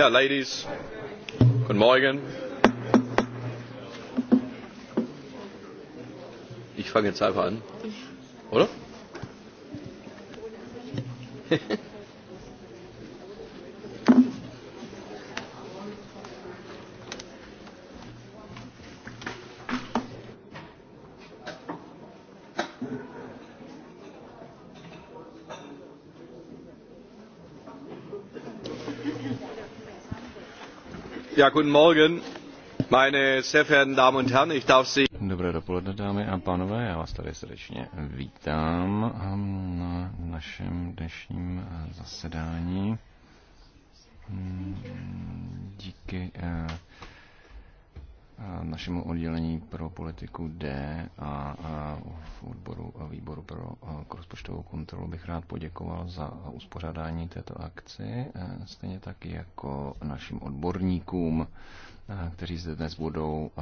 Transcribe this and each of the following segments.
Ja, ladies, guten Morgen. Ich fange jetzt einfach an, oder? Dobré dopoledne, dámy a pánové, já vás tady srdečně vítám ehm, na našem dnešním eh, zasedání. přímo oddělení pro politiku D a, v odboru a výboru pro rozpočtovou kontrolu bych rád poděkoval za uspořádání této akci, e, stejně tak jako našim odborníkům, e, kteří zde dnes budou e,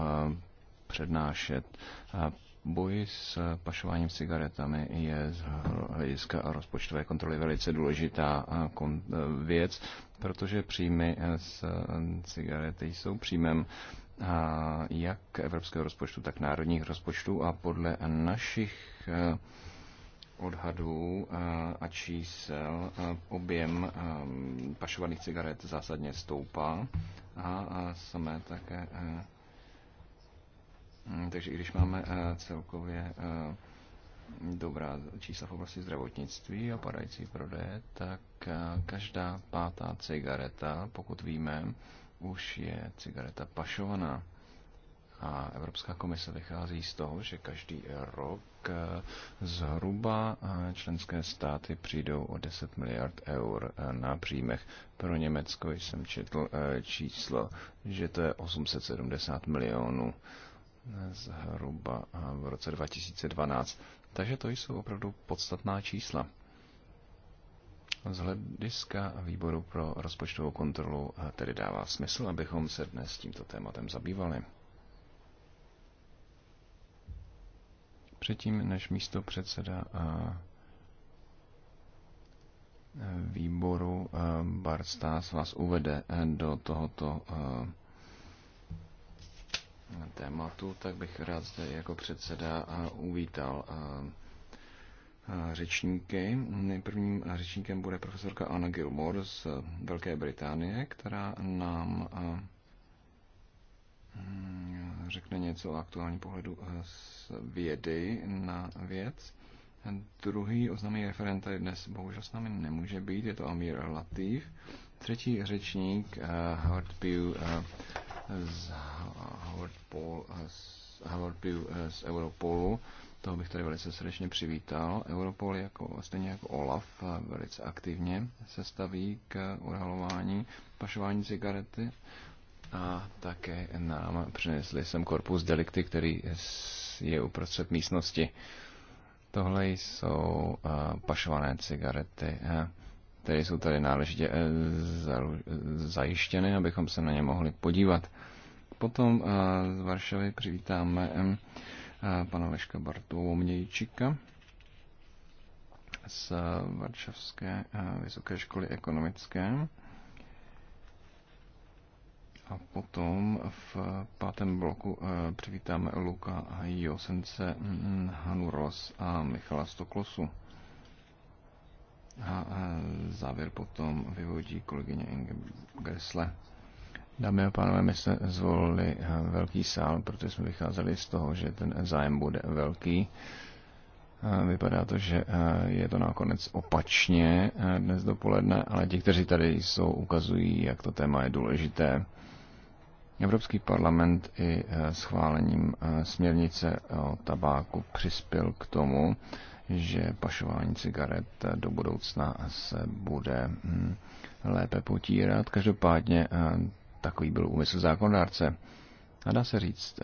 přednášet. Boj s pašováním cigaretami je z hlediska rozpočtové kontroly velice důležitá věc, protože příjmy z cigarety jsou příjmem jak evropského rozpočtu, tak národních rozpočtů a podle našich eh, odhadů eh, a čísel eh, objem pašovaných cigaret zásadně stoupá a samé také. Mm, takže i když máme celkově dobrá čísla v oblasti zdravotnictví a padající prodeje, tak každá pátá cigareta, pokud víme, už je cigareta pašovaná. A Evropská komise vychází z toho, že každý rok eh, zhruba eh, členské státy přijdou o 10 miliard eur eh, na příjmech. Pro Německo jsem četl číslo, že to je 870 milionů zhruba v roce 2012. Takže to jsou opravdu podstatná čísla. Z hlediska výboru pro rozpočtovou kontrolu eh, tedy dává smysl, abychom se dnes tímto tématem zabývali. Předtím, než místo předseda a eh, výboru eh, Bart Stas vás uvede do tohoto tématu, tak bych rád zde jako předseda uvítal Eh, řečníky. Prvním řečníkem bude profesorka Anna Gilmore z Velké Británie, která nám eh, mm, řekne něco o aktuálním pohledu eh, z vědy na věc. Druhý oznámý referent tady dnes bohužel s námi nemůže být, je to Amir Latif. Třetí řečník uh, Howard Pew uh, z Howard, Paul, uh, z, Howard Pew uh, z Europolu. Uh, toho bych tady velice srdečně přivítal. Europol jako, stejně jako OLAF eh, velice aktivně se staví k odhalování pašování cigarety a také nám přinesli sem korpus delikty, který je uprostřed místnosti. Tohle jsou eh, pašované cigarety, eh, které jsou tady náležitě zajištěny, abychom se na ně mohli podívat. Potom z Varšavy přivítáme pana Leška Bartolomějčika z Varšavské vysoké školy ekonomické. A potom v pátém bloku přivítáme Luka Josence, Hanu Ros a Michala Stoklosu. A závěr potom vyvodí kolegyně Inge Gressle. Dámy a pánové, my jsme zvolili eh, velký sál, protože jsme vycházeli z toho, že ten zájem bude velký. Eh, vypadá to, že eh, je to nakonec opačně dnes dopoledne, ale ti, kteří tady jsou, ukazují, jak to téma je důležité. Evropský parlament i schválením směrnice o tabáku přispěl k tomu, že pašování cigaret do budoucna se bude hm, lépe potírat. Každopádně Takový byl úmysl zákonodárce. A dá se říct,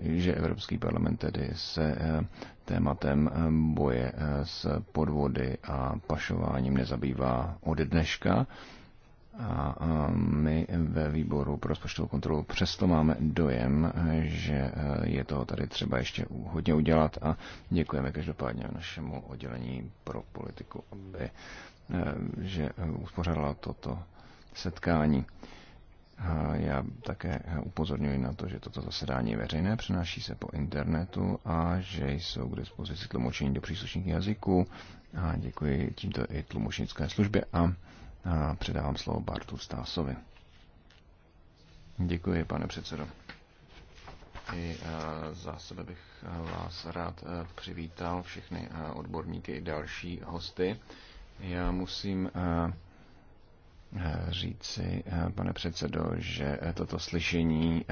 eh, že Evropský parlament tedy se eh, tématem eh, boje s podvody a pašováním nezabývá od dneška. A my ve výboru pro rozpočtovou kontrolu přesto máme dojem, že je toho tady třeba ještě hodně udělat a děkujeme každopádně našemu oddělení pro politiku, aby, že uspořádala toto setkání. Já také upozorňuji na to, že toto zasedání je veřejné, přenáší se po internetu a že jsou k dispozici tlumočení do příslušných jazyků. A děkuji tímto i tlumočnické službě a, a předávám slovo Bartu Stásovi. Děkuji, pane předsedo. I za sebe bych vás rád přivítal, všechny odborníky i další hosty. Já musím Eh, říci, eh, pane předsedo, že eh, toto slyšení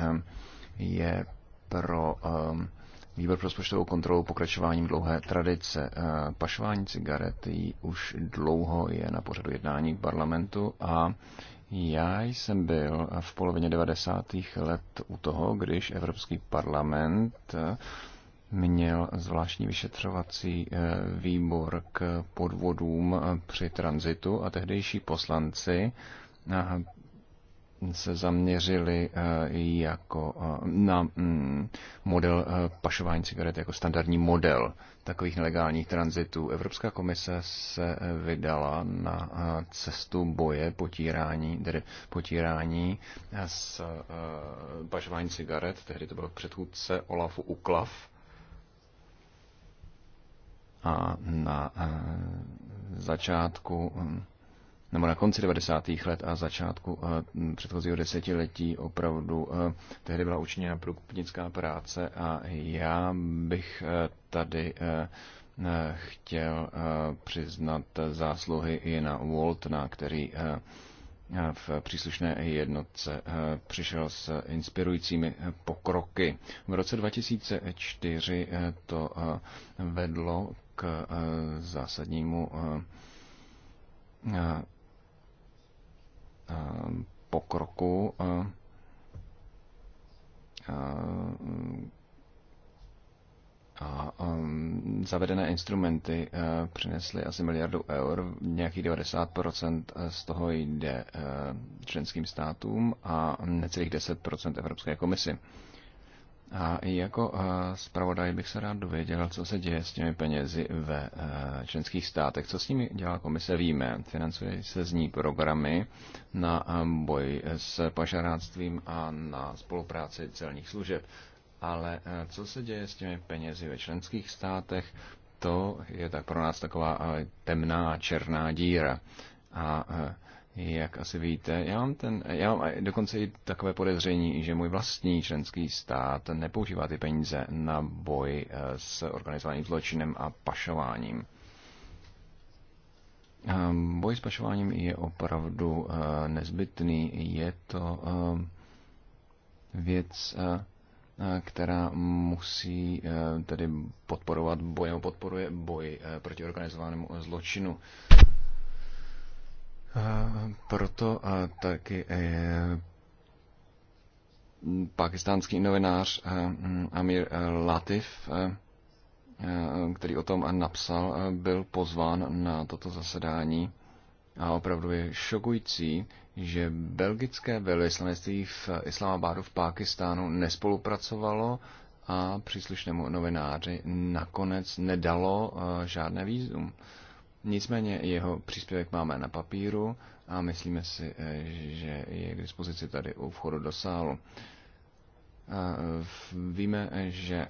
je pro výbor pro rozpočtovou kontrolu pokračováním dlouhé tradice. Pašování cigaret už dlouho je na pořadu jednání k parlamentu a já jsem byl v polovině 90. let u toho, když Evropský parlament měl zvláštní vyšetřovací eh, výbor k podvodům eh, při tranzitu a tehdejší poslanci eh, se zaměřili jako na mm, model pašování cigaret jako standardní model takových nelegálních tranzitů. Evropská komise se vydala na cestu boje potírání, tedy potírání s pašování cigaret, tehdy to byl předchůdce Olafu Uklav, a na eh, začátku hm, nebo na konci 90. let a začátku eh, předchozího desetiletí opravdu eh, tehdy byla učiněna průkupnická práce a já bych tady chtěl přiznat zásluhy i na Waltna, který v příslušné jednotce přišel s inspirujícími pokroky. V roce 2004 to vedlo k eh, zásadnímu eh, eh, pokroku a um, zavedené instrumenty uh, přinesly asi miliardu eur, nějakých 90% z toho jde uh, členským státům a necelých 10% Evropské komisi. Uh, a i jako eh, zpravodaj bych se rád dověděl, co se děje s těmi penězi ve eh, členských státech. Co s nimi dělá komise, víme. Financuje se z ní programy na eh, boj s pažaráctvím a na spolupráci celních služeb. Ale co se děje s těmi penězi ve členských státech, to je tak pro nás taková temná černá díra. A jak asi víte, já mám, ten, já mám dokonce i takové podezření, že můj vlastní členský stát nepoužívá ty peníze na boj eh, s organizovaným zločinem a pašováním. Eh, boj s pašováním je opravdu eh, nezbytný. Je to věc, která musí tedy podporovat boj, nebo podporuje boj proti organizovanému zločinu. A proto a taky e, pakistánský novinář e, Amir e, Latif, e, e, který o tom napsal, e, byl pozván na toto zasedání. A opravdu je šokující, že belgické velvyslanectví v Islamabadu v Pákistánu nespolupracovalo a příslušnému novináři nakonec nedalo žádné výzum. Nicméně jeho příspěvek máme na papíru a myslíme si, eh, že je k dispozici tady u vchodu do sálu. Víme, že eh,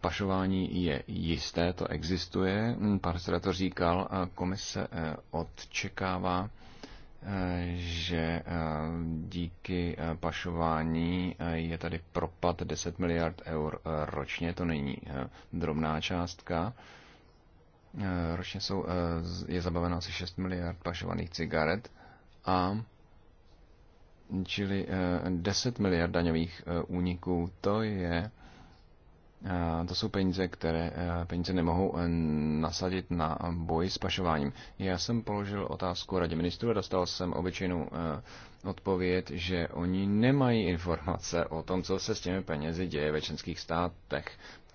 pašování je jisté, to existuje. Hm, pan to říkal, komise eh, odčekává, že díky pašování je tady propad 10 miliard eur ročně, to není drobná částka. Eh, ročně jsou, eh, je zabaveno asi 6 miliard pašovaných cigaret a čili 10 eh, miliard daňových úniků, to je to jsou peníze, které peníze nemohou nasadit na boj s pašováním. Já jsem položil otázku radě ministru a dostal jsem obyčejnou odpověď, že oni nemají informace o tom, co se s těmi penězi děje ve členských státech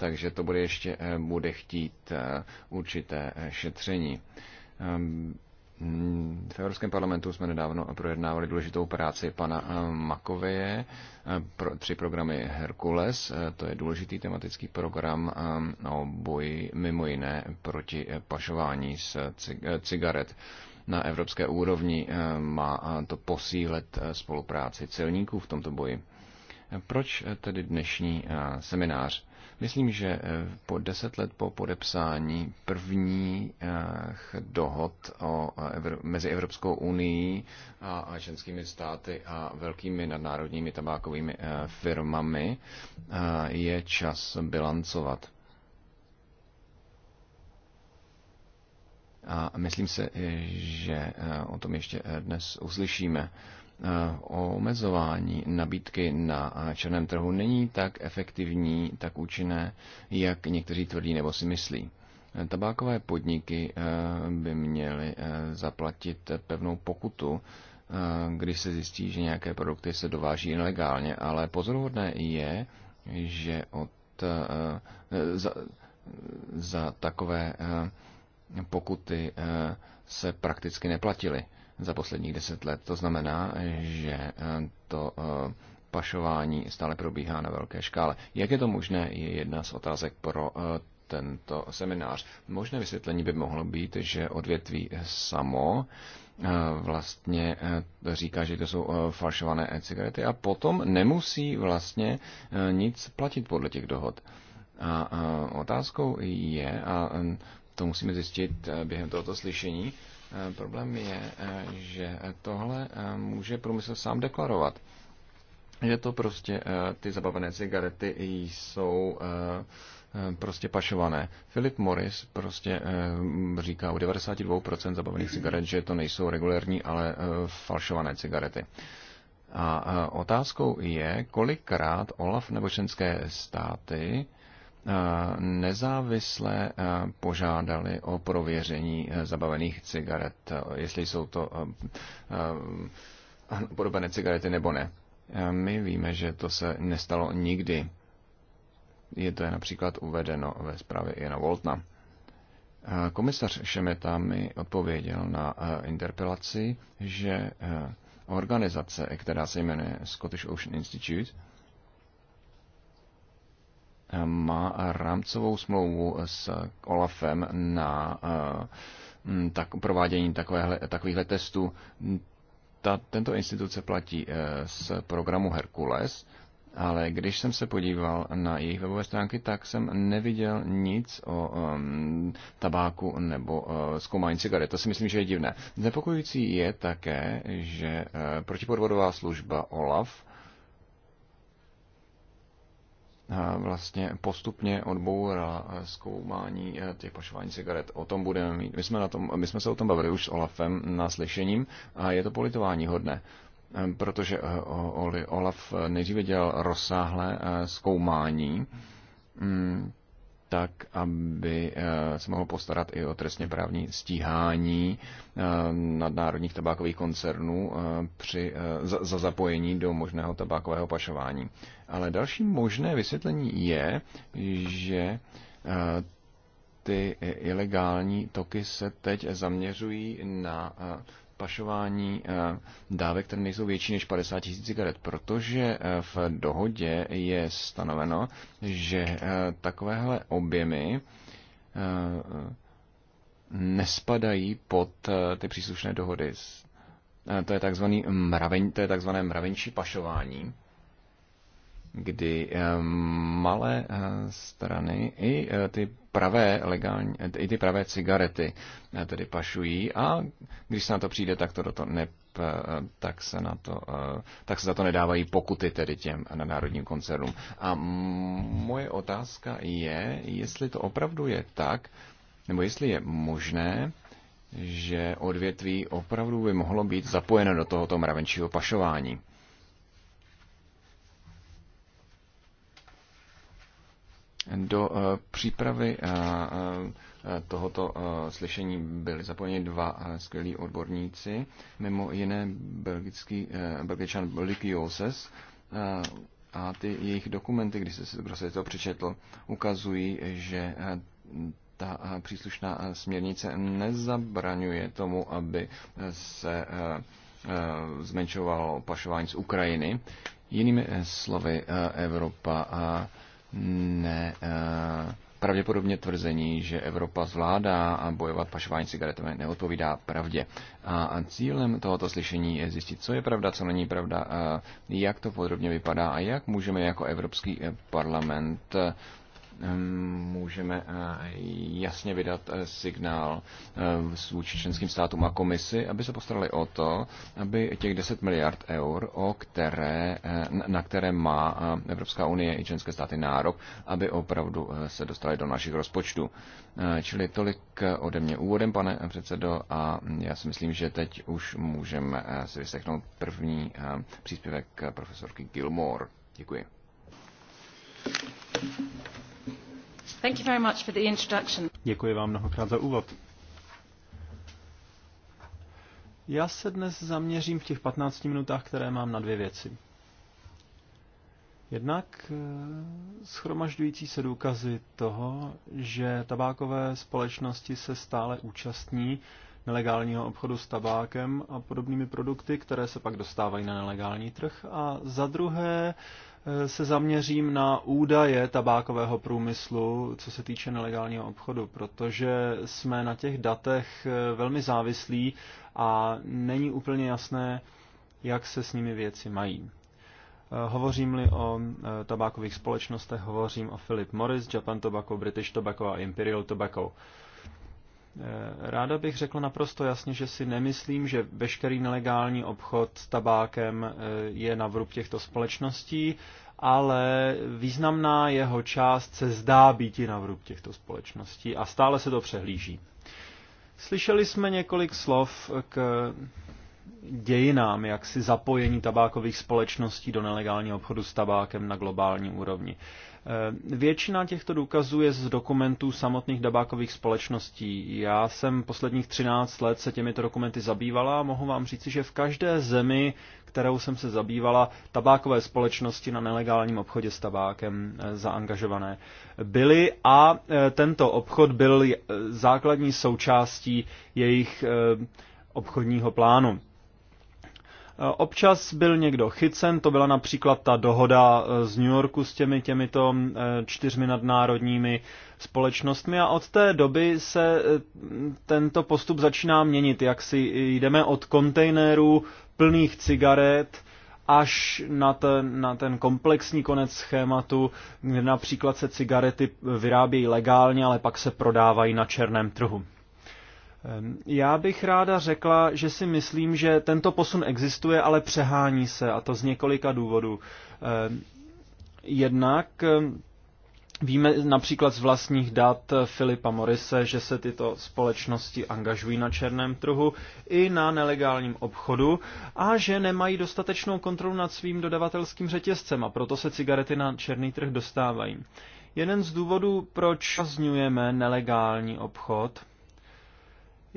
takže to bude ještě eh, bude chtít eh, určité eh, šetření. Ehm, v Evropském parlamentu jsme nedávno projednávali důležitou práci pana Makoveje, tři programy Herkules, to je důležitý tematický program ehm, o boji mimo jiné proti pašování z cigaret. Na evropské úrovni má to posílet spolupráci celníků v tomto boji. Proč tedy dnešní seminář? Myslím, že eh, po deset let po podepsání prvních eh, dohod o, eh, mezi Evropskou unii a ženskými státy a velkými nadnárodními tabákovými firmami je čas bilancovat. A myslím se, že o tom ještě dnes uslyšíme. Eh, omezování nabídky na černém trhu není tak efektivní, tak účinné, jak někteří tvrdí nebo si myslí. Tabákové podniky eh, by měly eh, zaplatit pevnou pokutu, když se zjistí, že nějaké produkty se dováží nelegálně, ale pozoruhodné je, že od, za, za takové pokuty se prakticky neplatily za posledních deset let. To znamená, že eh, to eh, pašování stále probíhá na velké škále. Jak je to možné, je jedna z otázek pro eh, tento seminář. Možné vysvětlení by mohlo být, že odvětví samo vlastně říká, že to jsou falšované cigarety a potom nemusí vlastně nic platit podle těch dohod. A otázkou je, a to musíme zjistit během tohoto slyšení, Eh, problém je, eh, že tohle eh, může průmysl sám deklarovat. Že to prostě ty zabavené cigarety jsou prostě pašované. Philip Morris prostě říká u 92% zabavených cigaret, že to nejsou regulární, ale falšované cigarety. A otázkou je, kolikrát Olaf nebo členské státy Eh, nezávisle eh, požádali o prověření eh, zabavených cigaret, jestli jsou to podobné cigarety nebo ne. My víme, že to se nestalo nikdy. Je to například uvedeno ve zprávě Jana Voltna. Komisař Šemeta mi odpověděl na interpelaci, že organizace, která se jmenuje Scottish Ocean Institute, má rámcovou smlouvu s Olafem na eh, tak, provádění takovéhle, takovýchhle testů. Ta, tento instituce platí eh, z programu Herkules, ale když jsem se podíval na jejich webové stránky, tak jsem neviděl nic o um, tabáku nebo uh, zkoumání cigaret. To si myslím, že je divné. Znepokojující je také, že uh, protipodvodová služba OLAF vlastně postupně odbourala zkoumání eh, těch pašování cigaret. O tom budeme mít. My jsme, na tom, my jsme se o tom bavili už s Olafem na slyšením a je to politování hodné eh, protože eh, Olaf nejdříve dělal rozsáhlé zkoumání mm, tak, aby eh, se mohl postarat i o trestně právní stíhání eh, nadnárodních tabákových koncernů eh, při, za, zapojení do možného tabákového pašování. Ale další možné vysvětlení je, že ty ilegální toky se teď zaměřují na pašování eh, dávek, které nejsou větší než 50 tisíc cigaret, protože eh, v dohodě je stanoveno, že eh, takovéhle objemy nespadají pod ty příslušné dohody. To je takzvaný mraven, to je mravenčí pašování kdy eh, malé eh, strany i eh, ty pravé, legální, i ty pravé cigarety tedy pašují a když se na to přijde, tak, to do to ne, tak, se, na to, tak se za to nedávají pokuty tedy těm národním koncernům. A moje otázka je, jestli to opravdu je tak, nebo jestli je možné, že odvětví opravdu by mohlo být zapojeno do tohoto mravenčího pašování. Do eh, přípravy eh, eh, tohoto slyšení byli zapojeni dva skvělí odborníci, mimo jiné belgický, belgičan Luc Joses, a ty jejich dokumenty, když jste si se to přečetl, ukazují, že ta příslušná směrnice nezabraňuje tomu, aby se zmenšovalo pašování z Ukrajiny. Jinými slovy, Evropa ne, eh, pravděpodobně tvrzení, že Evropa zvládá a bojovat pašování cigaretami neodpovídá pravdě. A cílem tohoto slyšení je zjistit, co je pravda, co není pravda, eh, jak to podrobně vypadá a jak můžeme jako Evropský eh, parlament můžeme eh, jasně vydat eh, signál eh, vůči členským státům a komisi, aby se postarali o to, aby těch 10 miliard eur, o které, na které má Evropská unie i členské státy nárok, aby opravdu se dostali do našich rozpočtů. Čili tolik ode mě úvodem, pane předsedo, a já si myslím, že teď už můžeme si vyslechnout první příspěvek profesorky Gilmore. Děkuji. Děkuji vám mnohokrát za úvod. Já se dnes zaměřím v těch 15 minutách, které mám na dvě věci. Jednak eh, schromažďující se důkazy toho, že tabákové společnosti se stále účastní nelegálního obchodu s tabákem a podobnými produkty, které se pak dostávají na nelegální trh. A za druhé Eh, se zaměřím na údaje tabákového průmyslu, co se týče nelegálního obchodu, protože jsme na těch datech eh, velmi závislí a není úplně jasné, jak se s nimi věci mají. Eh, hovořím-li o tabákových společnostech, hovořím o Philip Morris, Japan Tobacco, British Tobacco a Imperial Tobacco. Ráda bych řekl naprosto jasně, že si nemyslím, že veškerý nelegální obchod s tabákem eh, je na vrub těchto společností, ale významná jeho část se zdá být i na vrub těchto společností a stále se to přehlíží. Slyšeli jsme několik slov k dějinám, jak si zapojení tabákových společností do nelegálního obchodu s tabákem na globální úrovni. Eh, většina těchto důkazů je z dokumentů samotných dabákových společností. Já jsem posledních 13 let se těmito dokumenty zabývala a mohu vám říci, že v každé zemi, kterou jsem se zabývala, tabákové společnosti na nelegálním obchodě s tabákem eh, zaangažované byly a eh, tento obchod byl základní součástí jejich obchodního plánu. Občas byl někdo chycen, to byla například ta dohoda eh, z New Yorku s těmi těmito eh, čtyřmi nadnárodními společnostmi a od té doby se eh, tento postup začíná měnit, jak si jdeme od kontejnerů plných cigaret až na ten, na ten komplexní konec schématu, kde například se cigarety vyrábějí legálně, ale pak se prodávají na černém trhu. Já bych ráda řekla, že si myslím, že tento posun existuje, ale přehání se, a to z několika důvodů. Jednak Víme například z vlastních dat Filipa Morise, že se tyto společnosti angažují na černém trhu i na nelegálním obchodu a že nemají dostatečnou kontrolu nad svým dodavatelským řetězcem a proto se cigarety na černý trh dostávají. Jeden z důvodů, proč zazňujeme nelegální obchod,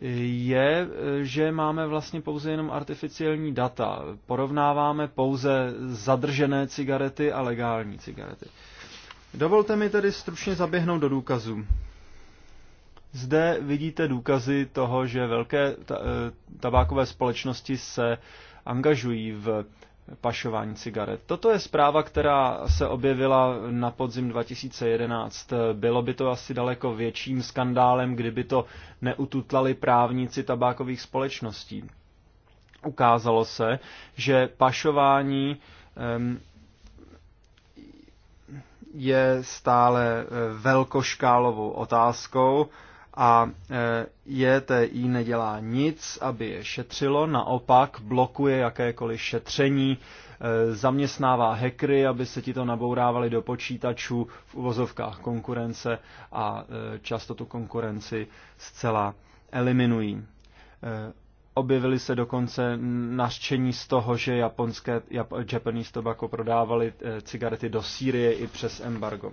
je, že máme vlastně pouze jenom artificiální data. Porovnáváme pouze zadržené cigarety a legální cigarety. Dovolte mi tedy stručně zaběhnout do důkazů. Zde vidíte důkazy toho, že velké eh, tabákové společnosti se angažují v pašování cigaret. Toto je zpráva, která se objevila na podzim 2011. Bylo by to asi daleko větším skandálem, kdyby to neututlali právníci tabákových společností. Ukázalo se, že pašování je stále eh, velkoškálovou otázkou a e, JTI nedělá nic, aby je šetřilo, naopak blokuje jakékoliv šetření, e, zaměstnává hekry, aby se ti to nabourávali do počítačů v uvozovkách konkurence a e, často tu konkurenci zcela eliminují. Objevily se dokonce nařčení z toho, že japonské Japanese Tobacco prodávali cigarety do Sýrie i přes embargo.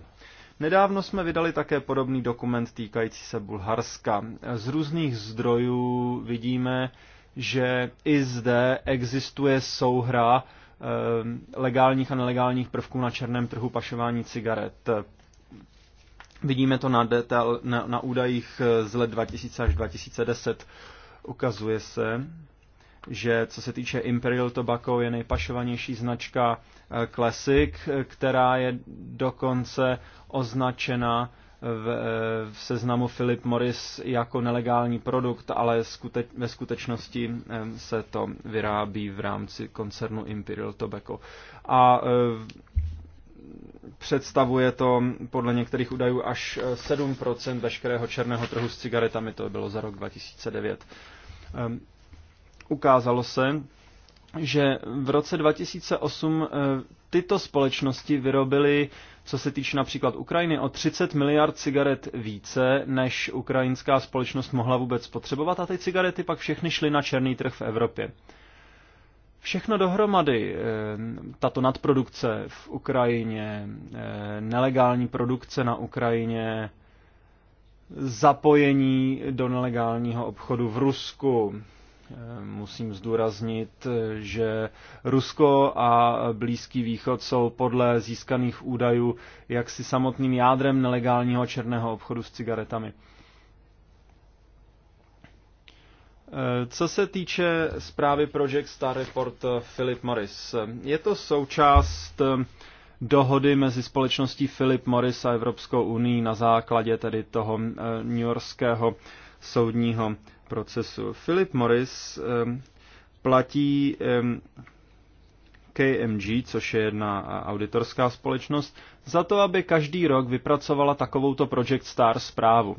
Nedávno jsme vydali také podobný dokument týkající se Bulharska. Z různých zdrojů vidíme, že i zde existuje souhra eh, legálních a nelegálních prvků na černém trhu pašování cigaret. Vidíme to na, detail, na, na údajích eh, z let 2000 až 2010. Ukazuje se, že co se týče Imperial Tobacco je nejpašovanější značka eh, Classic, eh, která je dokonce označena v, eh, v seznamu Philip Morris jako nelegální produkt, ale skute, ve skutečnosti se to vyrábí v rámci koncernu Imperial Tobacco. A představuje to podle některých údajů až 7% veškerého černého trhu s cigaretami, to bylo za rok 2009 ukázalo se, že v roce 2008 eh, tyto společnosti vyrobily, co se týče například Ukrajiny, o 30 miliard cigaret více, než ukrajinská společnost mohla vůbec potřebovat a ty cigarety pak všechny šly na černý trh v Evropě. Všechno dohromady, eh, tato nadprodukce v Ukrajině, eh, nelegální produkce na Ukrajině, zapojení do nelegálního obchodu v Rusku, Musím zdůraznit, že Rusko a Blízký východ jsou podle získaných údajů jaksi samotným jádrem nelegálního černého obchodu s cigaretami. Co se týče zprávy Project Star Report eh, Philip Morris, eh, je to součást eh, dohody mezi společností Philip Morris a Evropskou unii na základě tedy toho Yorkského soudního procesu. Philip Morris platí KMG, což je jedna auditorská společnost, za to, aby každý rok vypracovala takovouto Project Star zprávu.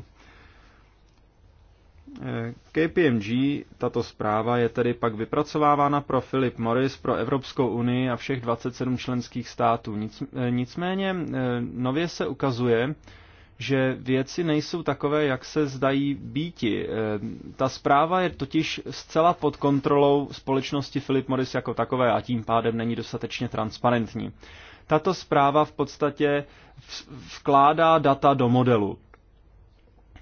KPMG, tato zpráva je tedy pak vypracovávána pro Philip Morris, pro Evropskou unii a všech 27 členských států. E, nicméně e, nově se ukazuje, že věci nejsou takové, jak se zdají býti. Eh, ta zpráva je totiž zcela pod kontrolou společnosti Philip Morris jako takové a tím pádem není dostatečně transparentní. Tato zpráva v podstatě vkládá data do modelu.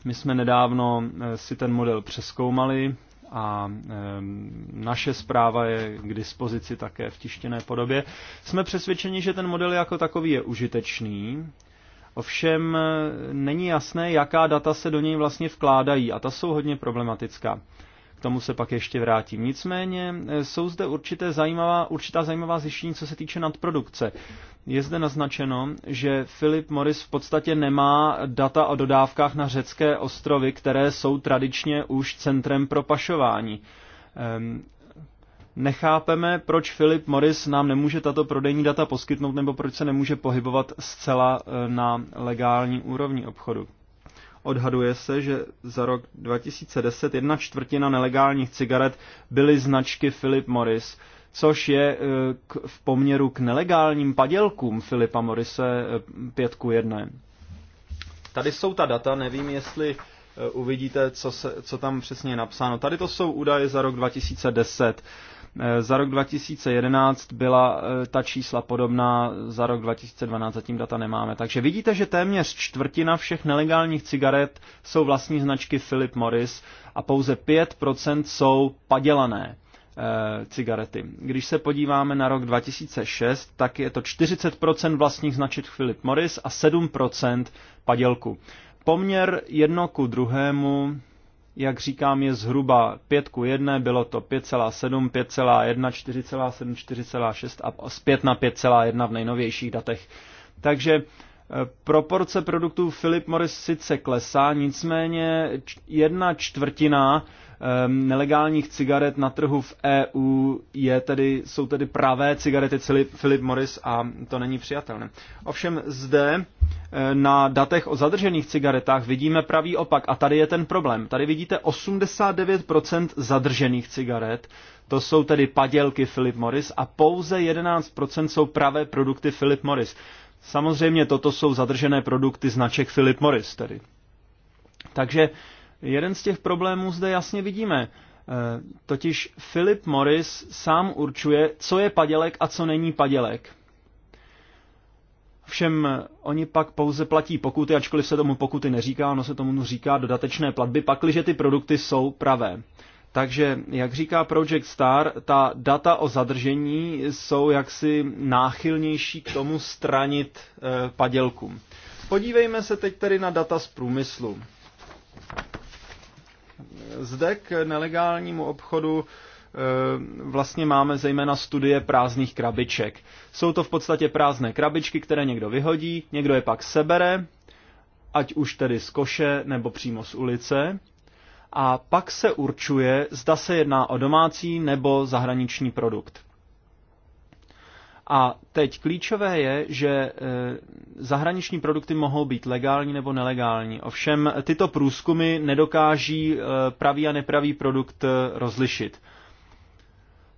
My jsme nedávno eh, si ten model přeskoumali a ehm, naše zpráva je k dispozici také v tištěné podobě. Jsme přesvědčeni, že ten model jako takový je užitečný, Ovšem e, není jasné, jaká data se do něj vlastně vkládají a ta jsou hodně problematická. K tomu se pak ještě vrátím. Nicméně e, jsou zde určité zajímavá, určitá zajímavá zjištění, co se týče nadprodukce. Je zde naznačeno, že Philip Morris v podstatě nemá data o dodávkách na řecké ostrovy, které jsou tradičně už centrem pro pašování. Ehm, nechápeme, proč Philip Morris nám nemůže tato prodejní data poskytnout nebo proč se nemůže pohybovat zcela eh, na legální úrovni obchodu. Odhaduje se, že za rok 2010 jedna čtvrtina nelegálních cigaret byly značky Philip Morris, což je eh, k, v poměru k nelegálním padělkům Filipa Morise 5 eh, ku 1. Tady jsou ta data, nevím, jestli uvidíte, co, se, co tam přesně je napsáno. Tady to jsou údaje za rok 2010. Eh, za rok 2011 byla eh, ta čísla podobná, za rok 2012 zatím data nemáme. Takže vidíte, že téměř čtvrtina všech nelegálních cigaret jsou vlastní značky Philip Morris a pouze 5% jsou padělané eh, cigarety. Když se podíváme na rok 2006, tak je to 40% vlastních značek Philip Morris a 7% padělku. Poměr jedno ku druhému jak říkám, je zhruba 5 ku 1, bylo to 5,7, 5,1, 4,7, 4,6 a zpět na 5,1 v nejnovějších datech. Takže eh, proporce produktů Philip Morris sice klesá, nicméně jedna čtvrtina Ehm, nelegálních cigaret na trhu v EU je tedy, jsou tedy pravé cigarety Philip Morris a to není přijatelné. Ovšem zde eh, na datech o zadržených cigaretách vidíme pravý opak a tady je ten problém. Tady vidíte 89% zadržených cigaret, to jsou tedy padělky Philip Morris a pouze 11% jsou pravé produkty Philip Morris. Samozřejmě toto jsou zadržené produkty značek Philip Morris tedy. Takže Jeden z těch problémů zde jasně vidíme. E, totiž Philip Morris sám určuje, co je padělek a co není padělek. Všem e, oni pak pouze platí pokuty, ačkoliv se tomu pokuty neříká, ono se tomu říká dodatečné platby, pakliže ty produkty jsou pravé. Takže, jak říká Project Star, ta data o zadržení jsou jaksi náchylnější k tomu stranit e, padělkům. Podívejme se teď tedy na data z průmyslu. Zde k nelegálnímu obchodu eh, vlastně máme zejména studie prázdných krabiček. Jsou to v podstatě prázdné krabičky, které někdo vyhodí, někdo je pak sebere, ať už tedy z koše nebo přímo z ulice, a pak se určuje, zda se jedná o domácí nebo zahraniční produkt. A teď klíčové je, že e, zahraniční produkty mohou být legální nebo nelegální. Ovšem tyto průzkumy nedokáží e, pravý a nepravý produkt e, rozlišit.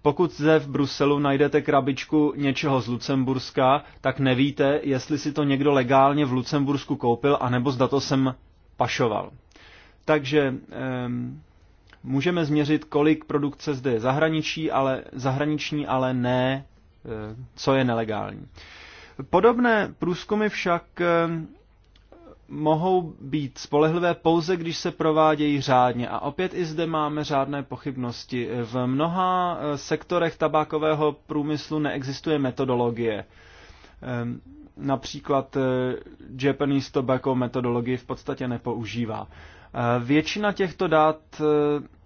Pokud zde v Bruselu najdete krabičku něčeho z Lucemburska, tak nevíte, jestli si to někdo legálně v Lucembursku koupil, anebo zda to sem pašoval. Takže um, můžeme změřit, kolik produkce zde je zahraničí, ale, zahraniční, ale ne Eh, co je nelegální. Podobné průzkumy však eh, mohou být spolehlivé pouze, když se provádějí řádně. A opět i zde máme řádné pochybnosti. V mnoha eh, sektorech tabákového průmyslu neexistuje metodologie. Například Japanese Tobacco metodologii v podstatě nepoužívá. Eh, většina těchto dat eh,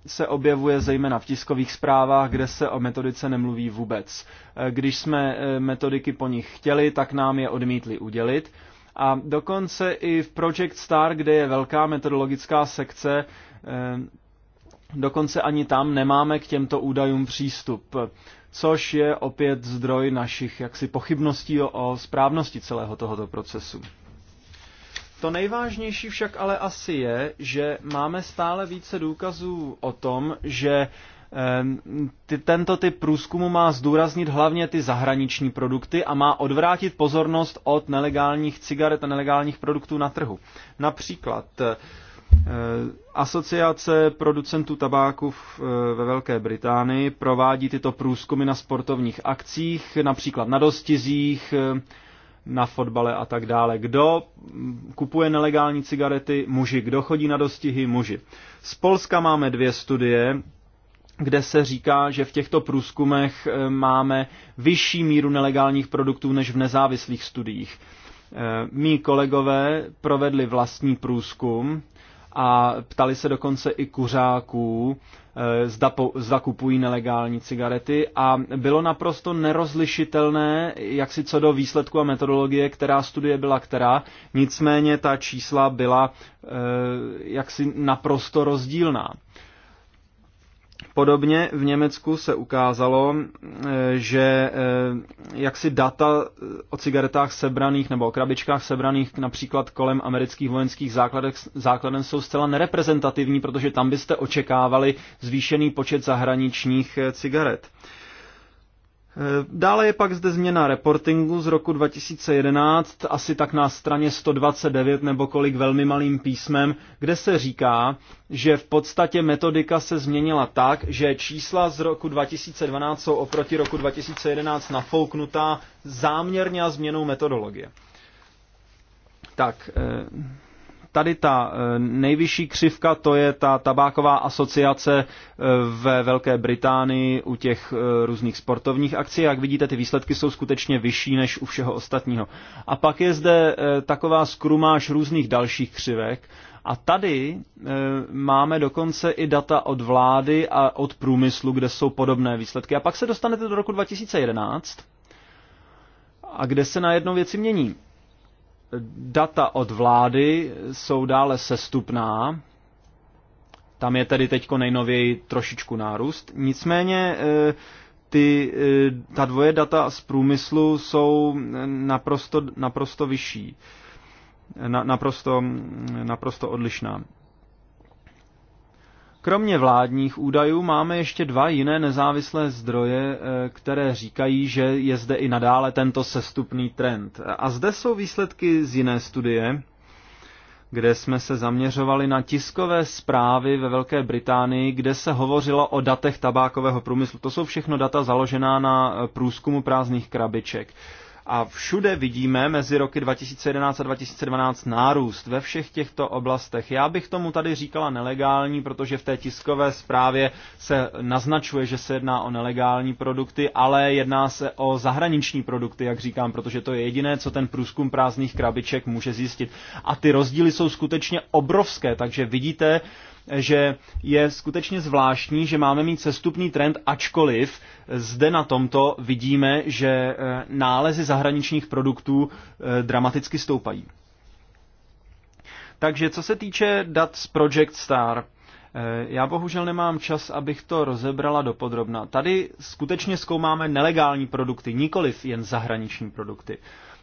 se objevuje zejména v tiskových zprávách, kde se o metodice nemluví vůbec. Eh, když jsme metodiky po nich chtěli, tak nám je odmítli udělit. A dokonce i v Project Star, kde je velká metodologická sekce, dokonce ani tam nemáme k těmto údajům přístup, což je opět zdroj našich jaksi pochybností o, o správnosti celého tohoto procesu. To nejvážnější však ale asi je, že máme stále více důkazů o tom, že ehm, ty, tento typ průzkumu má zdůraznit hlavně ty zahraniční produkty a má odvrátit pozornost od nelegálních cigaret a nelegálních produktů na trhu. Například eh, Asociace producentů tabáku eh, ve Velké Británii provádí tyto průzkumy na sportovních akcích, například na dostizích, eh, na fotbale a tak dále. Kdo kupuje nelegální cigarety? Muži. Kdo chodí na dostihy? Muži. Z Polska máme dvě studie, kde se říká, že v těchto průzkumech eh, máme vyšší míru nelegálních produktů než v nezávislých studiích. Eh, mí kolegové provedli vlastní průzkum a ptali se dokonce i kuřáků, eh, zda, po, zda kupují nelegální cigarety a bylo naprosto nerozlišitelné, jak si co do výsledku a metodologie, která studie byla která, nicméně ta čísla byla eh, jaksi naprosto rozdílná. Podobně v Německu se ukázalo, e, že e, jaksi data o cigaretách sebraných nebo o krabičkách sebraných například kolem amerických vojenských základek, základen jsou zcela nereprezentativní, protože tam byste očekávali zvýšený počet zahraničních e, cigaret. Dále je pak zde změna reportingu z roku 2011, asi tak na straně 129 nebo kolik velmi malým písmem, kde se říká, že v podstatě metodika se změnila tak, že čísla z roku 2012 jsou oproti roku 2011 nafouknutá záměrně a změnou metodologie. Tak, eh, tady ta e, nejvyšší křivka, to je ta tabáková asociace e, ve Velké Británii u těch e, různých sportovních akcí. Jak vidíte, ty výsledky jsou skutečně vyšší než u všeho ostatního. A pak je zde taková skrumáž různých dalších křivek. A tady máme dokonce i data od vlády a od průmyslu, kde jsou podobné výsledky. A pak se dostanete do roku 2011 a kde se na jedno věci mění data od vlády jsou dále sestupná. Tam je tedy teď nejnověji trošičku nárůst. Nicméně e, ty, e, ta dvoje data z průmyslu jsou naprosto, naprosto vyšší. Na, naprosto, naprosto odlišná. Kromě vládních údajů máme ještě dva jiné nezávislé zdroje, eh, které říkají, že je zde i nadále tento sestupný trend. A zde jsou výsledky z jiné studie, kde jsme se zaměřovali na tiskové zprávy ve Velké Británii, kde se hovořilo o datech tabákového průmyslu. To jsou všechno data založená na eh, průzkumu prázdných krabiček. A všude vidíme mezi roky 2011 a 2012 nárůst ve všech těchto oblastech. Já bych tomu tady říkala nelegální, protože v té tiskové zprávě se naznačuje, že se jedná o nelegální produkty, ale jedná se o zahraniční produkty, jak říkám, protože to je jediné, co ten průzkum prázdných krabiček může zjistit. A ty rozdíly jsou skutečně obrovské, takže vidíte, že je skutečně zvláštní, že máme mít sestupný trend, ačkoliv zde na tomto vidíme, že e, nálezy zahraničních produktů e, dramaticky stoupají. Takže co se týče dat z Project Star, e, já bohužel nemám čas, abych to rozebrala dopodrobna. Tady skutečně zkoumáme nelegální produkty, nikoliv jen zahraniční produkty.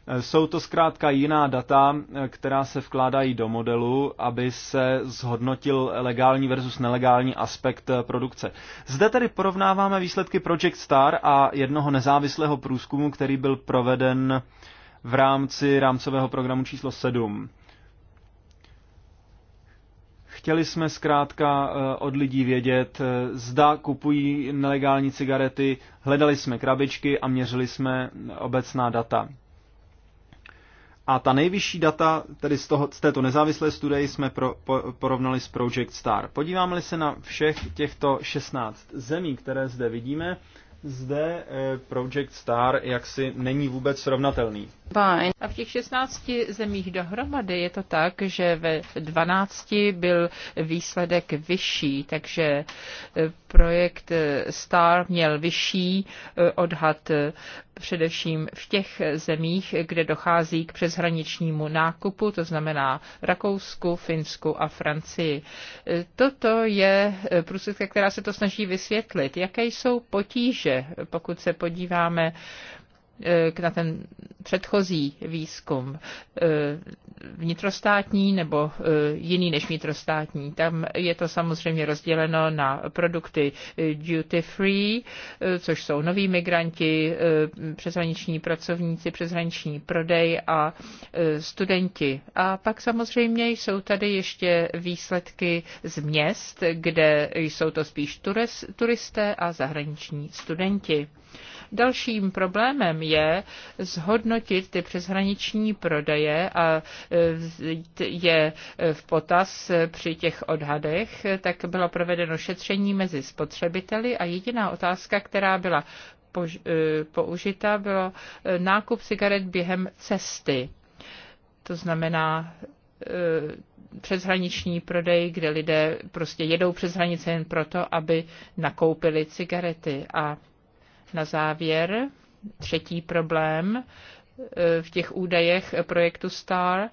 Eh, jsou to zkrátka jiná data, eh, která se vkládají do modelu, aby se zhodnotil legální versus nelegální aspekt eh, produkce. Zde tedy porovnáváme výsledky Project Star a jednoho nezávislého průzkumu, který byl proveden v rámci rámcového programu číslo 7 chtěli jsme zkrátka od lidí vědět, zda kupují nelegální cigarety, hledali jsme krabičky a měřili jsme obecná data. A ta nejvyšší data, tedy z, toho, z této nezávislé studie, jsme pro, po, porovnali s Project Star. Podíváme-li se na všech těchto 16 zemí, které zde vidíme, zde eh, Project Star jaksi není vůbec srovnatelný. A v těch 16 zemích dohromady je to tak, že ve 12 byl výsledek vyšší, takže eh, projekt eh, STAR měl vyšší eh, odhad eh, především v těch zemích, kde dochází k přeshraničnímu nákupu, to znamená Rakousku, Finsku a Francii. Toto je průsvědka, která se to snaží vysvětlit. Jaké jsou potíže, pokud se podíváme na ten předchozí výzkum, e, vnitrostátní nebo e, jiný než vnitrostátní. Tam je to samozřejmě rozděleno na produkty e, duty free, což jsou noví migranti, přeshraniční pracovníci, přeshraniční prodej a studenti. A pak samozřejmě jsou tady ještě výsledky z měst, kde jsou to spíš turisté a zahraniční studenti. Dalším problémem je zhodnotit ty přeshraniční prodeje a e, je v potaz při těch odhadech, tak bylo provedeno šetření mezi spotřebiteli a jediná otázka, která byla e, použita, bylo e, nákup cigaret během cesty. To znamená přeshraniční prodej, kde lidé prostě jedou přes hranice jen proto, aby nakoupili cigarety. A na závěr třetí problém eh, v těch údajech projektu STAR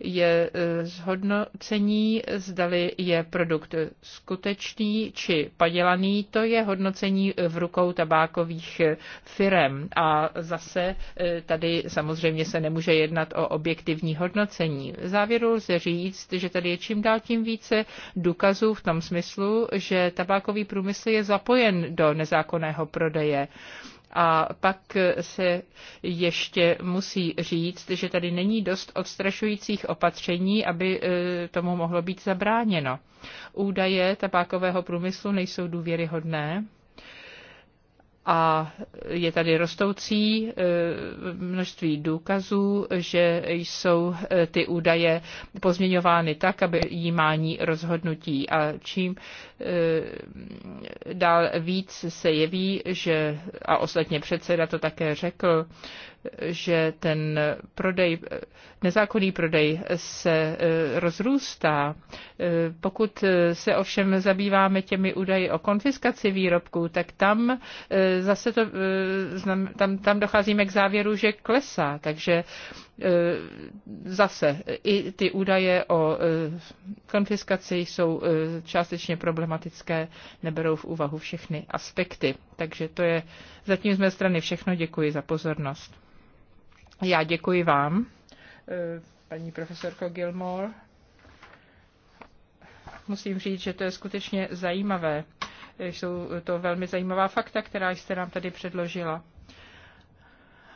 je e, zhodnocení, zdali je produkt skutečný či padělaný, to je hodnocení v rukou tabákových firm. A zase e, tady samozřejmě se nemůže jednat o objektivní hodnocení. V závěru lze říct, že tady je čím dál tím více důkazů v tom smyslu, že tabákový průmysl je zapojen do nezákonného prodeje a pak se ještě musí říct, že tady není dost odstrašujících opatření, aby e, tomu mohlo být zabráněno. Údaje tabákového průmyslu nejsou důvěryhodné a je tady rostoucí eh, množství důkazů, že jsou eh, ty údaje pozměňovány tak, aby jímání rozhodnutí. A čím eh, dál víc se jeví, že, a ostatně předseda to také řekl, že ten prodej, nezákonný prodej se e, rozrůstá. E, pokud se ovšem zabýváme těmi údaji o konfiskaci výrobků, tak tam e, zase to, tam, tam docházíme k závěru, že klesá. Takže zase i ty údaje o konfiskaci jsou částečně problematické, neberou v úvahu všechny aspekty. Takže to je zatím z mé strany všechno. Děkuji za pozornost. Já děkuji vám, eh, paní profesorko Gilmore. Musím říct, že to je skutečně zajímavé. Eh, jsou to velmi zajímavá fakta, která jste nám tady předložila.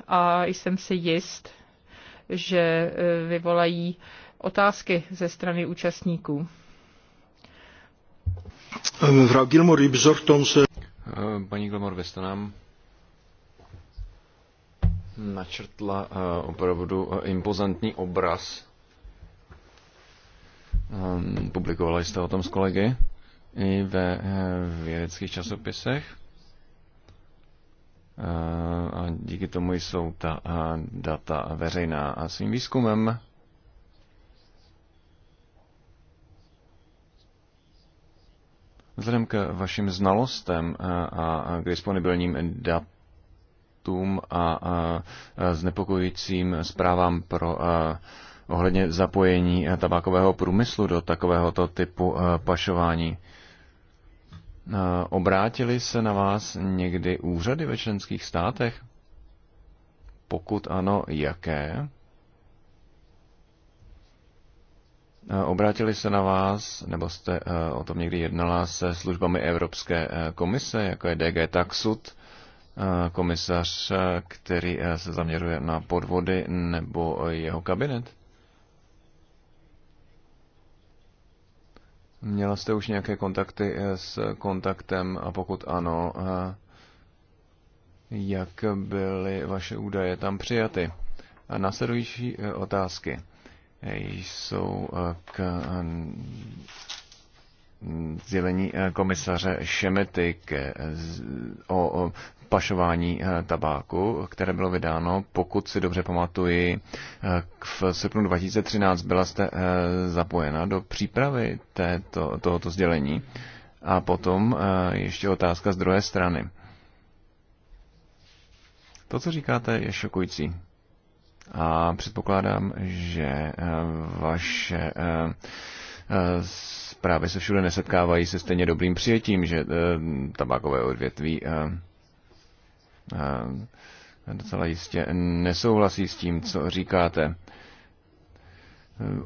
A jsem si jist, že eh, vyvolají otázky ze strany účastníků. Frau Gilmore, bezorgt Paní Gilmore, vy jste nám načrtla eh, opravdu eh, impozantní obraz. Ehm, publikovala jste o tom s kolegy i ve eh, vědeckých časopisech. Ehm, a díky tomu jsou ta data veřejná a svým výzkumem Vzhledem k vašim znalostem a k disponibilním dat, protestům a, a, a znepokojujícím zprávám pro a, ohledně zapojení tabákového průmyslu do takovéhoto typu pašování. Obrátili se na vás někdy úřady ve členských státech? Pokud ano, jaké? Obrátili se na vás, nebo jste o tom někdy jednala se službami Evropské komise, jako je DG Taxud, Eh, komisař, eh, který eh, se zaměřuje na podvody nebo jeho kabinet? Měla jste už nějaké kontakty s kontaktem a pokud ano, jak byly vaše údaje tam přijaty? A následující otázky jsou k sdělení komisaře Šemety o pašování eh, tabáku, které bylo vydáno, pokud si dobře pamatuji, eh, v srpnu 2013 byla jste eh, zapojena do přípravy této, tohoto sdělení. A potom ještě otázka z druhé strany. To, co říkáte, je šokující. A předpokládám, že vaše zprávy se všude nesetkávají se stejně dobrým přijetím, že tabákové odvětví docela jistě nesouhlasí s tím, co říkáte.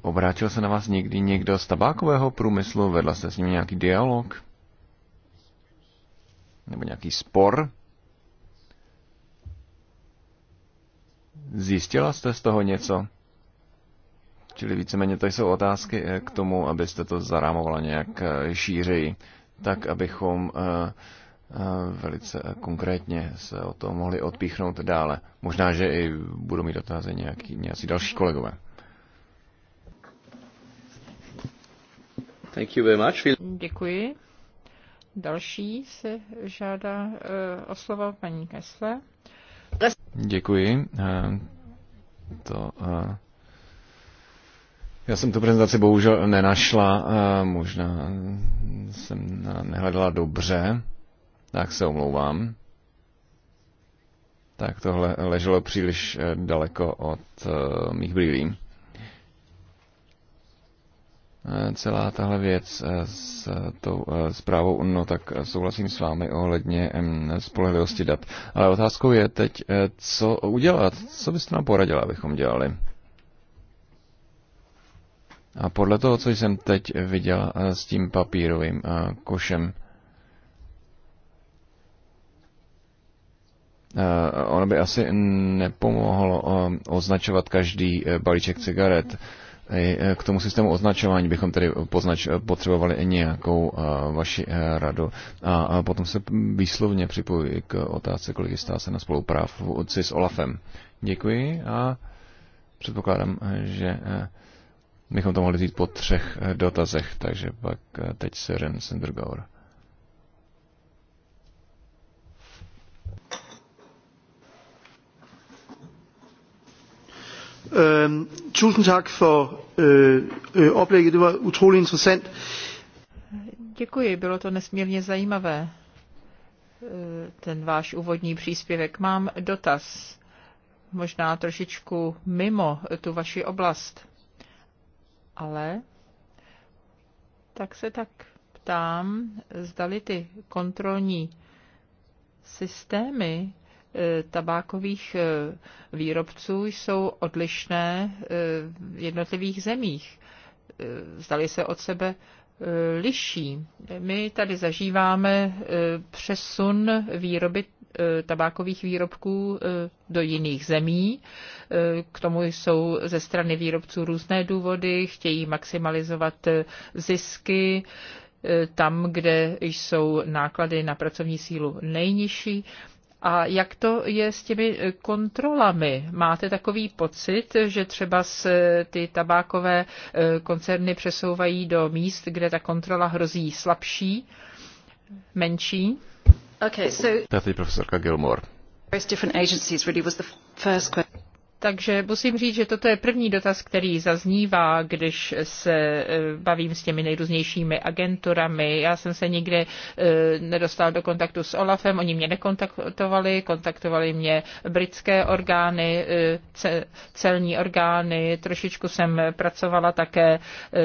Obrátil se na vás někdy někdo z tabákového průmyslu? Vedla jste s ním nějaký dialog? Nebo nějaký spor? Zjistila jste z toho něco? Čili víceméně to jsou otázky eh, k tomu, abyste to zarámovala nějak eh, šířeji, tak abychom uh, velice konkrétně se o to mohli odpíchnout dále. Možná, že i budou mít dotazy nějaký, nějací další kolegové. Thank you very much. Děkuji. Další se žádá uh, o slovo paní Kesle. Děkuji. Uh, to, uh, já jsem tu prezentaci bohužel nenašla, uh, možná jsem nehledala dobře. Tak se omlouvám. Tak tohle leželo příliš eh, daleko od uh, mých brýlí. Eh, celá tahle věc s tou zprávou, no tak souhlasím s vámi ohledně spolehlivosti dat. Ale otázkou je teď, co udělat, co byste nám poradila, abychom dělali? A podle toho, co jsem teď viděl s tím papírovým košem, Eh, ono by asi nepomohlo eh, označovat každý eh, balíček cigaret. K tomu systému označování bychom tedy poznač, potřebovali nějakou vaši radu. A potom se výslovně připojuji k otázce kolegy se na spolupráci s Olafem. Děkuji a předpokládám, že bychom to mohli říct po třech dotazech, takže pak teď Søren Sendergaard. tusind tak for øh, øh, oplægget. Det var utrolig interessant. Děkuji, bylo to nesmírně zajímavé, øh, ten váš úvodní příspěvek. Mám dotaz, možná trošičku mimo tu vaši oblast, ale tak se tak ptám, zdali ty kontrolní systémy tabákových eh, výrobců jsou odlišné eh, v jednotlivých zemích. Eh, zdali se od sebe liší. My tady zažíváme přesun výroby tabákových výrobků do jiných zemí. K tomu jsou ze strany výrobců různé důvody, chtějí maximalizovat zisky tam, kde jsou náklady na pracovní sílu nejnižší. A jak to je s těmi eh, kontrolami? Máte takový pocit, že třeba se ty tabákové eh, koncerny přesouvají do míst, kde ta kontrola hrozí slabší, menší? Okay, so... Tady profesorka Gilmore. Takže musím říct, že toto je první dotaz, který zaznívá, když se e, bavím s těmi nejrůznějšími agenturami. Já jsem se nikdy e, nedostal do kontaktu s Olafem, oni mě nekontaktovali, kontaktovali mě britské orgány, e, celní orgány, trošičku jsem pracovala také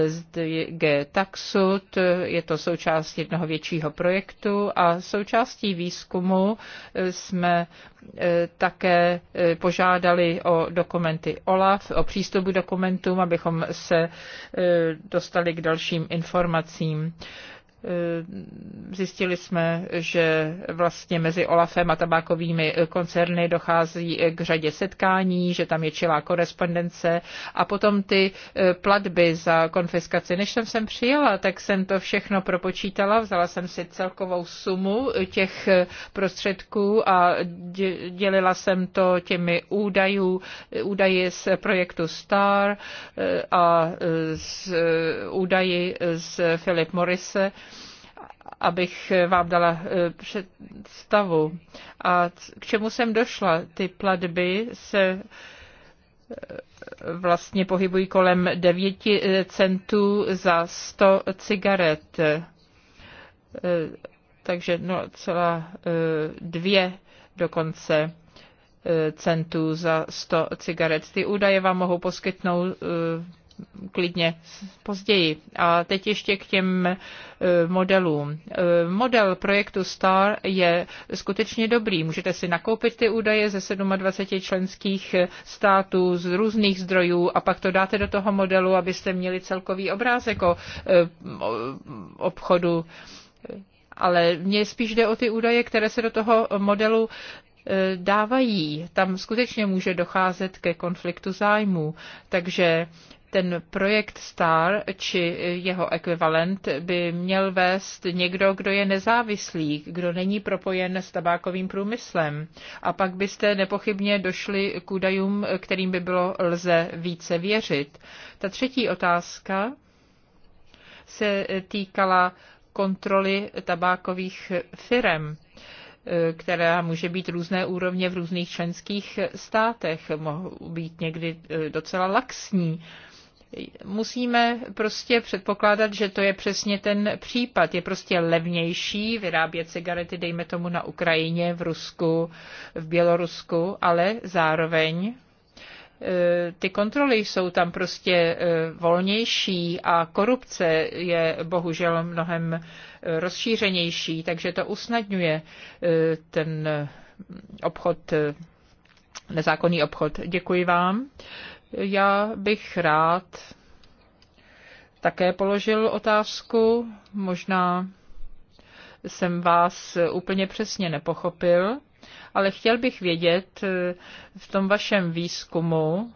z G Taxud, je to součást jednoho většího projektu a součástí výzkumu jsme Eh, také eh, požádali o dokumenty OLAF, o přístup k dokumentům, abychom se eh, dostali k dalším informacím. Eh, zjistili jsme, že vlastně mezi Olafem a tabákovými eh, koncerny dochází eh, k řadě setkání, že tam je čilá korespondence a potom ty platby za konfiskaci. Než jsem sem přijela, tak jsem to všechno propočítala, vzala jsem si celkovou sumu těch prostředků a dělila jsem to těmi údajů, údaji z projektu STAR a z údaji z Philip Morrise abych vám dala eh, představu. A k čemu jsem došla? Ty platby se eh, vlastně pohybují kolem 9 eh, centů za 100 cigaret. Takže no, celá dvě dokonce centů za 100 cigaret. Ty údaje vám mohou poskytnout klidně později. A teď ještě k těm e, modelům. E, model projektu STAR je skutečně dobrý. Můžete si nakoupit ty údaje ze 27 členských států z různých zdrojů a pak to dáte do toho modelu, abyste měli celkový obrázek o e, obchodu. Ale mně spíš jde o ty údaje, které se do toho modelu dávají. Tam skutečně může docházet ke konfliktu zájmů. Takže ten projekt STAR či jeho ekvivalent by měl vést někdo, kdo je nezávislý, kdo není propojen s tabákovým průmyslem. A pak byste nepochybně došli k údajům, kterým by bylo lze více věřit. Ta třetí otázka se týkala kontroly tabákových firem která může být různé úrovně v různých členských státech, mohou být někdy docela laxní Musíme prostě předpokládat, že to je přesně ten případ. Je prostě levnější vyrábět cigarety, dejme tomu, na Ukrajině, v Rusku, v Bělorusku, ale zároveň e, ty kontroly jsou tam prostě e, volnější a korupce je bohužel mnohem e, rozšířenější, takže to usnadňuje ten obchod, nezákonný obchod. Děkuji vám. Já bych rád také položil otázku, možná jsem vás úplně přesně nepochopil, ale chtěl bych vědět eh, v tom vašem výzkumu,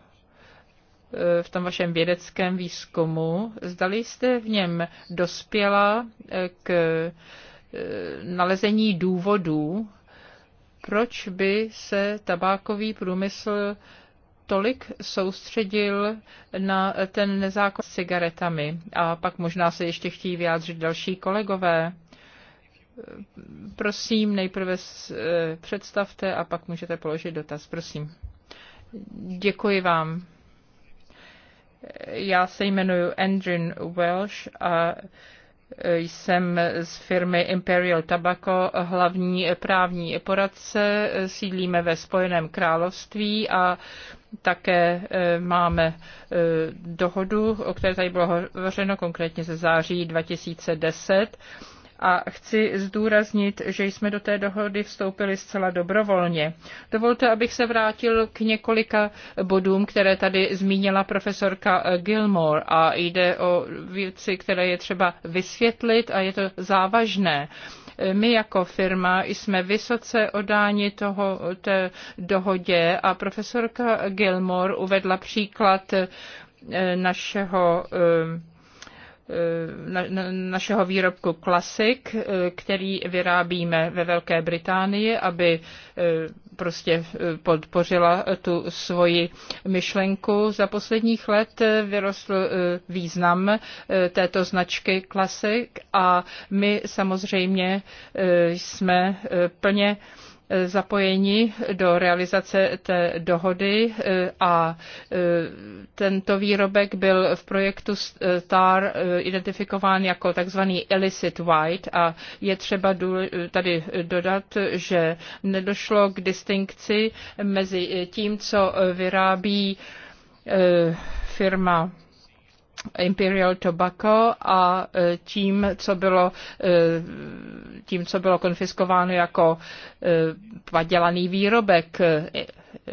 eh, v tom vašem vědeckém výzkumu, zdali jste v něm dospěla eh, k nalezení důvodů, proč by se tabákový průmysl tolik soustředil na ten nezákon s cigaretami. A pak možná se ještě chtějí vyjádřit další kolegové. Prosím, nejprve eh, představte a pak můžete položit dotaz. Prosím. Děkuji vám. Já se jmenuji Andrin Welsh a jsem z firmy Imperial Tobacco hlavní právní poradce, sídlíme ve Spojeném království a také eh, máme eh, dohodu, o které tady bylo hovořeno konkrétně ze září 2010 a chci zdůraznit, že jsme do té dohody vstoupili zcela dobrovolně. Dovolte, abych se vrátil k několika bodům, které tady zmínila profesorka Gilmore a jde o věci, které je třeba vysvětlit a je to závažné my jako firma jsme vysoce odáni toho, té dohodě a profesorka Gilmore uvedla příklad eh, našeho eh, na, na, našeho výrobku Classic, eh, který vyrábíme ve Velké Británii, aby eh, prostě eh, podpořila tu svoji myšlenku. Za posledních let vyrostl význam této značky Classic a my samozřejmě jsme plně zapojeni do realizace té dohody e, a e, tento výrobek byl v projektu STAR e, identifikován jako takzvaný illicit white a je třeba tady dodat, že nedošlo k distinkci mezi tím, co vyrábí firma Imperial Tobacco a e, tím, co bylo, e, tím, co bylo konfiskováno jako e, padělaný výrobek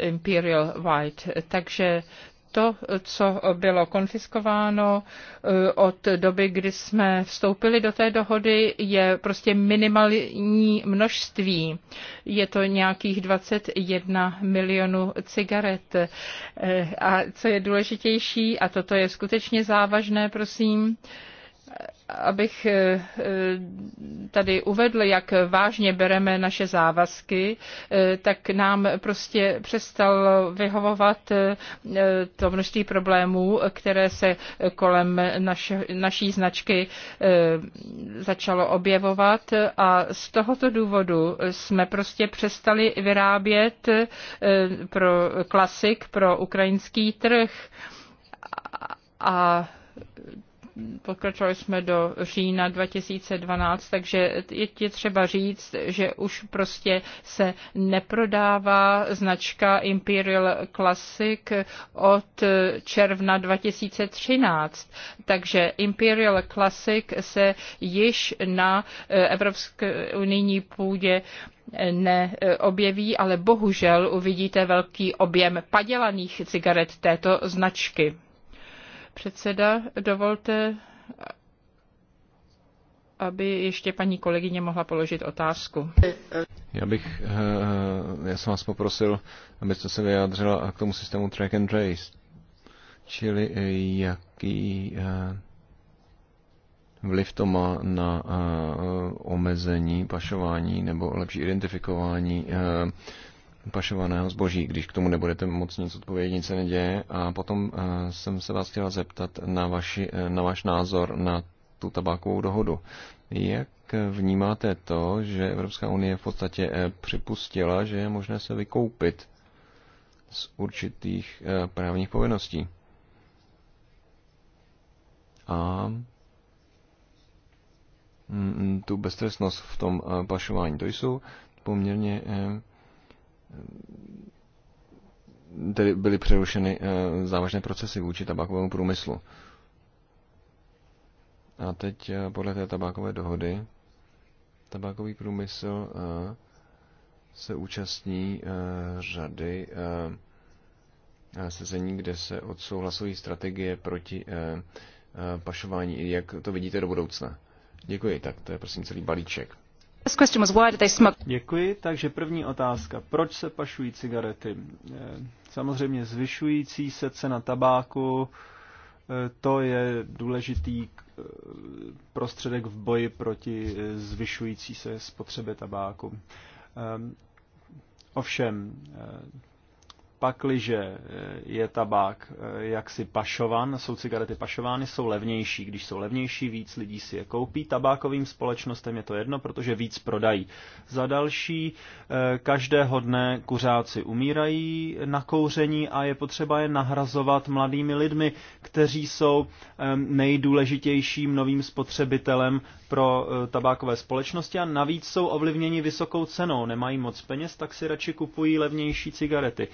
Imperial White. Takže to, co bylo konfiskováno eh, od doby, kdy jsme vstoupili do té dohody, je prostě minimální množství. Je to nějakých 21 milionů cigaret. Eh, a co je důležitější, a toto je skutečně závažné, prosím, abych eh, eh, tady uvedl, jak vážně bereme naše závazky, eh, tak nám prostě přestal vyhovovat to množství problémů, které se kolem naš, naší značky začalo objevovat a z tohoto důvodu jsme prostě přestali vyrábět pro klasik pro ukrajinský trh a pokračovali jsme do října 2012, takže je, je třeba říct, že už prostě se neprodává značka Imperial Classic od června 2013. Takže Imperial Classic se již na eh, Evropské unijní půdě eh, neobjeví, eh, ale bohužel uvidíte velký objem padělaných cigaret této značky. Předseda, dovolte, aby ještě paní kolegyně mohla položit otázku. Já bych, eh, já jsem vás poprosil, abyste se vyjádřila k tomu systému track and trace. Čili eh, jaký eh, vliv to má na omezení pašování nebo lepší identifikování pašovaného zboží, když k tomu nebudete moc nic odpovědět, nic se neděje. A potom eh, jsem se vás chtěla zeptat na, vaši, eh, na váš názor na tu tabákovou dohodu. Jak vnímáte to, že Evropská unie v podstatě eh, připustila, že je možné se vykoupit z určitých právních povinností? A mm, mm, tu beztresnost v tom pašování. To jsou poměrně tedy byly přerušeny eh, závažné procesy vůči tabákovému průmyslu. A teď eh, podle té tabákové dohody tabákový průmysl eh, se účastní řady sezení, kde se odsouhlasují strategie proti pašování, jak to vidíte do budoucna. Děkuji, tak to je prosím celý balíček. Děkuji, takže první otázka. Proč se pašují cigarety? Eh, samozřejmě zvyšující se cena tabáku, eh, to je důležitý eh, prostředek v boji proti zvyšující se spotřebě tabáku. Ovšem, pakliže eh, je tabák eh, jaksi pašovan, jsou cigarety pašovány, jsou levnější. Když jsou levnější, víc lidí si je koupí. Tabákovým společnostem je to jedno, protože víc prodají. Za další, eh, každého dne kuřáci umírají na kouření a je potřeba je nahrazovat mladými lidmi, kteří jsou nejdůležitějším novým spotřebitelem pro tabákové společnosti a navíc jsou ovlivněni vysokou cenou. Nemají moc peněz, tak si radši kupují levnější cigarety.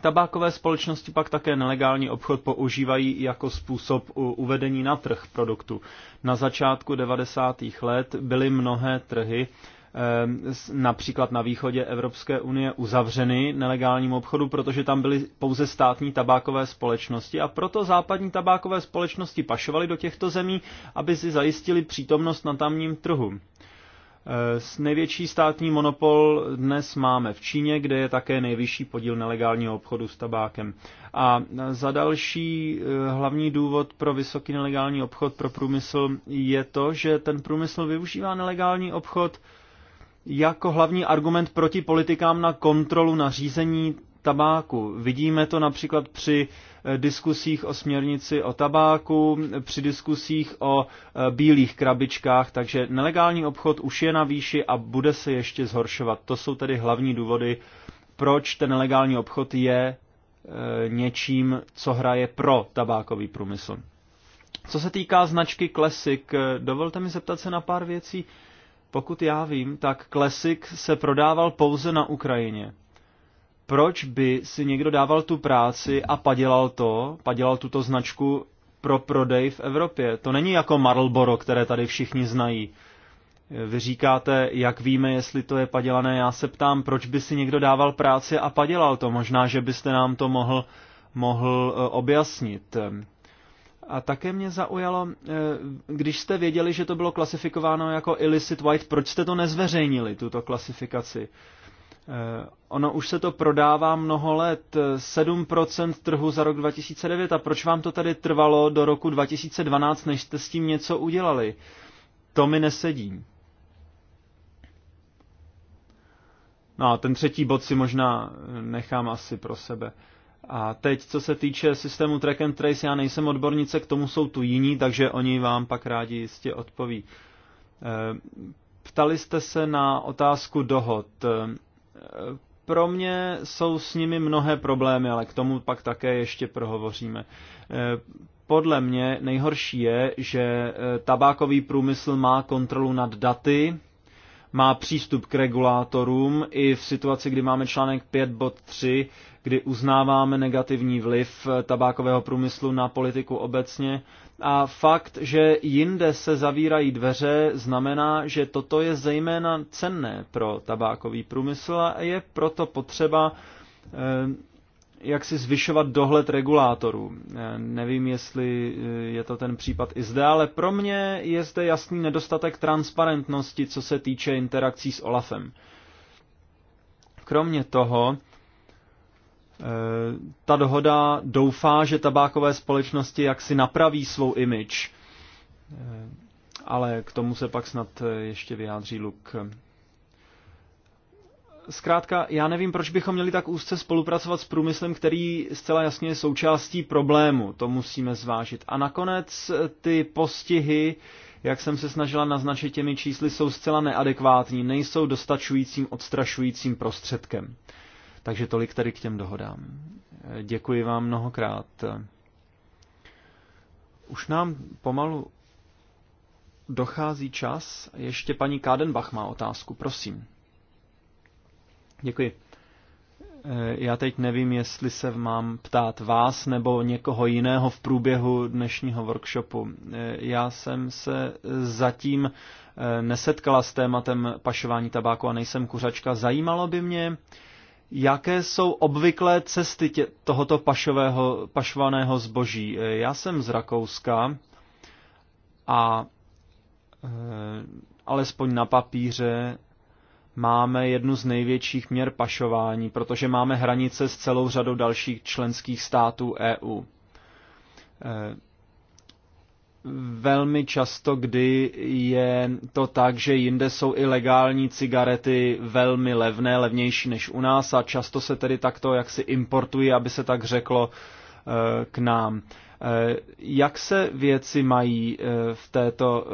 Tabákové společnosti pak také nelegální obchod používají jako způsob uvedení na trh produktu. Na začátku 90. let byly mnohé trhy, eh, například na východě Evropské unie, uzavřeny nelegálnímu obchodu, protože tam byly pouze státní tabákové společnosti a proto západní tabákové společnosti pašovaly do těchto zemí, aby si zajistili přítomnost na tamním trhu. Eh, s největší státní monopol dnes máme v Číně, kde je také nejvyšší podíl nelegálního obchodu s tabákem. A za další eh, hlavní důvod pro vysoký nelegální obchod pro průmysl je to, že ten průmysl využívá nelegální obchod jako hlavní argument proti politikám na kontrolu nařízení tabáku. Vidíme to například při eh, diskusích o směrnici o tabáku, při diskusích o eh, bílých krabičkách, takže nelegální obchod už je na výši a bude se ještě zhoršovat. To jsou tedy hlavní důvody, proč ten nelegální obchod je eh, něčím, co hraje pro tabákový průmysl. Co se týká značky Classic, dovolte mi zeptat se na pár věcí. Pokud já vím, tak Classic se prodával pouze na Ukrajině proč by si někdo dával tu práci a padělal to, padělal tuto značku pro prodej v Evropě. To není jako Marlboro, které tady všichni znají. Vy říkáte, jak víme, jestli to je padělané. Já se ptám, proč by si někdo dával práci a padělal to. Možná, že byste nám to mohl, mohl eh, objasnit. A také mě zaujalo, eh, když jste věděli, že to bylo klasifikováno jako illicit white, proč jste to nezveřejnili, tuto klasifikaci? Eh, ono už se to prodává mnoho let, 7% trhu za rok 2009 a proč vám to tady trvalo do roku 2012, než jste s tím něco udělali? To mi nesedí. No a ten třetí bod si možná eh, nechám asi pro sebe. A teď, co se týče systému track and trace, já nejsem odbornice, k tomu jsou tu jiní, takže oni vám pak rádi jistě odpoví. Eh, ptali jste se na otázku dohod. Pro mě jsou s nimi mnohé problémy, ale k tomu pak také ještě prohovoříme. Eh, podle mě nejhorší je, že eh, tabákový průmysl má kontrolu nad daty, má přístup k regulátorům i v situaci, kdy máme článek 5 bod 3, kdy uznáváme negativní vliv eh, tabákového průmyslu na politiku obecně, a fakt, že jinde se zavírají dveře, znamená, že toto je zejména cenné pro tabákový průmysl a je proto potřeba eh, jak si zvyšovat dohled regulátorů. Eh, nevím, jestli eh, je to ten případ i zde, ale pro mě je zde jasný nedostatek transparentnosti, co se týče interakcí s OLAFem. Kromě toho, Eh, ta dohoda doufá, že tabákové společnosti jaksi napraví svou imič. Eh, ale k tomu se pak snad eh, ještě vyjádří Luk. Zkrátka, já nevím, proč bychom měli tak úzce spolupracovat s průmyslem, který zcela jasně je součástí problému. To musíme zvážit. A nakonec ty postihy, jak jsem se snažila naznačit těmi čísly, jsou zcela neadekvátní, nejsou dostačujícím odstrašujícím prostředkem. Takže tolik tady k těm dohodám. Děkuji vám mnohokrát. Už nám pomalu dochází čas. Ještě paní Kádenbach má otázku, prosím. Děkuji. Já teď nevím, jestli se mám ptát vás nebo někoho jiného v průběhu dnešního workshopu. Já jsem se zatím eh, nesetkala s tématem pašování tabáku a nejsem kuřačka. Zajímalo by mě, jaké jsou obvyklé cesty tě, tohoto pašového, pašovaného zboží. Já jsem z Rakouska a e, alespoň na papíře máme jednu z největších měr pašování, protože máme hranice s celou řadou dalších členských států EU. E, velmi často, kdy je to tak, že jinde jsou i legální cigarety velmi levné, levnější než u nás a často se tedy takto jak si importují, aby se tak řeklo, eh, k nám. Eh, jak se věci mají eh, v této,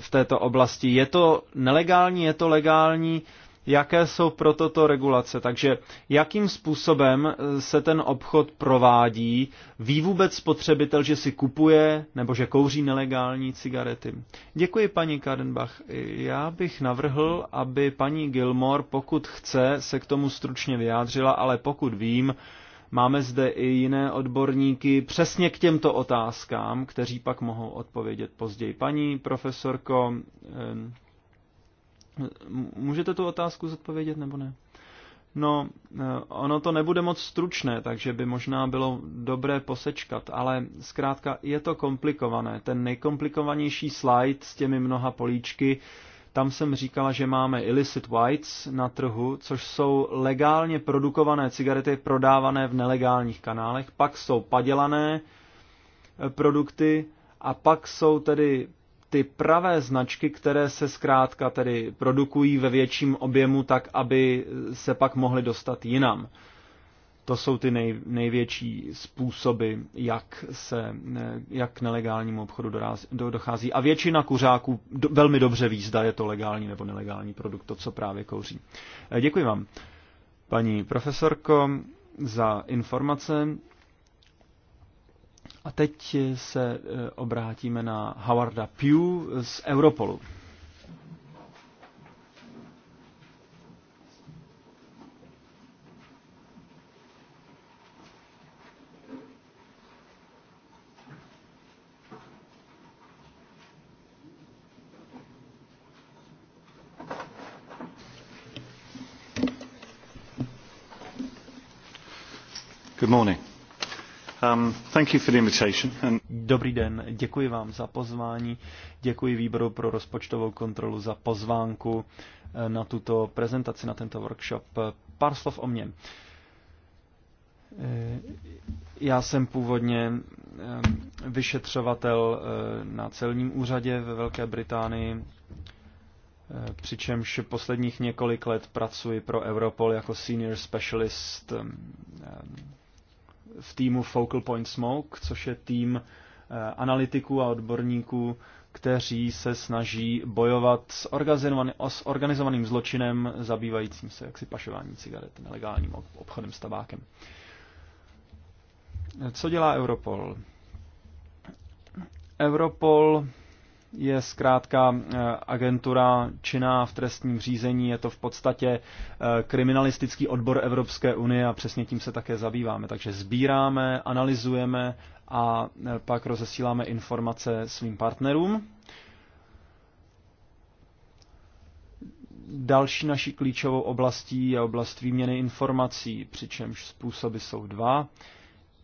v této oblasti? Je to nelegální, je to legální? jaké jsou pro toto regulace. Takže jakým způsobem eh, se ten obchod provádí? Ví vůbec spotřebitel, že si kupuje nebo že kouří nelegální cigarety? Děkuji, paní Kardenbach. Já bych navrhl, aby paní Gilmore, pokud chce, se k tomu stručně vyjádřila, ale pokud vím, Máme zde i jiné odborníky přesně k těmto otázkám, kteří pak mohou odpovědět později. Paní profesorko, eh, Můžete tu otázku zodpovědět nebo ne? No, eh, ono to nebude moc stručné, takže by možná bylo dobré posečkat, ale zkrátka je to komplikované. Ten nejkomplikovanější slide s těmi mnoha políčky, tam jsem říkala, že máme illicit whites na trhu, což jsou legálně produkované cigarety prodávané v nelegálních kanálech, pak jsou padělané eh, produkty a pak jsou tedy ty pravé značky, které se zkrátka tedy produkují ve větším objemu, tak aby se pak mohly dostat jinam. To jsou ty nej, největší způsoby, jak se jak k nelegálnímu obchodu do, dochází. A většina kuřáků do, velmi dobře ví, zda je to legální nebo nelegální produkt, to, co právě kouří. E, děkuji vám, paní profesorko, za informace. A teď se eh, obrátíme na Howarda Pugh z Europolu. Good morning. Um, Dobrý den, děkuji vám za pozvání, děkuji výboru pro rozpočtovou kontrolu za pozvánku eh, na tuto prezentaci, na tento workshop. Eh, pár slov o mně. Eh, já jsem původně vyšetřovatel na celním úřadě ve Velké Británii, přičemž posledních několik let pracuji pro Europol jako senior specialist v týmu Focal Point Smoke, což je tým eh, analytiků a odborníků, kteří se snaží bojovat s, organizovaným zločinem zabývajícím se jaksi pašování cigaret, nelegálním obchodem s tabákem. Co dělá Europol? Europol je zkrátka eh, agentura činná v trestním řízení, je to v podstatě eh, kriminalistický odbor Evropské unie a přesně tím se také zabýváme. Takže sbíráme, analyzujeme a eh, pak rozesíláme informace svým partnerům. Další naší klíčovou oblastí je oblast výměny informací, přičemž způsoby jsou dva.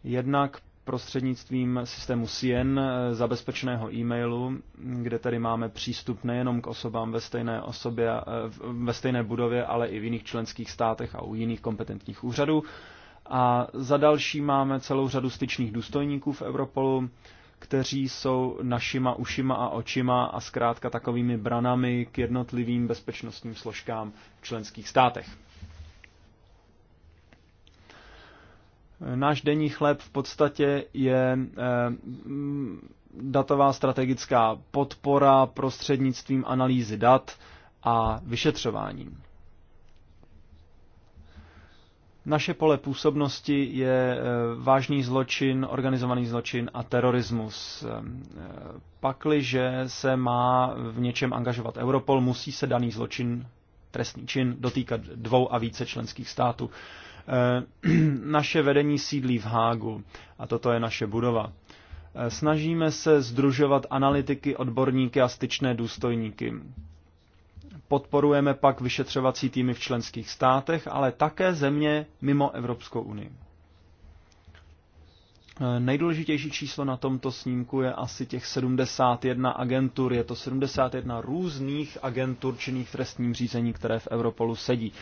Jednak prostřednictvím systému SIEN eh, zabezpečeného e-mailu, kde tady máme přístup nejenom k osobám ve stejné, osobě, eh, ve stejné budově, ale i v jiných členských státech a u jiných kompetentních úřadů. A za další máme celou řadu styčných důstojníků v Europolu, kteří jsou našima ušima a očima a zkrátka takovými branami k jednotlivým bezpečnostním složkám v členských státech. Náš denní chléb v podstatě je eh, datová strategická podpora prostřednictvím analýzy dat a vyšetřování. Naše pole působnosti je eh, vážný zločin, organizovaný zločin a terorismus. Eh, pakliže se má v něčem angažovat Europol, musí se daný zločin, trestný čin, dotýkat dvou a více členských států. Eh, naše vedení sídlí v Hágu a toto je naše budova. Eh, snažíme se združovat analytiky, odborníky a styčné důstojníky. Podporujeme pak vyšetřovací týmy v členských státech, ale také země mimo Evropskou unii. Eh, nejdůležitější číslo na tomto snímku je asi těch 71 agentur. Je to 71 různých agentur činných v trestním řízení, které v Europolu sedí.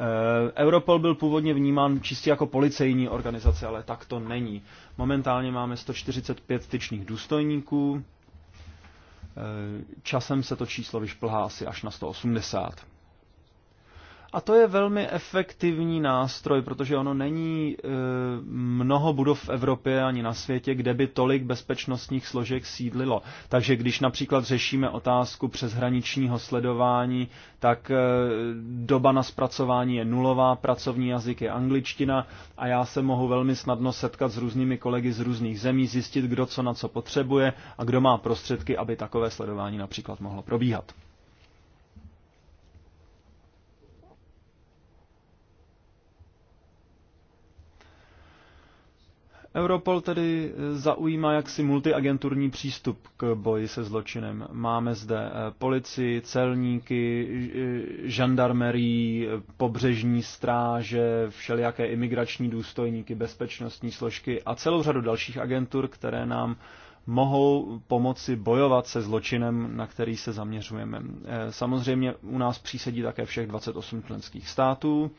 Eh, Europol byl původně vnímán čistě jako policejní organizace, ale tak to není. Momentálně máme 145 styčných důstojníků, eh, časem se to číslo vyšplhá asi až na 180. A to je velmi efektivní nástroj, protože ono není e, mnoho budov v Evropě ani na světě, kde by tolik bezpečnostních složek sídlilo. Takže když například řešíme otázku přeshraničního sledování, tak e, doba na zpracování je nulová, pracovní jazyk je angličtina a já se mohu velmi snadno setkat s různými kolegy z různých zemí, zjistit, kdo co na co potřebuje a kdo má prostředky, aby takové sledování například mohlo probíhat. Europol tedy eh, zaujímá jaksi multiagenturní přístup k boji se zločinem. Máme zde eh, policii, celníky, eh, žandarmerii, pobřežní stráže, všelijaké imigrační důstojníky, bezpečnostní složky a celou řadu dalších agentur, které nám mohou pomoci bojovat se zločinem, na který se zaměřujeme. Samozřejmě u nás přísedí také všech 28 členských států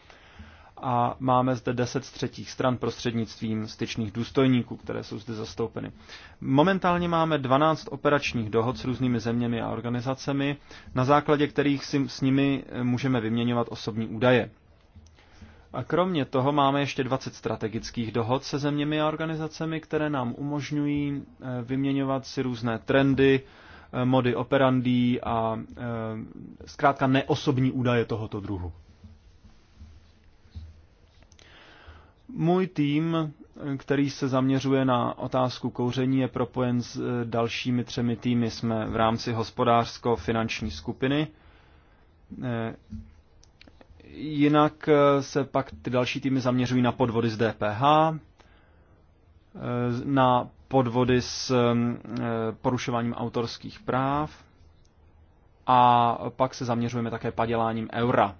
a máme zde deset z třetích stran prostřednictvím styčných důstojníků, které jsou zde zastoupeny. Momentálně máme 12 operačních dohod s různými zeměmi a organizacemi, na základě kterých si s nimi eh, můžeme vyměňovat osobní údaje. A kromě toho máme ještě 20 strategických dohod se zeměmi a organizacemi, které nám umožňují eh, vyměňovat si různé trendy, eh, mody operandí a zkrátka neosobní údaje tohoto druhu. Můj tým, který se zaměřuje na otázku kouření, je propojen s eh, dalšími třemi týmy. Jsme v rámci hospodářsko-finanční skupiny. Eh, jinak eh, se pak ty další týmy zaměřují na podvody z DPH, na podvody s mm, porušováním autorských práv a pak se zaměřujeme také paděláním eura.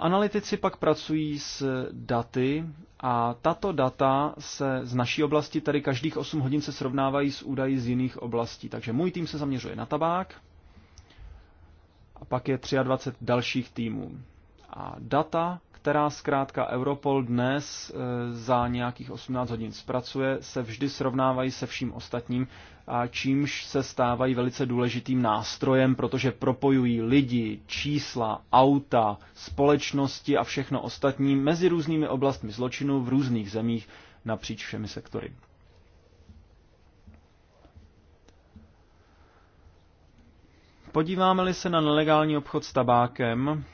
Analytici pak pracují s daty a tato data se z naší oblasti, tady každých 8 hodin se srovnávají s údaji z jiných oblastí. Takže můj tým se zaměřuje na tabák a pak je 23 dalších týmů. A data která zkrátka Europol dnes eh, za nějakých 18 hodin zpracuje, se vždy srovnávají se vším ostatním, a čímž se stávají velice důležitým nástrojem, protože propojují lidi, čísla, auta, společnosti a všechno ostatní mezi různými oblastmi zločinu v různých zemích napříč všemi sektory. Podíváme-li se na nelegální obchod s tabákem,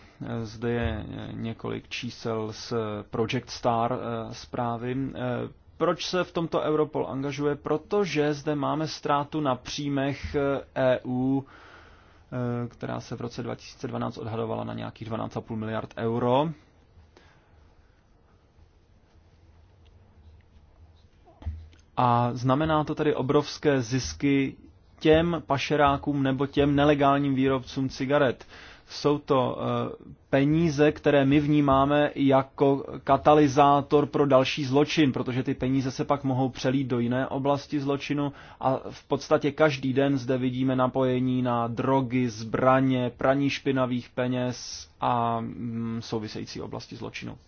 zde je několik čísel z Project Star eh, zprávy. Eh, proč se v tomto Europol angažuje? Protože zde máme ztrátu na příjmech EU, eh, e která se v roce 2012 odhadovala na nějakých 12,5 miliard euro. A znamená to tedy obrovské zisky těm pašerákům nebo těm nelegálním výrobcům cigaret. Jsou to eh, peníze, které my vnímáme jako katalyzátor pro další zločin, protože ty peníze se pak mohou přelít do jiné oblasti zločinu a v podstatě každý den zde vidíme napojení na drogy, zbraně, praní špinavých peněz a mm, související oblasti zločinu.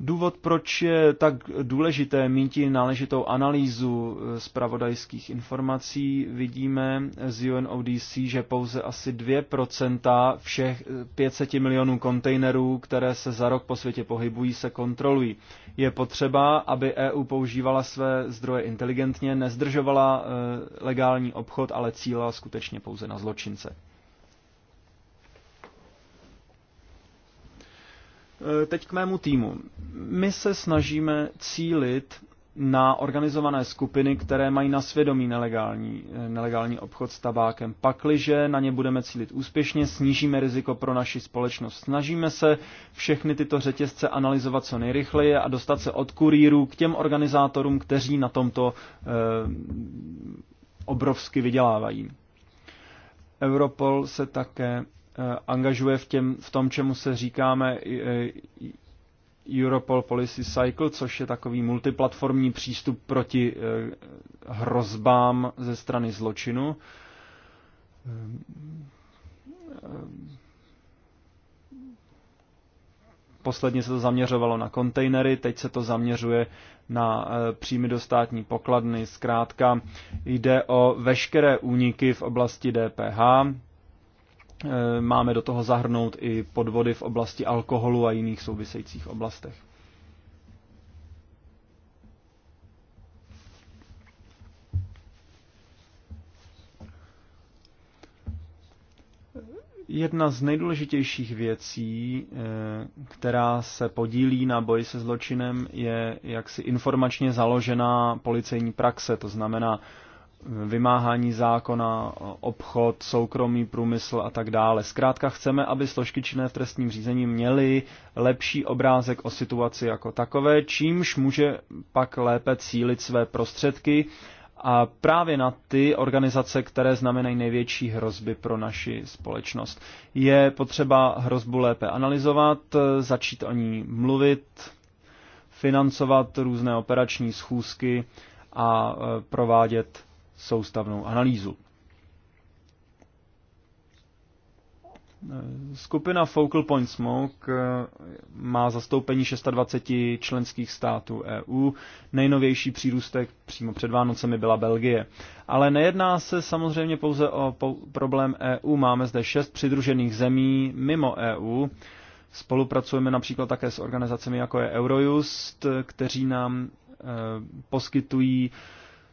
Důvod, proč je tak důležité mít náležitou analýzu eh, zpravodajských informací, vidíme z UNODC, že pouze asi 2% všech 500 eh, milionů kontejnerů, které se za rok po světě pohybují, se kontrolují. Je potřeba, aby EU používala své zdroje inteligentně, nezdržovala eh, legální obchod, ale cílila skutečně pouze na zločince. Eh, teď k mému týmu. My se snažíme cílit na organizované skupiny, které mají na svědomí nelegální, eh, nelegální obchod s tabákem. Pakliže na ně budeme cílit úspěšně, snížíme riziko pro naši společnost. Snažíme se všechny tyto řetězce analyzovat co nejrychleji a dostat se od kurýrů k těm organizátorům, kteří na tomto eh, obrovsky vydělávají. Europol se také Eh, angažuje v, těm, v tom, čemu se říkáme eh, Europol Policy Cycle, což je takový multiplatformní přístup proti eh, hrozbám ze strany zločinu. Posledně se to zaměřovalo na kontejnery, teď se to zaměřuje na příjmy do státní pokladny. Zkrátka jde o veškeré úniky v oblasti DPH, Eh, máme do toho zahrnout i podvody v oblasti alkoholu a jiných souvisejících oblastech. Jedna z nejdůležitějších věcí, eh, která se podílí na boji se zločinem, je jaksi informačně založená policejní praxe. To znamená, vymáhání zákona, obchod, soukromý průmysl a tak dále. Zkrátka chceme, aby složky činné v trestním řízení měly lepší obrázek o situaci jako takové, čímž může pak lépe cílit své prostředky a právě na ty organizace, které znamenají největší hrozby pro naši společnost. Je potřeba hrozbu lépe analyzovat, začít o ní mluvit, financovat různé operační schůzky a e, provádět soustavnou analýzu. Skupina Focal Point Smoke eh, má zastoupení 26 členských států EU. Nejnovější přírůstek přímo před Vánocemi byla Belgie. Ale nejedná se samozřejmě pouze o problém EU. Máme zde šest přidružených zemí mimo EU. Spolupracujeme například také s organizacemi jako je Eurojust, kteří nám eh, poskytují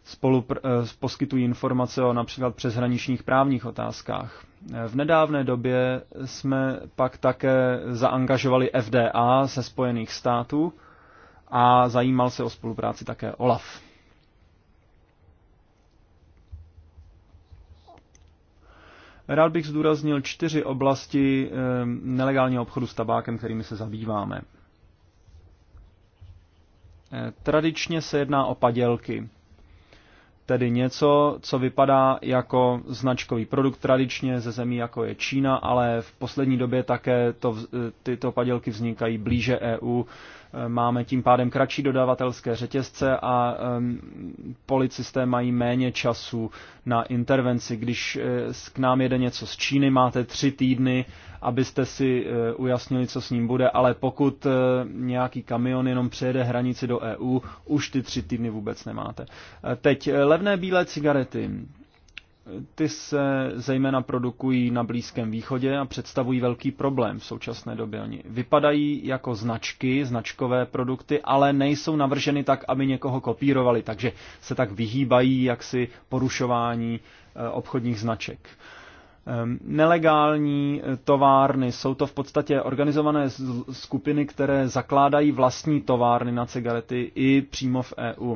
spolupr- eh, poskytují informace o například přeshraničních právních otázkách. Eh, v nedávné době jsme pak také zaangažovali FDA ze Spojených států a zajímal se o spolupráci také OLAF. Rád bych zdůraznil čtyři oblasti eh, nelegálního obchodu s tabákem, kterými se zabýváme. Tradičně se jedná o padělky tedy něco, co vypadá jako značkový produkt tradičně ze zemí, jako je Čína, ale v poslední době také to, tyto padělky vznikají blíže EU, máme tím pádem kratší dodavatelské řetězce a policisté mají méně času na intervenci. Když e, k nám jede něco z Číny, máte tři týdny, abyste si e, ujasnili, co s ním bude, ale pokud e, nějaký kamion jenom přejede hranici do EU, už ty tři týdny vůbec nemáte. Teď levné bílé cigarety. Ty se zejména produkují na Blízkém východě a představují velký problém v současné době. Oni vypadají jako značky, značkové produkty, ale nejsou navrženy tak, aby někoho kopírovali, takže se tak vyhýbají jaksi porušování eh, obchodních značek. Ehm, nelegální eh, továrny jsou to v podstatě organizované skupiny, které zakládají vlastní továrny na cigarety i přímo v EU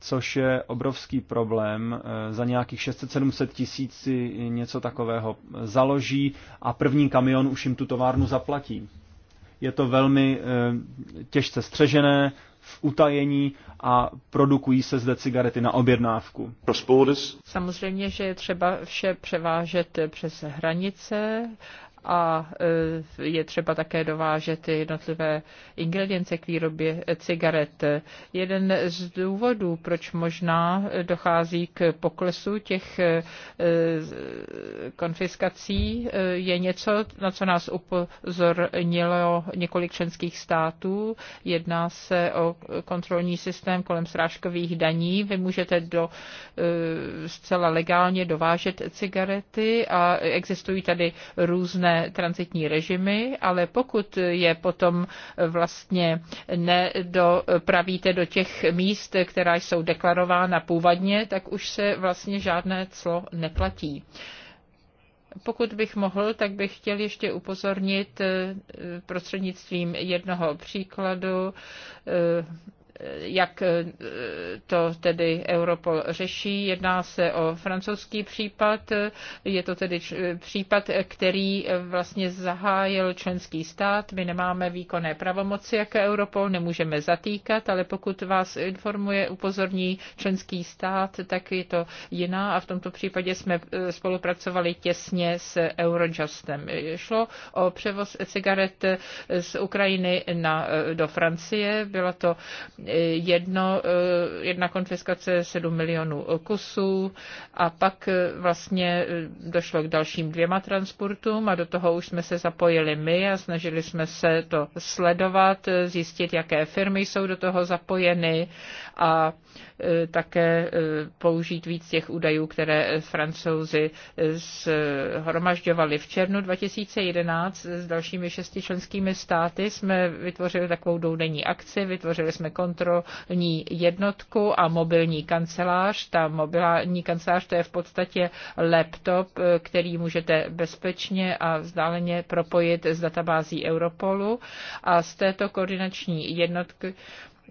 což je obrovský problém. E, za nějakých 600-700 tisíc si něco takového založí a první kamion už jim tu továrnu zaplatí. Je to velmi e, těžce střežené, v utajení a produkují se zde cigarety na objednávku. Samozřejmě, že je třeba vše převážet přes hranice a e, je třeba také dovážet jednotlivé ingredience k výrobě cigaret. Jeden z důvodů, proč možná dochází k poklesu těch e, konfiskací, e, je něco, na co nás upozornilo několik členských států. Jedná se o kontrolní systém kolem srážkových daní. Vy můžete do, zcela legálně dovážet cigarety a existují tady různé různé transitní režimy, ale pokud je potom vlastně nedopravíte do těch míst, která jsou deklarována původně, tak už se vlastně žádné clo neplatí. Pokud bych mohl, tak bych chtěl ještě upozornit eh, prostřednictvím jednoho příkladu eh, jak eh, to tedy Europol řeší. Jedná se o francouzský případ, je to tedy případ, který vlastně zahájil členský stát. My nemáme výkonné pravomoci jak Europol, nemůžeme zatýkat, ale pokud vás informuje, upozorní členský stát, tak je to jiná a v tomto případě jsme eh, spolupracovali těsně s Eurojustem. Šlo o převoz cigaret z Ukrajiny na, eh, do Francie, byla to jedno, eh, jedna konfiskace 7 milionů kusů a pak eh, vlastně eh, došlo k dalším dvěma transportům a do toho už jsme se zapojili my a snažili jsme se to sledovat, zjistit, jaké firmy jsou do toho zapojeny a také použít víc těch údajů, které francouzi shromažďovali v červnu 2011 s dalšími šesti členskými státy. Jsme vytvořili takovou doudenní akci, vytvořili jsme kontrolu kontrolní jednotku a mobilní kancelář. Ta mobilní kancelář to je v podstatě laptop, který můžete bezpečně a vzdáleně propojit s databází Europolu a z této koordinační jednotky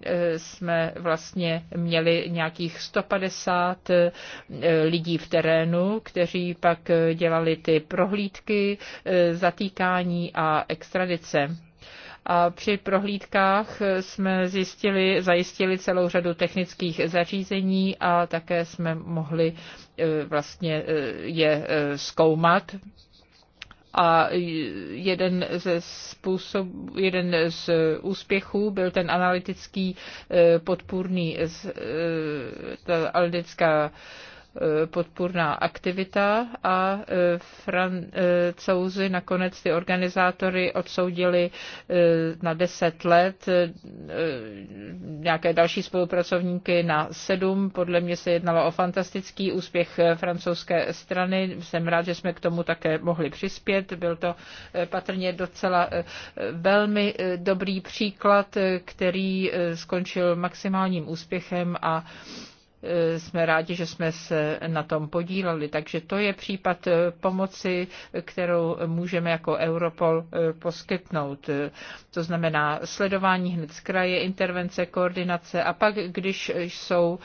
eh, jsme vlastně měli nějakých 150 eh, lidí v terénu, kteří pak eh, dělali ty prohlídky, zatýkání a extradice a při prohlídkách jsme zjistili, zajistili celou řadu technických zařízení a také jsme mohli e, vlastně e, je e, zkoumat a jeden, ze způsob, jeden z úspěchů byl ten analytický podpůrný, ta analytická Eh, podpůrná aktivita a eh, francouzi eh, nakonec ty organizátory odsoudili na deset let, nějaké další spolupracovníky na sedm. Podle mě se jednalo o fantastický úspěch francouzské strany. Jsem rád, že jsme k tomu také mohli přispět. Byl to patrně docela velmi dobrý příklad, který skončil maximálním úspěchem a Eh, jsme rádi, že jsme se na tom podíleli. Takže to je případ eh, pomoci, kterou můžeme jako Europol eh, poskytnout. To znamená sledování hned z kraje, intervence, koordinace a pak, když jsou,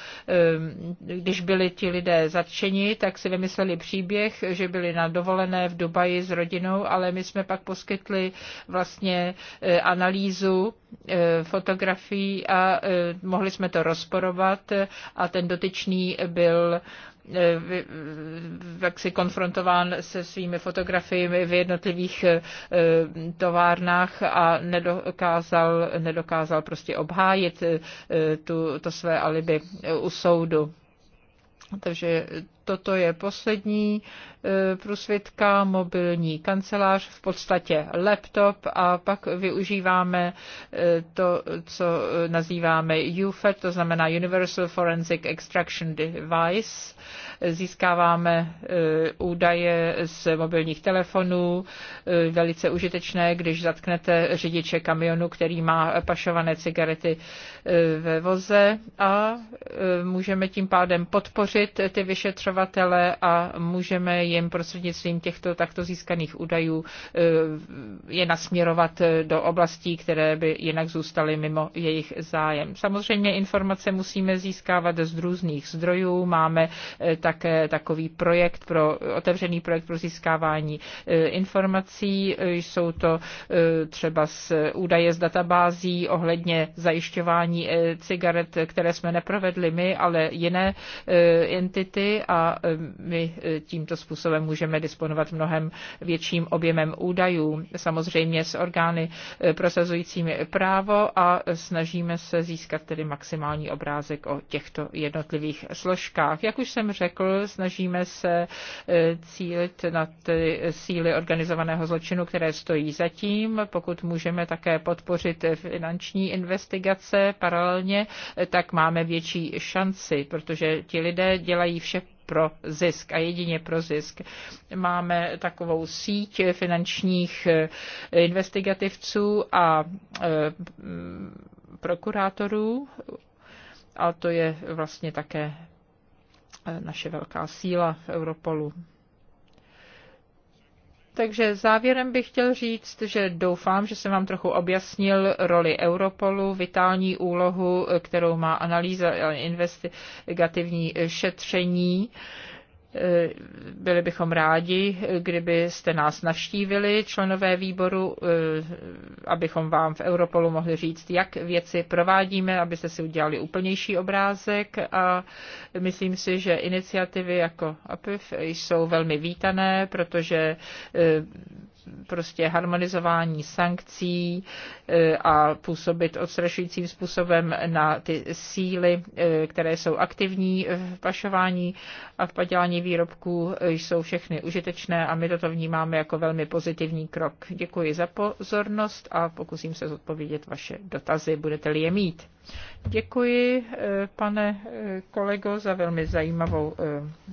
když byli ti lidé zatčeni, tak si vymysleli příběh, že byli na dovolené v Dubaji s rodinou, ale my jsme pak poskytli vlastně analýzu E, fotografií a e, mohli jsme to rozporovat a ten dotyčný byl e, si konfrontován se svými fotografiemi v jednotlivých továrnách a nedokázal, nedokázal prostě obhájit tu, to své alibi u soudu. Takže Toto je poslední e, průsvitka, mobilní kancelář, v podstatě laptop a pak využíváme e, to, co nazýváme UFED, to znamená Universal Forensic Extraction Device. Získáváme e, údaje z mobilních telefonů, velice užitečné, když zatknete řidiče kamionu, který má pašované cigarety ve voze a můžeme tím pádem podpořit ty vyšetřování pozorovatele a můžeme jim prostřednictvím těchto takto získaných údajů eh, je nasměrovat eh, do oblastí, které by jinak zůstaly mimo jejich zájem. Samozřejmě informace musíme získávat z různých zdrojů. Máme eh, také takový projekt pro otevřený projekt pro získávání informací. Jsou to třeba z údaje z databází ohledně zajišťování cigaret, které jsme neprovedli my, ale jiné entity a Eh, my eh, tímto způsobem můžeme disponovat mnohem větším objemem údajů, samozřejmě s orgány eh, prosazujícími právo a snažíme se získat tedy maximální obrázek o těchto jednotlivých složkách. Jak už jsem řekl, snažíme se cílit na ty síly organizovaného zločinu, které stojí zatím. Pokud můžeme také podpořit finanční investigace paralelně, tak máme větší šanci, protože ti lidé dělají vše pro zisk a jedině pro zisk. Máme takovou síť finančních eh, investigativců a eh, prokurátorů a to je vlastně také eh, naše velká síla v Europolu. Takže závěrem bych chtěl říct, že doufám, že jsem vám trochu objasnil roli Europolu, vitální úlohu, kterou má analýza investigativní šetření. Byli bychom rádi, kdybyste nás navštívili, členové výboru, eh, abychom vám v Europolu mohli říct, jak věci provádíme, abyste si udělali úplnější obrázek a myslím si, že iniciativy jako APIF jsou velmi vítané, protože eh, prostě harmonizování sankcí e, a působit odstrašujícím způsobem na ty síly, e, které jsou aktivní v pašování a v padělání výrobků, e, jsou všechny užitečné a my toto vnímáme jako velmi pozitivní krok. Děkuji za pozornost a pokusím se zodpovědět vaše dotazy, budete-li je mít. Děkuji, pane kolego, za velmi zajímavou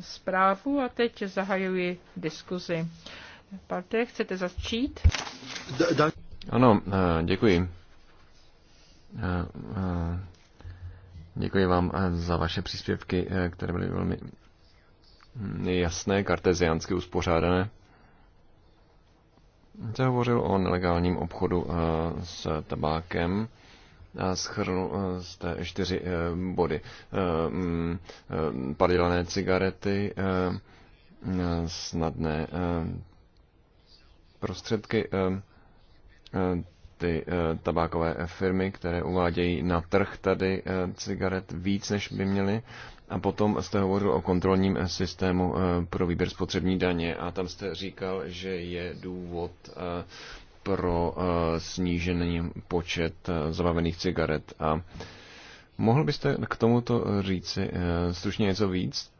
zprávu a teď zahajuji diskuzi. Parte, chcete začít? Ano, eh, děkuji. Eh, eh, děkuji vám za vaše příspěvky, které byly velmi hm, jasné, karteziánsky uspořádané. Jste hovořil o nelegálním obchodu s tabákem a schrnul jste čtyři body. Hm, padělané cigarety, hm, snadné prostředky eh, eh, ty eh, tabákové firmy, které uvádějí na trh tady cigaret víc, než by měly. A potom jste hovořil o kontrolním systému pro výběr spotřební daně a tam jste říkal, že je důvod pro snížený počet zabavených cigaret. A mohl byste k tomuto říci stručně něco víc?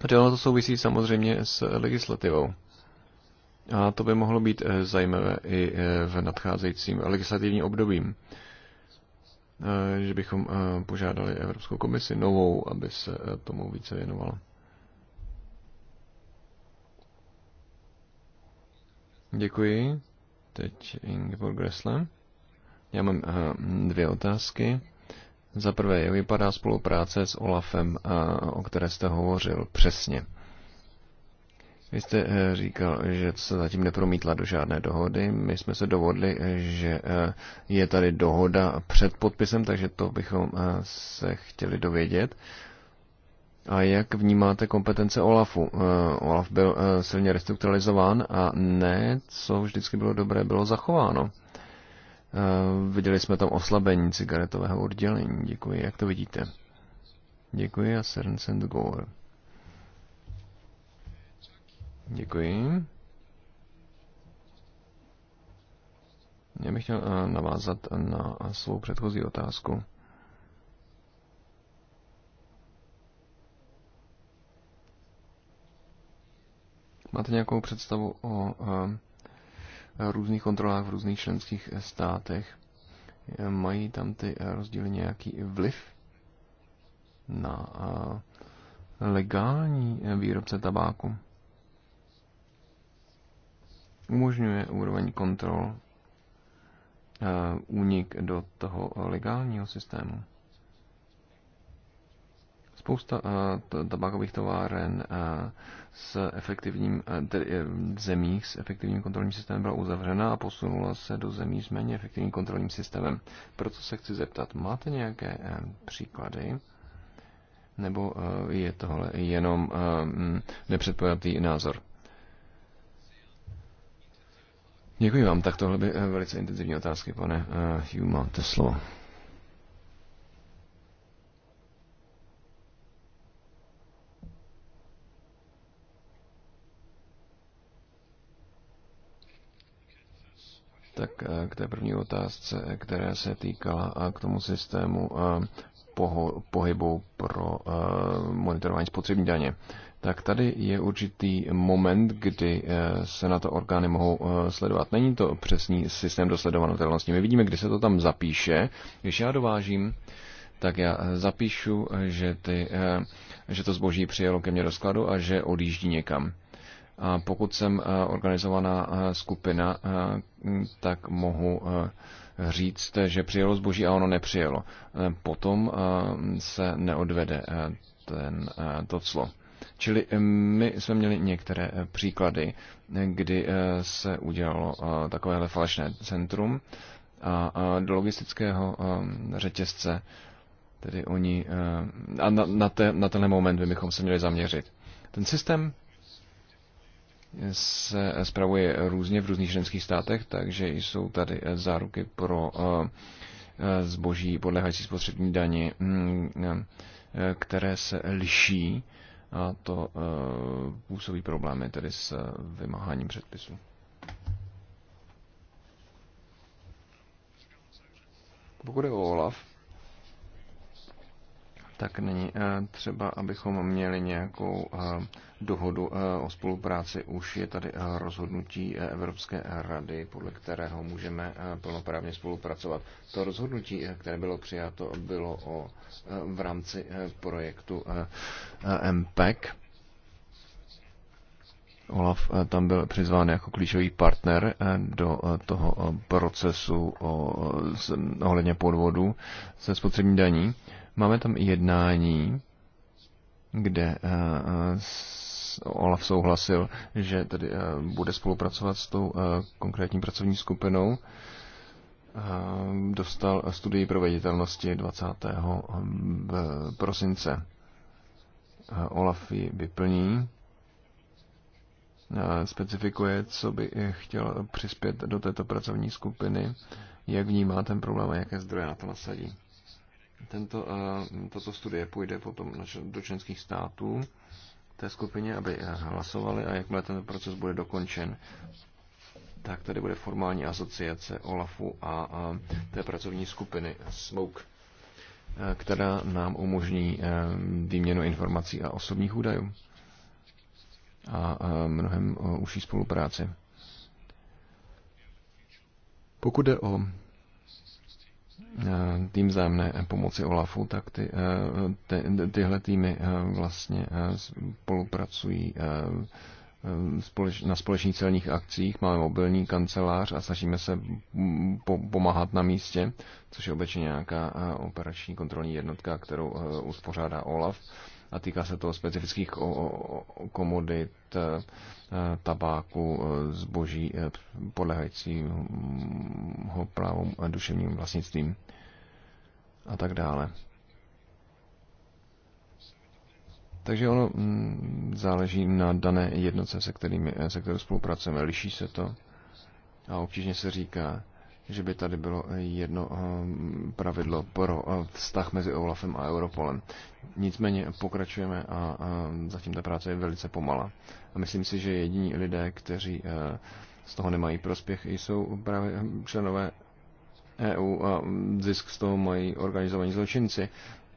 Protože ono to souvisí samozřejmě s legislativou. A to by mohlo být eh, zajímavé i eh, v nadcházejícím legislativním obdobím, eh, že bychom požádali Evropskou komisi novou, aby se tomu více věnovala. Děkuji. Teď Ingeborg Gressle. Já mám dvě otázky. Za prvé, jak vypadá spolupráce s Olafem, o které jste hovořil přesně? Vy jste eh, říkal, že se zatím nepromítla do žádné dohody. My jsme se dovodli, eh, že eh, je tady dohoda před podpisem, takže to bychom se chtěli dovědět. A jak vnímáte kompetence OLAFu? OLAF byl silně restrukturalizován a ne, co vždycky bylo dobré, bylo zachováno. Viděli jsme tam oslabení cigaretového oddělení. Děkuji. Jak to vidíte? Děkuji a Sernsen Gore. Děkuji. Já bych chtěl eh, navázat na svou předchozí otázku. Máte nějakou představu o eh, různých kontrolách v různých členských státech? Eh, mají tam ty rozdíly nějaký vliv na legální výrobce tabáku? umožňuje úroveň kontrol eh, únik do toho legálního systému. Spousta eh, tabakových továren eh, s efektivním, tedy zemích s efektivním kontrolním systémem byla uzavřena a posunula se do zemí s méně efektivním kontrolním systémem. Proto se chci zeptat, máte nějaké příklady? Nebo je tohle jenom mm, nepředpojatý názor? Děkuji vám. Tak tohle by eh, velice intenzivní otázky, pane eh, Hugh, máte slovo. Tak eh, k té první otázce, která se týkala k tomu systému pohybu pro monitorování spotřební daně tak tady je určitý moment, kdy eh, se na to orgány mohou eh, sledovat. Není to přesný systém dosledovanotelnosti. My vidíme, kdy se to tam zapíše. Když já dovážím, tak já eh, zapíšu, že, ty, že to zboží přijelo ke mně do skladu a že odjíždí někam. A pokud jsem organizovaná skupina, tak mohu říct, že přijelo zboží a ono nepřijelo. Potom se neodvede ten, to clo. Čili eh, my jsme měli některé eh, příklady, eh, kdy se udělalo takovéhle falešné centrum a do logistického řetězce, tedy oni, a na, na, te, na tenhle moment by bychom se měli zaměřit. Ten systém se spravuje různě v různých členských státech, takže jsou tady záruky pro zboží podlehající spotřební dani, hm, které se liší a to eh, působí problémy tedy s eh, vymáháním předpisů. Pokud je o OLAF, tak není eh, třeba, abychom měli nějakou dohodu o spolupráci. Už je tady rozhodnutí Evropské rady, podle kterého můžeme plnoprávně spolupracovat. To rozhodnutí, které bylo přijato, bylo o, v rámci projektu MPEG. Olaf eh, tam byl přizván jako klíčový partner eh, do eh, toho procesu o, ohledně podvodu se spotřební daní. Máme tam jednání, kde Olaf souhlasil, že tedy bude spolupracovat s tou konkrétní pracovní skupinou. Dostal studii proveditelnosti 20. prosince. Olaf ji vyplní, specifikuje, co by chtěl přispět do této pracovní skupiny, jak vnímá ten problém a jaké zdroje na to nasadí. Tento, toto studie půjde potom do členských států té skupině, aby hlasovali a jakmile ten proces bude dokončen, tak tady bude formální asociace OLAFu a té pracovní skupiny SMOKE. Eh, která nám umožní eh, výměnu informací a osobních údajů a eh, mnohem užší spolupráci. Pokud jde o tým zájemné pomoci OLAFu, tak ty, ty, tyhle týmy vlastně spolupracují na společných celních akcích, máme mobilní kancelář a snažíme se pomáhat na místě, což je obecně nějaká operační kontrolní jednotka, kterou uspořádá OLAF a týká se toho specifických komodit, tabáku, zboží podlehajícího právu duševním vlastnictvím a tak dále. Takže ono mm, záleží na dané jednoce, se, kterými, se kterou spolupracujeme. Liší se to a obtížně se říká, že by tady bylo jedno eh, pravidlo pro eh, vztah mezi OLAFem a Europolem. Nicméně pokračujeme a eh, zatím ta práce je velice pomala. A myslím si, že jediní lidé, kteří z toho nemají prospěch, jsou právě členové EU a zisk z toho mají organizovaní zločinci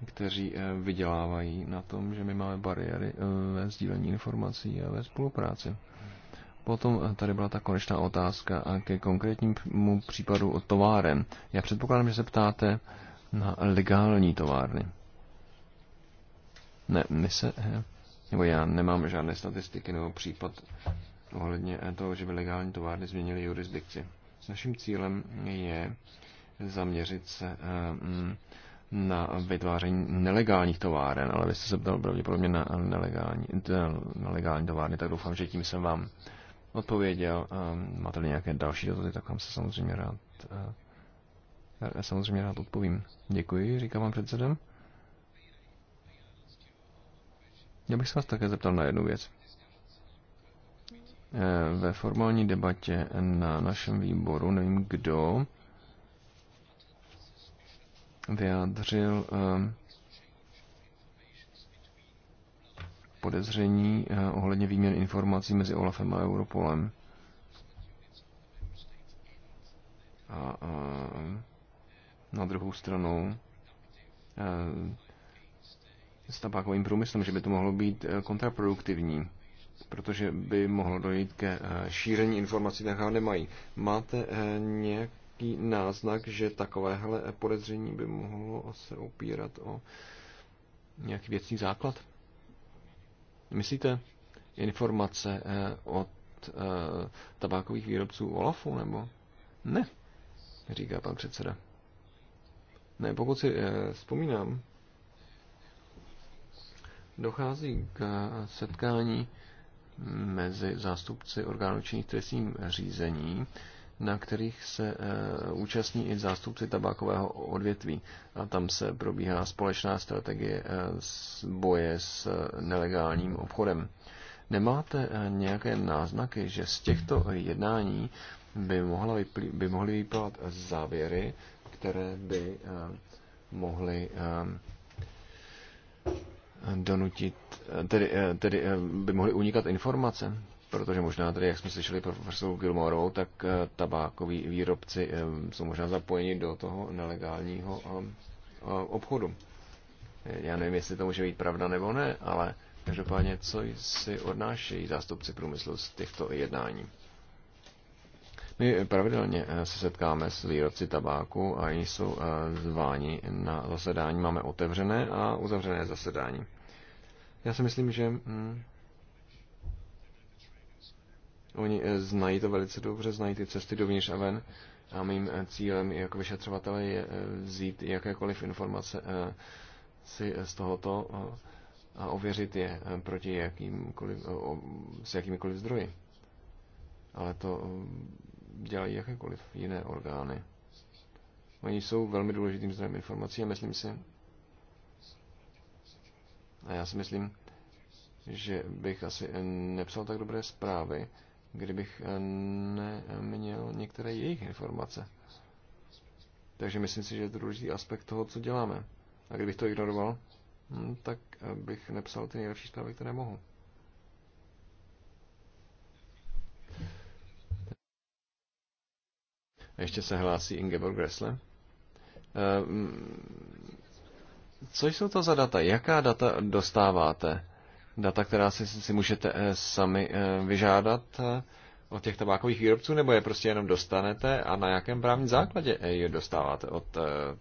kteří eh, vydělávají na tom, že my máme bariéry eh, ve sdílení informací a ve spolupráci. Potom eh, tady byla ta konečná otázka a ke konkrétnímu případu o továren. Já předpokládám, že se ptáte na legální továrny. Ne, my se, nebo já nemám žádné statistiky nebo případ ohledně toho, že by legální továrny změnily jurisdikci. Naším cílem je zaměřit se mm, na vytváření nelegálních továren, ale vy jste se ptal pravděpodobně na nelegální, na legální továrny, tak doufám, že tím jsem vám odpověděl. Máte-li nějaké další dotazy, tak vám se samozřejmě rád já eh, samozřejmě rád odpovím. Děkuji, Říkám, vám předsedem. Já bych se vás také zeptal na jednu věc. Eh, ve formální debatě na našem výboru, nevím kdo, vyjádřil ehm, podezření eh, ohledně výměn informací mezi Olafem a Europolem. A, ehm, na druhou stranu ehm, s tabákovým průmyslem, že by to mohlo být eh, kontraproduktivní, protože by mohlo dojít ke eh, šíření informací, které nemají. Máte nějak nějaký náznak, že takovéhle podezření by mohlo se opírat o nějaký věcný základ? Myslíte informace eh, od eh, tabákových výrobců Olafu, nebo? Ne, říká pan předseda. Ne, pokud si eh, vzpomínám, dochází k setkání mezi zástupci orgánů činných trestním řízení na kterých se eh, účastní i zástupci tabákového odvětví. A tam se probíhá společná strategie eh, s boje s eh, nelegálním obchodem. Nemáte nějaké náznaky, že z těchto jednání by, mohla vyplý, by mohly vypadat závěry, které by mohly donutit, tedy, tedy by mohly unikat informace? protože možná tady, jak jsme slyšeli profesoru Gilmorovou, tak eh, tabákoví výrobci eh, jsou možná zapojeni do toho nelegálního eh, obchodu. Já nevím, jestli to může být pravda nebo ne, ale každopádně, co si odnášejí zástupci průmyslu z těchto jednání? My pravidelně se setkáme s výrobci tabáku a oni jsou zváni na zasedání. Máme otevřené a uzavřené zasedání. Já si myslím, že hm, Oni eh, znají to velice dobře, znají ty cesty dovnitř a ven. A mým eh, cílem jako vyšetřovatele je eh, vzít jakékoliv informace si z tohoto a ověřit je proti jakýmkoliv, s jakýmikoliv zdroji. Ale to dělají jakékoliv jiné orgány. Oni jsou velmi důležitým zdrojem informací a myslím si, a já si myslím, že bych asi nepsal tak dobré zprávy, kdybych eh, neměl některé jejich informace. Takže myslím si, že je to důležitý aspekt toho, co děláme. A kdybych to ignoroval, hm, tak eh, bych nepsal ty nejlepší zprávy, které mohu. Ještě se hlásí Ingeborg Gressle. Eh, hm, co jsou to za data? Jaká data dostáváte? data, která si, si můžete eh, sami eh, vyžádat eh, od těch tabákových výrobců, nebo je prostě jenom dostanete a na jakém právním základě je dostáváte od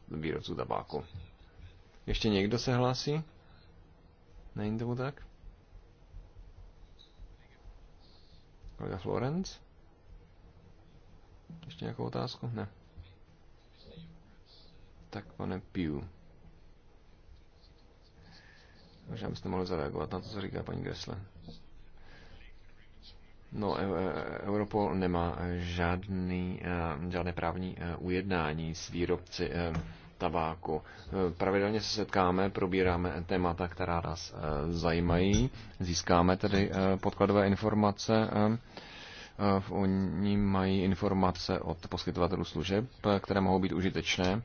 výrobců tabáku? Ještě někdo se hlásí? Není tomu tak? Kolega Florence? Ještě nějakou otázku? Ne. Tak pane Piu. Možná byste mohli zareagovat na to, co říká paní Gressle. No, e- e- Europol nemá žádný, eh, žádné právní eh, ujednání s výrobci eh, tabáku. Pravidelně se setkáme, probíráme témata, která nás zajímají, získáme tedy podkladové informace. Oni mají informace od poskytovatelů služeb, které mohou být užitečné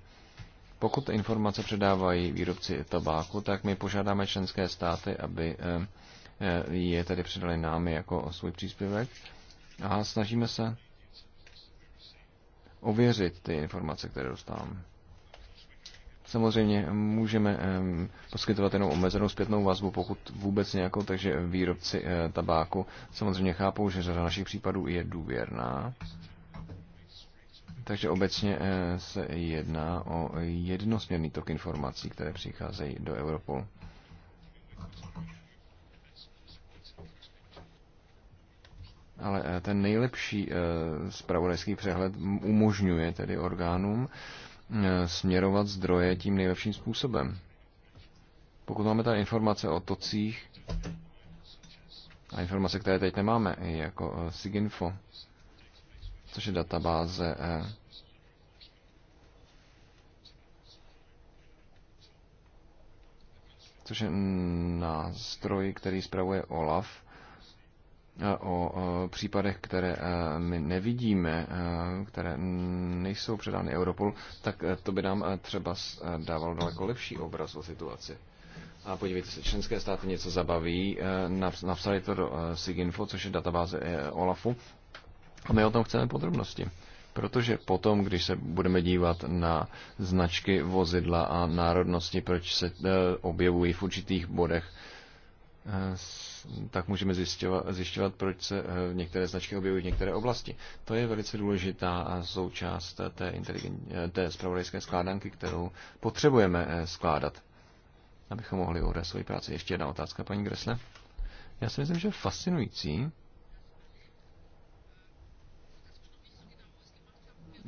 pokud informace předávají výrobci tabáku, tak my požádáme členské státy, aby eh, eh, je tedy předali nám jako svůj příspěvek a snažíme se ověřit ty informace, které dostáváme. Samozřejmě můžeme eh, poskytovat jenom omezenou zpětnou vazbu, pokud vůbec nějakou, takže výrobci tabáku samozřejmě chápou, že řada našich případů je důvěrná takže obecně eh, se jedná o jednosměrný tok informací, které přicházejí do Europolu. Ale eh, ten nejlepší spravodajský eh, přehled umožňuje tedy orgánům směrovat zdroje tím nejlepším způsobem. Pokud máme tady informace o tocích a informace, které teď nemáme, jako SIGINFO, což je databáze eh, což je nástroj, který zpravuje OLAF eh, o eh, případech, které my nevidíme, které nejsou předány Europolu, tak to by nám třeba dávalo daleko lepší obraz o situaci. A podívejte se, členské státy něco zabaví, napsali to do SIGINFO, což je databáze OLAFu, a my o tom chceme podrobnosti. Protože potom, když se budeme dívat na značky vozidla a národnosti, proč se eh, objevují v určitých bodech, eh, tak můžeme zjišťovat, zjišťovat, proč se eh, některé značky objevují v některé oblasti. To je velice důležitá součást té, té spravodajské skládanky, kterou potřebujeme skládat, abychom mohli odvést svoji práci. Ještě jedna otázka, paní Gresle. Já si myslím, že fascinující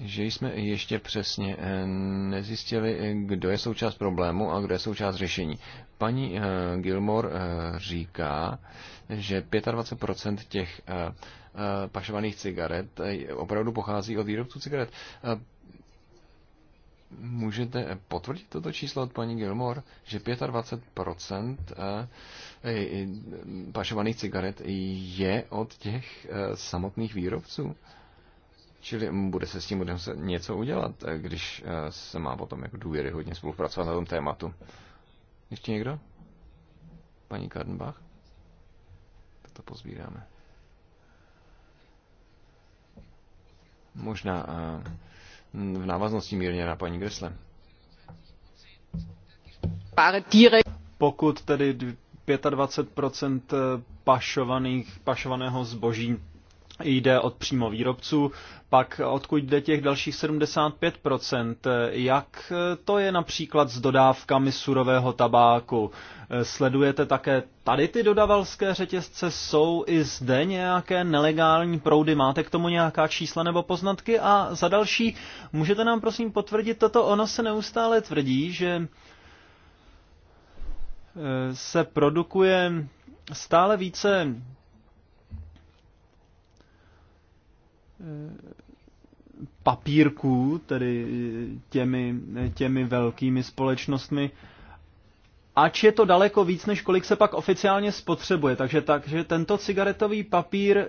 že jsme ještě přesně eh, nezjistili, kdo je součást problému a kdo je součást řešení. Paní eh, Gilmore eh, říká, že 25% těch pašovaných cigaret opravdu pochází od výrobců cigaret. Můžete potvrdit toto číslo od paní Gilmore, že 25% pašovaných cigaret je od těch samotných výrobců? Čili bude se s tím bude muset něco udělat, když eh, se má potom jako hodně spolupracovat na tom tématu. Ještě někdo? Paní Kardenbach? Tak to pozbíráme. Možná eh, v návaznosti mírně na paní Gresle. Pokud tedy 25% eh, pašovaných, pašovaného zboží jde od přímo výrobců, pak odkud jde těch dalších 75%, jak to je například s dodávkami surového tabáku. Sledujete také tady ty dodavalské řetězce, jsou i zde nějaké nelegální proudy, máte k tomu nějaká čísla nebo poznatky a za další, můžete nám prosím potvrdit toto, ono se neustále tvrdí, že eh, se produkuje stále více papírků, tedy těmi, těmi velkými společnostmi, ač je to daleko víc, než kolik se pak oficiálně spotřebuje. Takže, takže tento cigaretový papír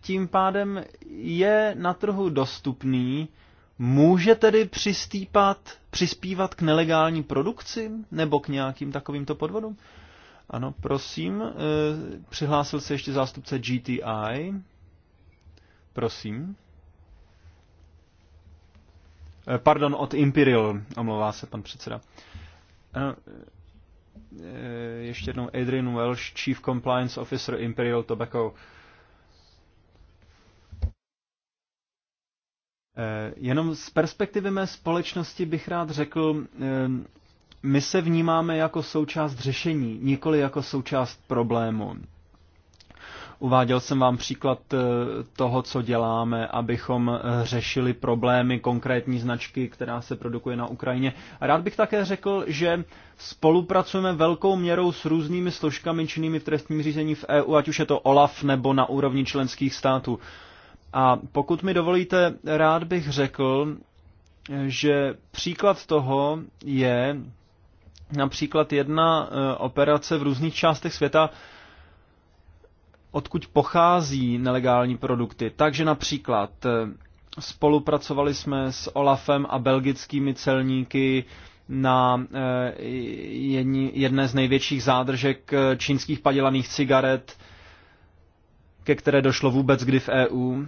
tím pádem je na trhu dostupný, může tedy přistýpat, přispívat k nelegální produkci nebo k nějakým takovýmto podvodům? Ano, prosím, eh, přihlásil se ještě zástupce GTI. Prosím. Eh, pardon, od Imperial, omlouvá se pan předseda. Eh, eh, ještě jednou Adrian Welsh, Chief Compliance Officer Imperial Tobacco. Jenom z perspektivy mé společnosti bych rád řekl, my se vnímáme jako součást řešení, nikoli jako součást problému. Uváděl jsem vám příklad eh, toho, co děláme, abychom eh, řešili problémy konkrétní značky, která se produkuje na Ukrajině. A rád bych také řekl, že spolupracujeme velkou měrou s různými složkami činnými v trestním řízení v EU, ať už je to OLAF nebo na úrovni členských států. A pokud mi dovolíte, rád bych řekl, eh, že příklad toho je například jedna operace v různých částech světa, odkud pochází nelegální produkty. Takže například eh, spolupracovali jsme s Olafem a belgickými celníky na eh, jedné z největších zádržek eh, čínských padělaných cigaret, ke které došlo vůbec kdy v EU.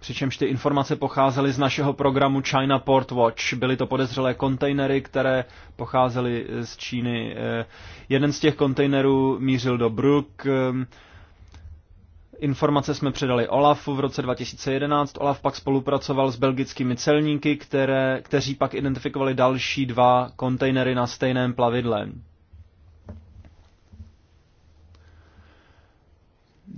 Přičemž ty informace pocházely z našeho programu China Port Watch. Byly to podezřelé kontejnery, které pocházely z Číny. Eh, jeden z těch kontejnerů mířil do Bruk. Eh, informace jsme předali Olafu v roce 2011. Olaf pak spolupracoval s belgickými celníky, které, kteří pak identifikovali další dva kontejnery na stejném plavidle.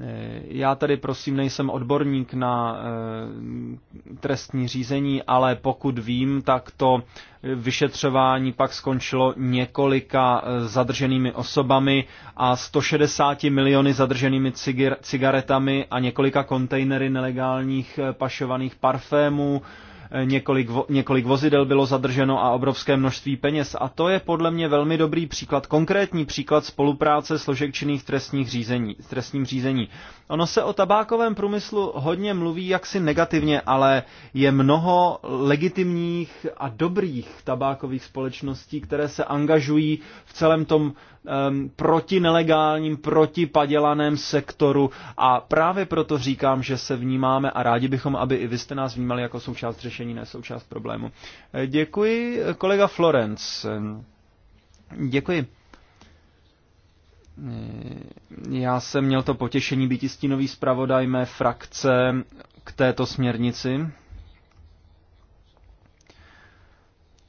Eh, já tady prosím nejsem odborník na eh, trestní řízení, ale pokud vím, tak to vyšetřování pak skončilo několika eh, zadrženými osobami a 160 miliony zadrženými cigaretami a několika kontejnery nelegálních pašovaných parfémů několik, vo, několik vozidel bylo zadrženo a obrovské množství peněz. A to je podle mě velmi dobrý příklad, konkrétní příklad spolupráce složek činných trestních řízení, trestním řízení. Ono se o tabákovém průmyslu hodně mluví jaksi negativně, ale je mnoho legitimních a dobrých tabákových společností, které se angažují v celém tom Um, proti nelegálním, proti padělaném sektoru a právě proto říkám, že se vnímáme a rádi bychom, aby i vy jste nás vnímali jako součást řešení, ne součást problému. Eh, děkuji, kolega Florence. Děkuji. Eh, já jsem měl to potěšení být stínový zpravodaj mé frakce k této směrnici.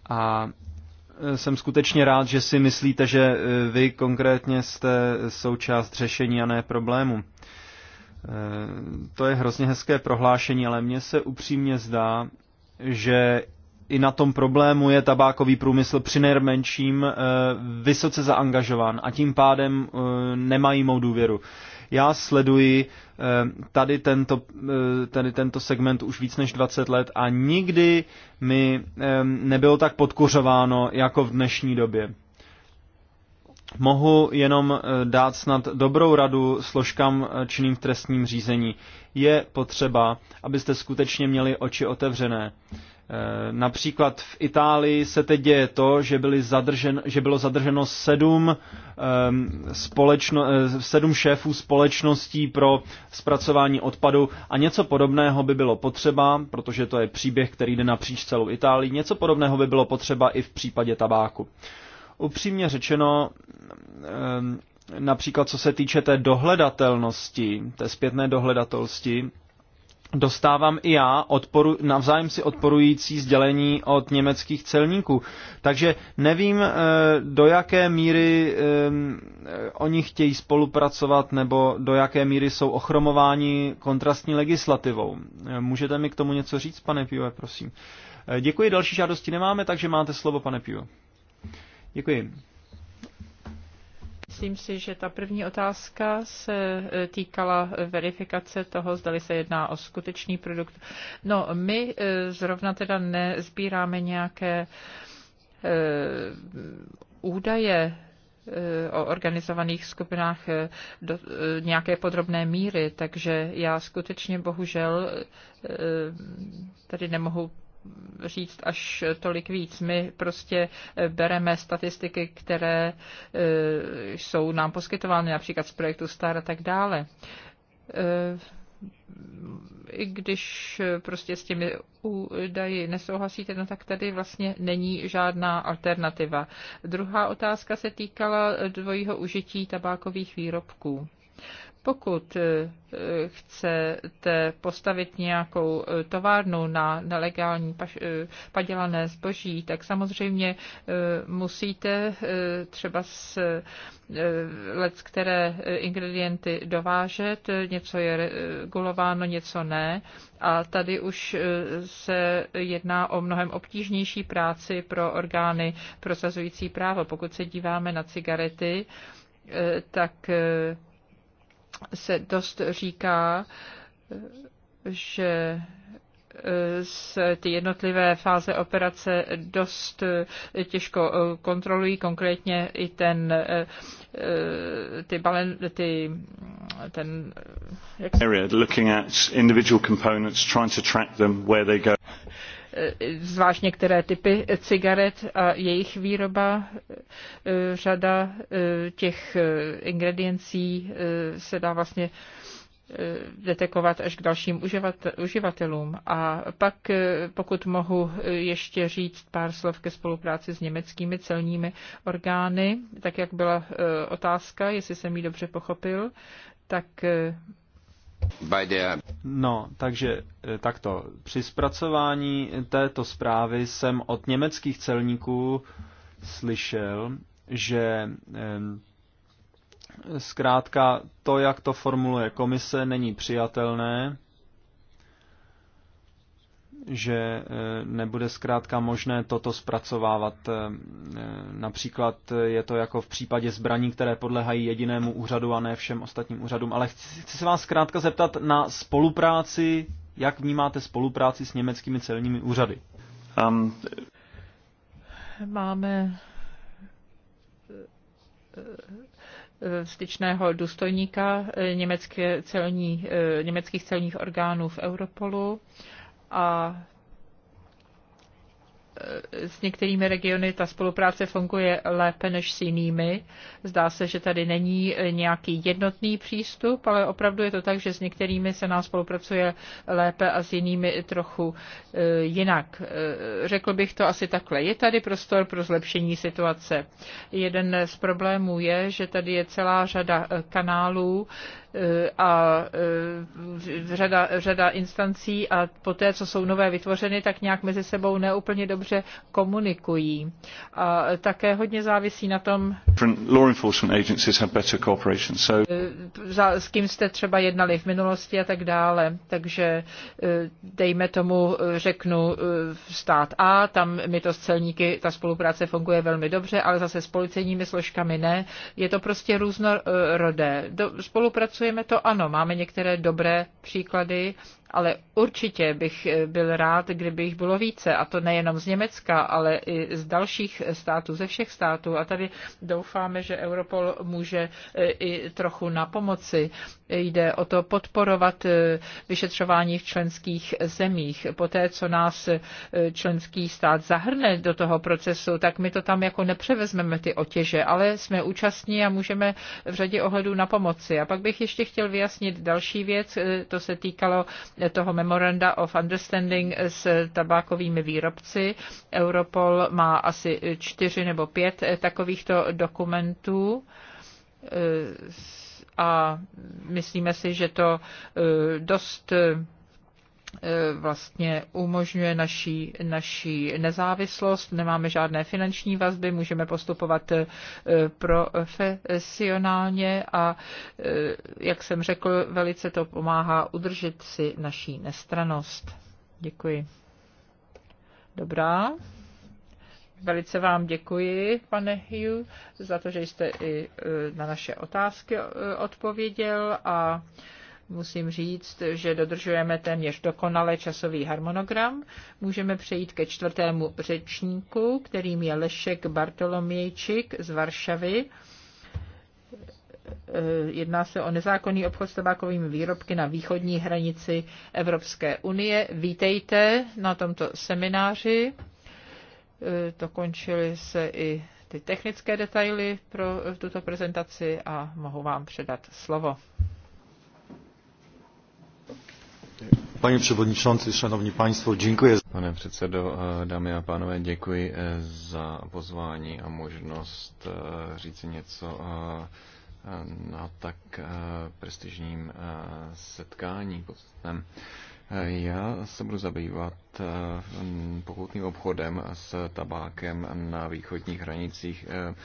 A Eh, jsem skutečně rád, že si myslíte, že eh, vy konkrétně jste součást řešení a ne problému. Eh, to je hrozně hezké prohlášení, ale mně se upřímně zdá, že i na tom problému je tabákový průmysl nejmenším vysoce zaangažován a tím pádem nemají mou důvěru. Já sleduji eh, tady tento, eh, tady tento segment už víc než 20 let a nikdy mi eh, nebylo tak podkuřováno jako v dnešní době. Mohu jenom dát snad dobrou radu složkám činným v trestním řízení. Je potřeba, abyste skutečně měli oči otevřené. Eh, například v Itálii se teď děje to, že, byly zadržen, že bylo zadrženo sedm, ehm, společno, eh, sedm šéfů společností pro zpracování odpadu a něco podobného by bylo potřeba, protože to je příběh, který jde napříč celou Itálii, něco podobného by bylo potřeba i v případě tabáku. Upřímně řečeno, ehm, například co se týče té dohledatelnosti, té zpětné dohledatelnosti, dostávám i já odporu, navzájem si odporující sdělení od německých celníků. Takže nevím, eh, do jaké míry eh, oni chtějí spolupracovat nebo do jaké míry jsou ochromováni kontrastní legislativou. Eh, můžete mi k tomu něco říct, pane Pio, prosím? Děkuji, další žádosti nemáme, takže máte slovo, pane Pio. Děkuji. Myslím si, že ta první otázka se e, týkala verifikace toho, zdali se jedná o skutečný produkt. No, my e, zrovna teda nezbíráme nějaké e, údaje o organizovaných skupinách do nějaké podrobné míry, takže já skutečně bohužel tady nemohu říct až tolik víc. My prostě eh, bereme statistiky, které eh, jsou nám poskytovány například z projektu STAR a tak dále eh, i když prostě s těmi údaji nesouhlasíte, no tak tady vlastně není žádná alternativa. Druhá otázka se týkala dvojího užití tabákových výrobků. Pokud eh, chcete postavit nějakou eh, továrnu na nelegální eh, padělané zboží, tak samozřejmě musíte třeba s let, které ingredienty dovážet, něco je regulováno, něco ne. A tady už se jedná o mnohem obtížnější práci pro orgány prosazující právo. Pokud se díváme na cigarety, tak se dost říká, že z eh, ty jednotlivé fáze operace dost eh, těžko eh, kontrolují, konkrétně i ten, ty balen, ty, ten, jak... area looking at individual components, trying to track them where they go. Eh, zvlášť některé typy cigaret a jejich výroba. Eh, řada eh, těch ingrediencí se dá vlastně detekovat až k dalším uživatelům. A pak, pokud mohu ještě říct pár slov ke spolupráci s německými celními orgány, tak jak byla otázka, jestli jsem ji dobře pochopil, tak No, takže e, takto. Při zpracování této zprávy jsem od německých celníků slyšel, že zkrátka to, jak to formuluje komise, není přijatelné že e, nebude zkrátka možné toto zpracovávat. E, například je to jako v případě zbraní, které podlehají jedinému úřadu a ne všem ostatním úřadům. Ale chci, chci se vás zkrátka zeptat na spolupráci, jak vnímáte spolupráci s německými celními úřady? Um. Máme e, styčného důstojníka německé celní, německých celních orgánů v Europolu a e, s některými regiony ta spolupráce funguje lépe než s jinými. Zdá se, že tady není nějaký jednotný přístup, ale opravdu je to tak, že s některými se nám spolupracuje lépe a s jinými trochu e, jinak. E, řekl bych to asi takhle. Je tady prostor pro zlepšení situace. Jeden z problémů je, že tady je celá řada kanálů, a e, řada, řada instancí a poté, co jsou nové vytvořeny, tak nějak mezi sebou neúplně dobře komunikují. A také hodně závisí na tom, e, s kým jste třeba jednali v minulosti a tak dále. Takže e, dejme tomu, řeknu, stát A, tam mi to s celníky, ta spolupráce funguje velmi dobře, ale zase s policejními složkami ne. Je to prostě různorodé. Do, spolupracují Financujeme to, ano, máme některé dobré příklady, ale určitě bych eh, byl rád, kdyby jich bylo více, a to nejenom z Německa, ale i z dalších eh, států, ze všech států. A tady doufáme, že Europol může eh, i trochu na pomoci. Jde o to podporovat vyšetřování v členských zemích. Poté, co nás členský stát zahrne do toho procesu, tak my to tam jako nepřevezmeme ty otěže, ale jsme účastní a můžeme v řadě ohledů na pomoci. A pak bych ještě chtěl vyjasnit další věc, to se týkalo toho memoranda of understanding s tabákovými výrobci. Europol má asi čtyři nebo pět takovýchto dokumentů e, a myslíme si, že to e, dost E, vlastně umožňuje naší, naší nezávislost, nemáme žádné finanční vazby, můžeme postupovat e, profesionálně a, e, jak jsem řekl, velice to pomáhá udržet si naší nestranost. Děkuji. Dobrá. Velice vám děkuji, pane Hugh, za to, že jste i na naše otázky odpověděl a musím říct, že dodržujeme téměř dokonale časový harmonogram. Můžeme přejít ke čtvrtému řečníku, kterým je Lešek Bartolomějčik z Varšavy. Eh, jedná se o nezákonný obchod s tabákovými výrobky na východní hranici Evropské unie. Vítejte na tomto semináři. Eh, Dokončili se i ty technické detaily pro tuto prezentaci a mohu vám předat slovo. Pane předsedající, šanovní pánstvo, děkuji. Pane předsedo, eh, dámy a pánové, děkuji eh, za pozvání a možnost eh, říct něco na tak prestižním setkání. Já se budu zabývat eh, pokoutním obchodem s tabákem na východních hranicích. Eh,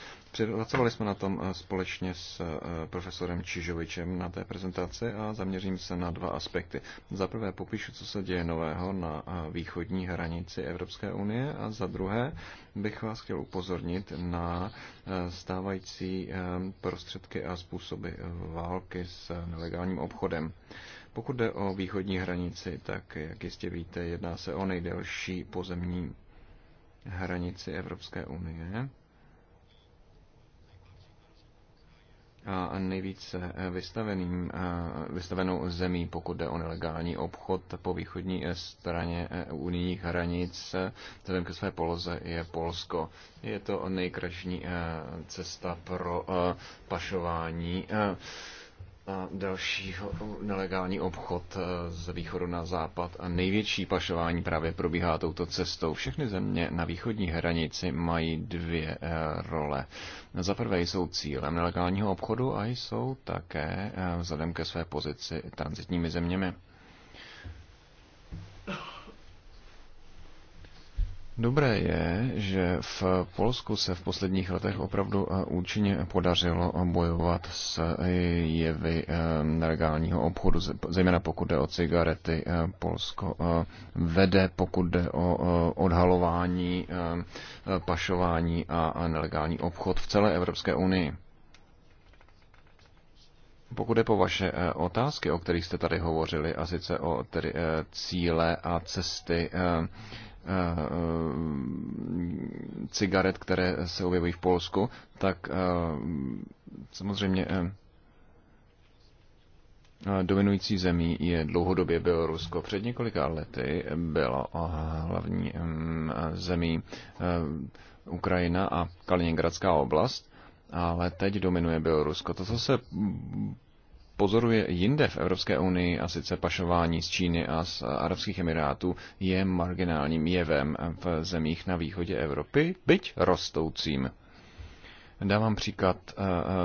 Pracovali jsme na tom eh, společně s profesorem Čižovičem na té prezentaci a zaměřím se na dva aspekty. Za prvé popíšu, co se děje nového na východní hranici Evropské unie a za druhé bych vás chtěl upozornit na stávající prostředky a způsoby války s nelegálním obchodem. Pokud jde o východní hranici, tak jak jistě víte, jedná se o nejdelší pozemní hranici Evropské unie. a nejvíce vystaveným, vystavenou zemí, pokud jde o nelegální obchod po východní straně unijních hranic, vzhledem ke své poloze, je Polsko. Je to nejkračší e, cesta pro e, pašování e, a další nelegální obchod e, z východu na západ a největší pašování právě probíhá touto cestou. Všechny země na východní hranici mají dvě e, role. Za prvé jsou cílem nelegálního obchodu a jsou také e, vzhledem ke své pozici transitními zeměmi. Dobré je, že v Polsku se v posledních letech opravdu eh, účinně podařilo eh, bojovat s eh, jevy nelegálního obchodu, zejména pokud jde o cigarety. Polsko vede, pokud jde o odhalování, pašování a nelegální obchod v celé Evropské unii. Pokud je po vaše otázky, o kterých jste tady hovořili, a sice o tedy cíle a cesty, Eh, cigaret, které se objevují v Polsku, tak eh, samozřejmě eh, dominující zemí je dlouhodobě Bělorusko. Před několika lety bylo hlavní zemí Ukrajina a Kaliningradská oblast, ale teď dominuje Bělorusko. To, co se pozoruje jinde v Evropské unii, a sice pašování z Číny a z Arabských Emirátů, je marginálním jevem v zemích na východě Evropy, byť rostoucím. Dávám příklad eh, eh,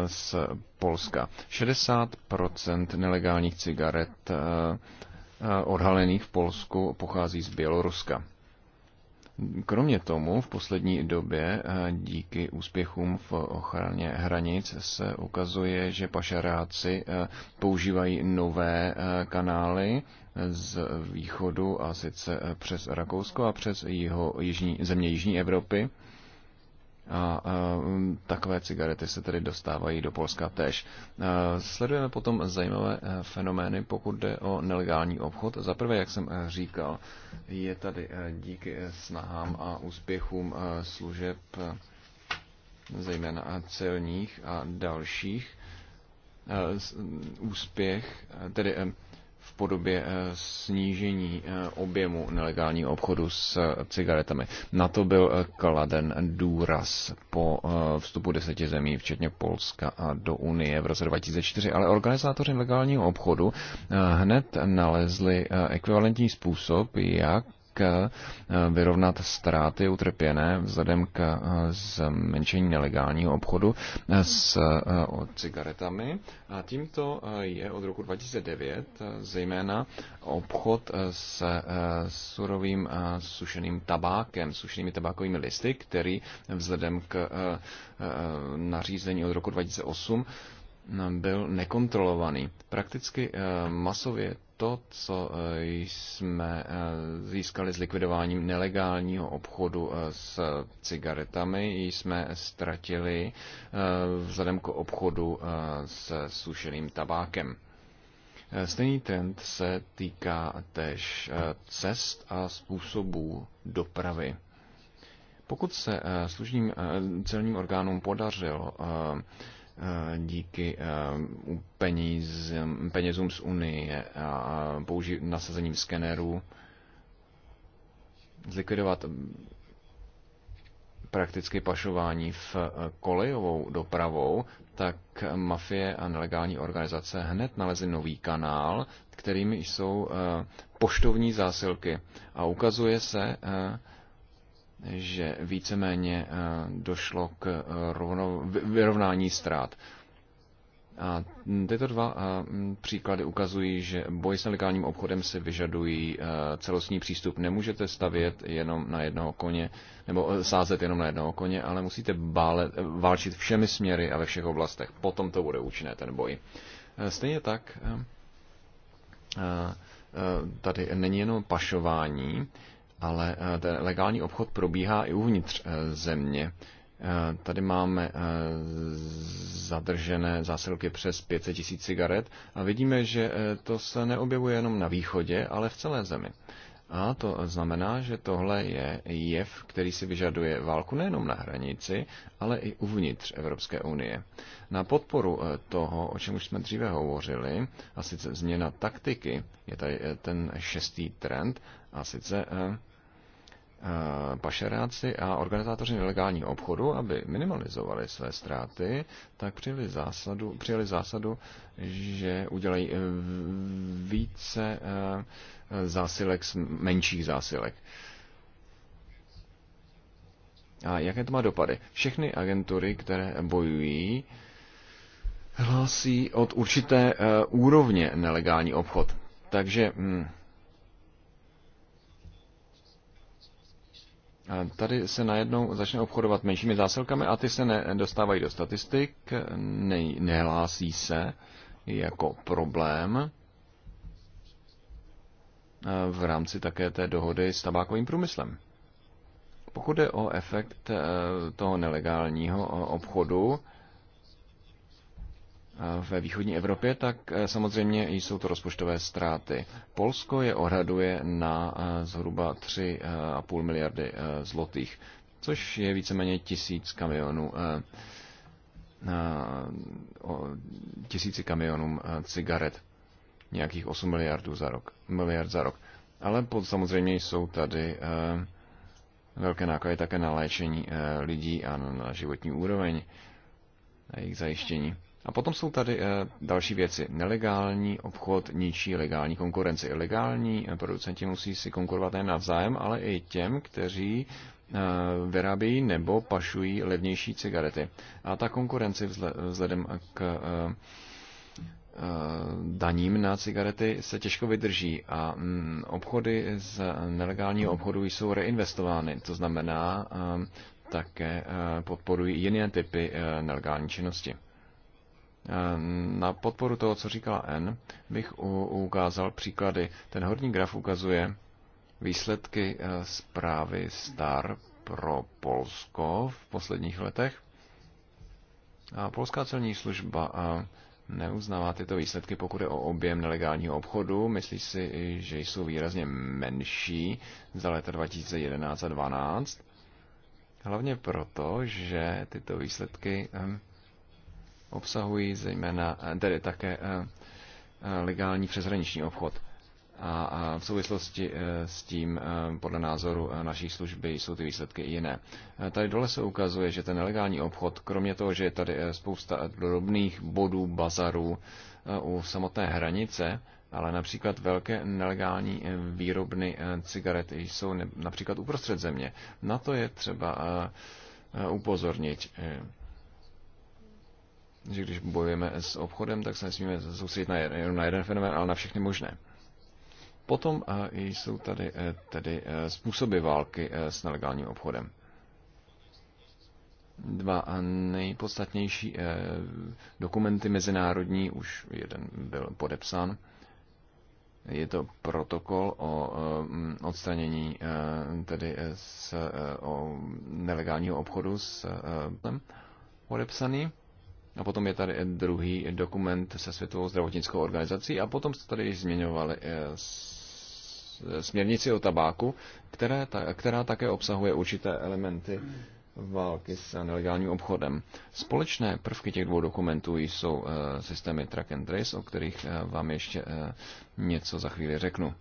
z Polska. 60% nelegálních cigaret eh, odhalených v Polsku pochází z Běloruska. Kromě tomu v poslední době eh, díky úspěchům v ochraně hranic se ukazuje, že pašeráci eh, používají nové eh, kanály z východu a sice přes Rakousko a přes jiho, jižní, země Jižní Evropy a, a mm, takové cigarety se tedy dostávají do Polska tež. A, sledujeme potom zajímavé e, fenomény, pokud jde o nelegální obchod. Za prvé, jak jsem e, říkal, je tady e, díky snahám a úspěchům služeb, zejména celních a dalších, úspěch, tedy podobě eh, snížení eh, objemu nelegálního obchodu s eh, cigaretami. Na to byl kladen důraz po vstupu deseti zemí, včetně Polska a do Unie v roce 2004, ale organizátoři legálního obchodu hned nalezli ekvivalentní způsob, jak Eh, vyrovnat ztráty utrpěné vzhledem k eh, zmenšení nelegálního obchodu eh, s cigaretami. A tímto je od roku 2009 zejména obchod s surovým sušeným tabákem, sušenými tabákovými listy, který vzhledem k nařízení od roku 2008 mm, byl nekontrolovaný. Prakticky masově to, co eh, jsme eh, získali s likvidováním nelegálního obchodu eh, s cigaretami, jsme ztratili vzhledem k obchodu s sušeným tabákem. Stejný trend se týká též cest a způsobů dopravy. Pokud se služním celním orgánům podařilo Eh, díky eh, peníz, penězům z Unie a použi- nasazením skenerů zlikvidovat prakticky pašování v eh, kolejovou dopravou, tak mafie a nelegální organizace hned nalezly nový kanál, kterými jsou poštovní zásilky. A ukazuje se, že víceméně eh, došlo k eh, rovno, vyrovnání ztrát. A tyto dva eh, příklady ukazují, že boj s nelegálním obchodem si vyžadují celostní přístup. Nemůžete stavět jenom na jednoho koně, nebo sázet jenom na jednoho koně, ale musíte bálet, válčit všemi směry a ve všech oblastech. Potom to bude účinné, ten boj. Stejně tak tady není jenom pašování, ale eh, ten legální obchod probíhá i uvnitř eh, země. Eh, tady máme zadržené zásilky přes 500 tisíc cigaret a vidíme, že to se neobjevuje jenom na východě, ale v celé zemi. A to znamená, že tohle je jev, který si vyžaduje válku nejenom na hranici, ale i uvnitř Evropské unie. Na podporu toho, o čem už jsme dříve hovořili, a sice změna taktiky, je tady ten šestý trend, a sice Eh, pašeráci a organizátoři nelegálního obchodu, aby minimalizovali své ztráty, tak přijeli zásadu, přijeli zásadu že udělají eh, více eh, zásilek z menších zásilek. A jaké to má dopady? Všechny agentury, které bojují, hlásí od určité úrovně nelegální obchod. Takže hm, Tady se najednou začne obchodovat menšími zásilkami a ty se nedostávají do statistik, ne, nehlásí se jako problém v rámci také té dohody s tabákovým průmyslem. Pokud je o efekt eh, toho nelegálního eh, obchodu, ve východní Evropě, tak e, samozřejmě jsou to rozpočtové ztráty. Polsko je ohraduje na e, zhruba 3,5 e, miliardy zlotých, což je víceméně tisíc kamionů o tisíci kamionům cigaret, nějakých 8 miliardů za rok, miliard za rok. Ale pod, samozřejmě jsou tady velké náklady také na léčení lidí a na životní úroveň a jejich zajištění. A potom jsou tady eh, další věci. Nelegální obchod ničí legální konkurenci. Legální eh, producenti musí si konkurovat nejen navzájem, ale i těm, kteří eh, vyrábějí nebo pašují levnější cigarety. A ta konkurence vzhledem k daním na cigarety se těžko vydrží a mm, obchody z nelegálního obchodu jsou reinvestovány. To znamená, také podporují jiné typy nelegální činnosti. Na podporu toho, co říkala N, bych ukázal příklady. Ten horní graf ukazuje výsledky eh, zprávy STAR pro Polsko v posledních letech. A Polská celní služba eh, neuznává tyto výsledky, pokud je o objem nelegálního obchodu. Myslí si, že jsou výrazně menší za leta 2011 a 2012. Hlavně proto, že tyto výsledky eh, obsahují zejména eh, tedy také eh, eh, legální přeshraniční obchod. A v souvislosti s tím, podle názoru naší služby, jsou ty výsledky jiné. Tady dole se ukazuje, že ten nelegální obchod, kromě toho, že je tady spousta drobných bodů, bazarů u samotné hranice, ale například velké nelegální výrobny cigaret jsou například uprostřed země. Na to je třeba upozornit že když bojujeme s obchodem, tak se nesmíme soustředit na jeden, na jeden fenomén, ale na všechny možné. Potom eh, jsou tady eh, tedy eh, způsoby války s nelegálním obchodem. Dva nejpodstatnější dokumenty mezinárodní, už jeden byl podepsán, je to protokol o odstranění tedy z o nelegálního obchodu s podepsaný a potom je tady druhý dokument se Světovou zdravotnickou organizací a potom jste tady již zmiňovali eh, směrnici o tabáku, které, ta, která také obsahuje určité elementy války s nelegálním obchodem. Společné prvky těch dvou dokumentů jsou eh, systémy track and trace, o kterých eh, vám ještě něco za chvíli řeknu.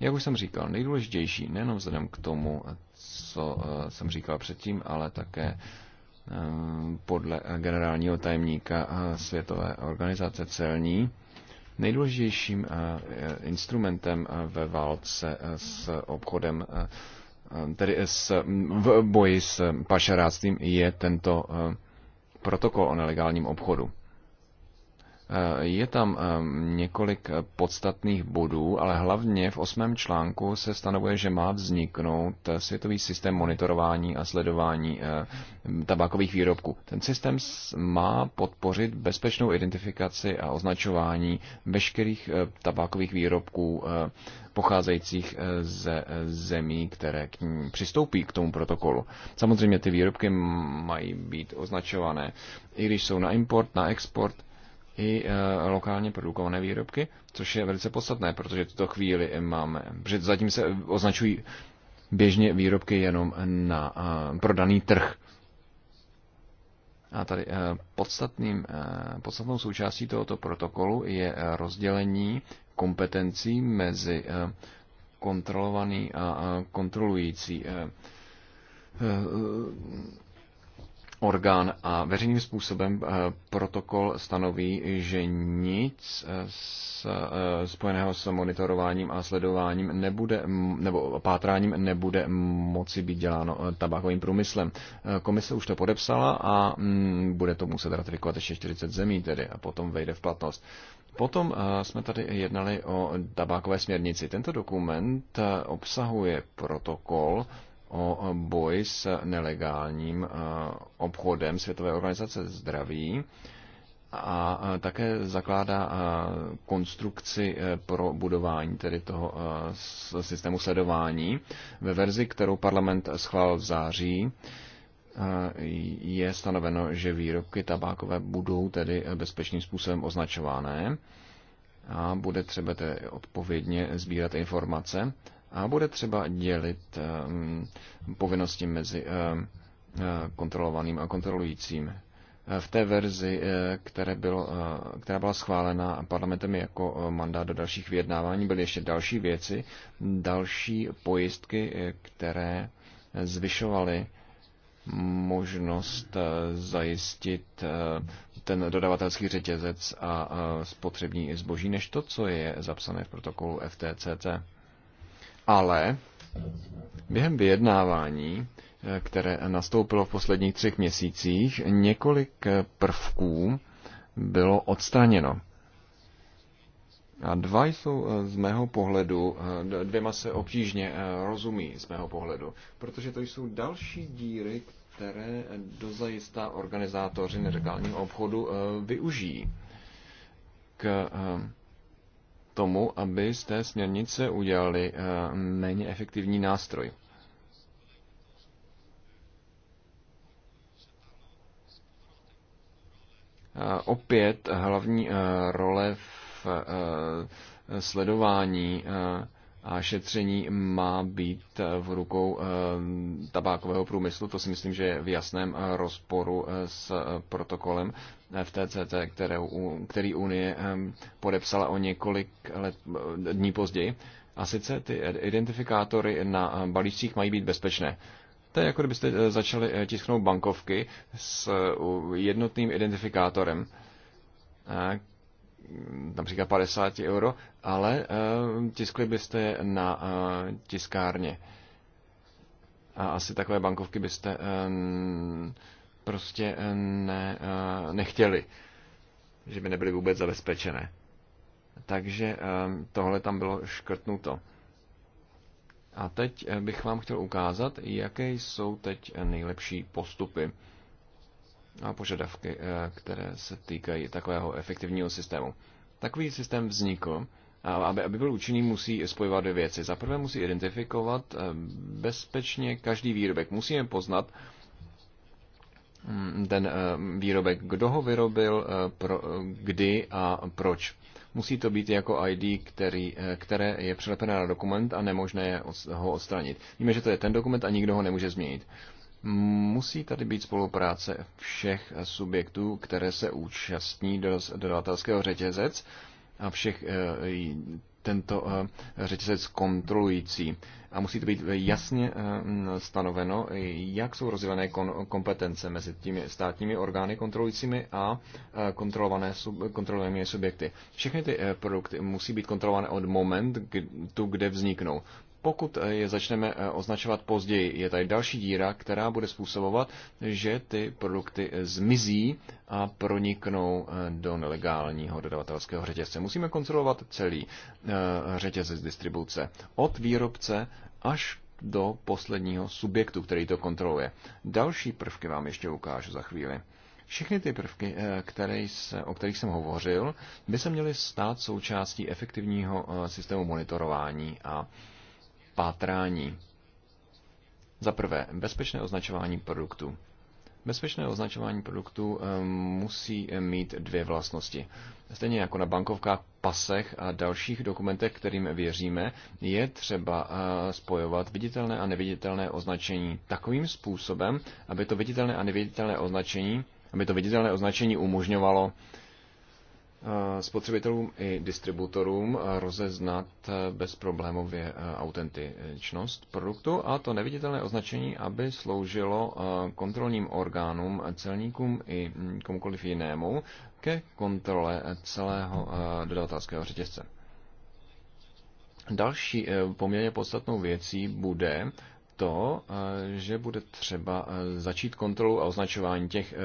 Jak už jsem říkal, nejdůležitější nejenom vzhledem k tomu, co jsem říkal předtím, ale také Ehm, podle generálního tajemníka eh, Světové organizace celní. Nejdůležitějším eh, eh, instrumentem ve válce s obchodem, tedy s, v boji s pašeráctvím, je tento protokol o nelegálním obchodu. Eh, je tam eh, několik eh, podstatných bodů, ale hlavně v osmém článku se stanovuje, že má vzniknout světový systém monitorování a sledování tabákových výrobků. Ten systém má podpořit bezpečnou identifikaci a označování veškerých tabákových výrobků pocházejících ze zemí, které k ní přistoupí k tomu protokolu. Samozřejmě ty výrobky mají být označované, i když jsou na import, na export, i e, lokálně produkované výrobky, což je velice podstatné, protože tuto chvíli máme, protože zatím se označují běžně výrobky jenom na e, prodaný trh. A tady e, podstatným, podstatnou součástí tohoto protokolu je rozdělení kompetencí mezi kontrolovaný a kontrolující orgán a veřejným způsobem eh, protokol stanoví, že nic eh, s, eh, spojeného s monitorováním a sledováním nebude, nebo pátráním nebude moci být děláno tabákovým průmyslem. Komise už to podepsala a mm, bude to muset ratifikovat ještě 40 zemí tedy a potom vejde v platnost. Potom jsme tady jednali o tabákové směrnici. Tento dokument obsahuje protokol, o boji s nelegálním eh, obchodem Světové organizace zdraví a eh, také zakládá eh, konstrukci pro budování tedy toho systému sledování. Ve verzi, kterou parlament schválil v září, je stanoveno, že výrobky tabákové budou tedy bezpečným způsobem označované a bude třeba tedy odpovědně sbírat informace a bude třeba dělit ehm, povinnosti mezi ehm, eh, kontrolovaným a kontrolujícím. Eh, v té verzi, eh, které bylo, která byla schválena parlamentem jako mandát do dalších vyjednávání, byly ještě další věci, další pojistky, které zvyšovaly možnost zajistit ten dodavatelský řetězec a spotřební zboží, než to, co je zapsané v protokolu FTCC ale během vyjednávání, eh, které nastoupilo v posledních třech měsících, několik eh, prvků bylo odstraněno. A dva jsou eh, z mého pohledu, dvěma se obtížně rozumí z mého pohledu, protože to jsou další díry, které dozajistá organizátoři nelegálního obchodu využijí k tomu, aby z té směrnice udělali eh, méně efektivní nástroj. Eh, opět hlavní eh, role v sledování a šetření má být v rukou tabákového průmyslu. To si myslím, že je v jasném rozporu s protokolem. TCT, kterou, který Unie podepsala o několik let, dní později. A sice ty identifikátory na eh, balíčcích mají být bezpečné. To je jako kdybyste eh, začali eh, tisknout bankovky s jednotným identifikátorem, například 50 euro, ale tiskli byste je na tiskárně. A asi takové bankovky byste prostě eh, ne, eh, nechtěli, že by nebyly vůbec zabezpečené. Takže eh, tohle tam bylo škrtnuto. A teď bych vám chtěl ukázat, jaké jsou teď nejlepší postupy a požadavky, které se týkají takového efektivního systému. Takový systém vznikl, aby, aby byl účinný, musí spojovat dvě věci. Za prvé musí identifikovat bezpečně každý výrobek. Musíme poznat, Mm, ten eh, výrobek, kdo ho vyrobil, eh, pro, eh, kdy a proč. Musí to být jako ID, který, které je přilepené na dokument a nemožné ho odstranit. Víme, že to je ten dokument a nikdo ho nemůže změnit. Musí tady být spolupráce všech subjektů, které se účastní do dodavatelského řetězec a všech tento řetězec kontrolující a musí to být jasně eh, stanoveno, jak jsou rozdělené kompetence mezi těmi státními orgány kontrolujícími a eh, kontrolované, kontrolovanými subjekty. Všechny ty eh, produkty musí být kontrolované od momentu, kde vzniknou. Pokud eh, je začneme eh, označovat později, je tady další díra, která bude způsobovat, že ty produkty eh, zmizí a proniknou do nelegálního dodavatelského řetězce. Musíme kontrolovat celý řetězec distribuce. Od výrobce až do posledního subjektu, který to kontroluje. Další prvky vám ještě ukážu za chvíli. Všechny ty prvky, které se, o kterých jsem hovořil, by se měly stát součástí efektivního systému monitorování a pátrání. Za prvé, bezpečné označování produktu. Bezpečné označování produktu eh, musí mít dvě vlastnosti. Stejně jako na bankovkách, pasech a dalších dokumentech, kterým věříme, je třeba eh, spojovat viditelné a neviditelné označení takovým způsobem, aby to viditelné a neviditelné označení aby to viditelné označení umožňovalo Eh, spotřebitelům i distributorům eh, rozeznat eh, bezproblémově autentičnost produktu a to neviditelné označení, aby sloužilo kontrolním orgánům, celníkům i hm, komukoliv jinému ke kontrole celého dodavatelského řetězce. Další poměrně podstatnou věcí bude to, eh, že bude třeba eh, začít kontrolu a označování těch eh,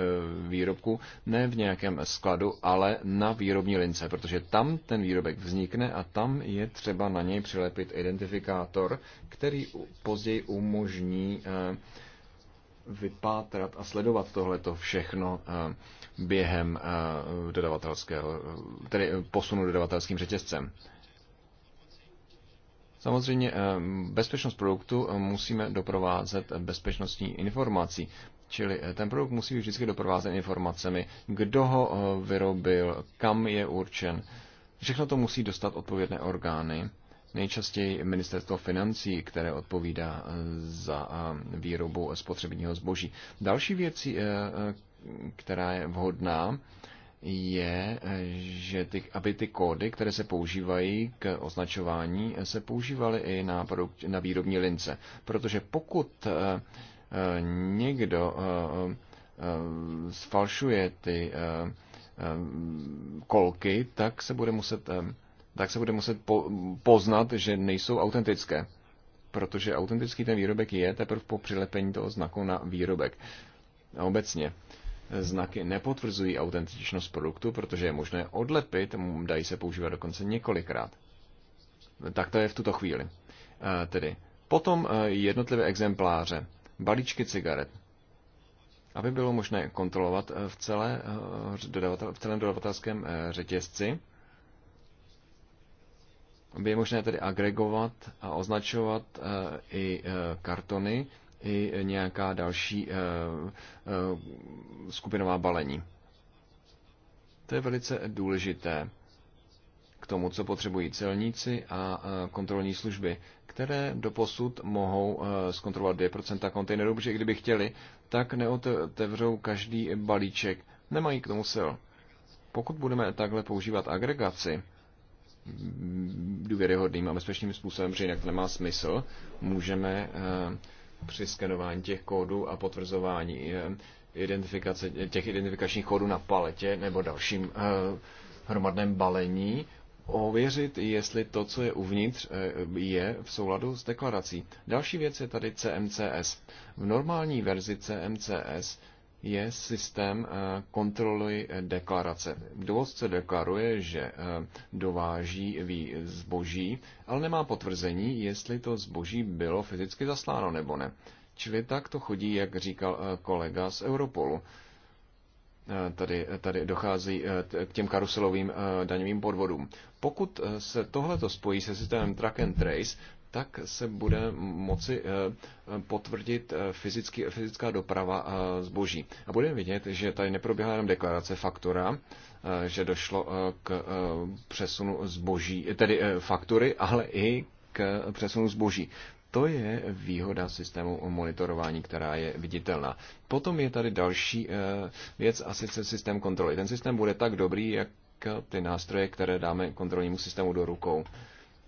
výrobků ne v nějakém skladu, ale na výrobní lince, protože tam ten výrobek vznikne a tam je třeba na něj přilepit identifikátor, který později umožní vypátrat a sledovat tohleto všechno během dodavatelského, tedy posunu dodavatelským řetězcem. Samozřejmě eh, bezpečnost produktu eh, musíme doprovázet bezpečnostní informací. Čili eh, ten produkt musí být vždycky doprovázen informacemi, kdo ho vyrobil, kam je určen. Všechno to musí dostat odpovědné orgány, nejčastěji ministerstvo financí, které odpovídá za výrobu spotřebního zboží. Další věcí, která je vhodná, je, že ty, aby ty kódy, které se používají k označování, se používaly i na, produkt, na výrobní lince. Protože pokud eh, eh, někdo sfalšuje eh, ty kolky, tak se bude muset, tak se bude muset poznat, že nejsou autentické. Protože autentický ten výrobek je teprve po přilepení toho znaku na výrobek. obecně znaky nepotvrzují autentičnost produktu, protože je možné odlepit, dají se používat dokonce několikrát. Tak to je v tuto chvíli. Eh, tedy potom eh, jednotlivé exempláře, balíčky cigaret, aby bylo možné kontrolovat eh, v, celé, v celém dodavatelském řetězci, by je možné tedy agregovat a označovat i kartony i nějaká další eh, eh, skupinová balení. To je velice důležité k tomu, co potřebují celníci a eh, kontrolní služby, které doposud mohou zkontrolovat 2% kontejnerů, protože kdyby chtěli, tak neotevřou každý balíček. Nemají k tomu sil. Pokud budeme takhle používat agregaci důvěryhodným a bezpečným způsobem, protože jinak to nemá smysl, můžeme při skenování těch kódů a potvrzování eh, identifikace, těch identifikačních kódů na paletě nebo dalším eh, hromadném balení ověřit, jestli to, co je uvnitř, eh, je v souladu s deklarací. Další věc je tady CMCS. V normální verzi CMCS je systém eh, kontroly eh, deklarace. Dovozce deklaruje, že eh, dováží zboží, ale nemá potvrzení, jestli to zboží bylo fyzicky zasláno nebo ne. Čili tak to chodí, jak říkal kolega z Europolu. Tady, tady dochází k těm karuselovým daňovým podvodům. Pokud se tohleto spojí se systémem track and trace, tak se bude moci eh, potvrdit eh, fyzický, fyzická doprava eh, zboží. A budeme vidět, že tady neproběhla jenom deklarace faktura, že došlo k přesunu zboží, tedy faktury, ale i k přesunu zboží. To je výhoda systému monitorování, která je viditelná. Potom je tady další věc a sice systém kontroly. Ten systém bude tak dobrý, jak ty nástroje, které dáme kontrolnímu systému do rukou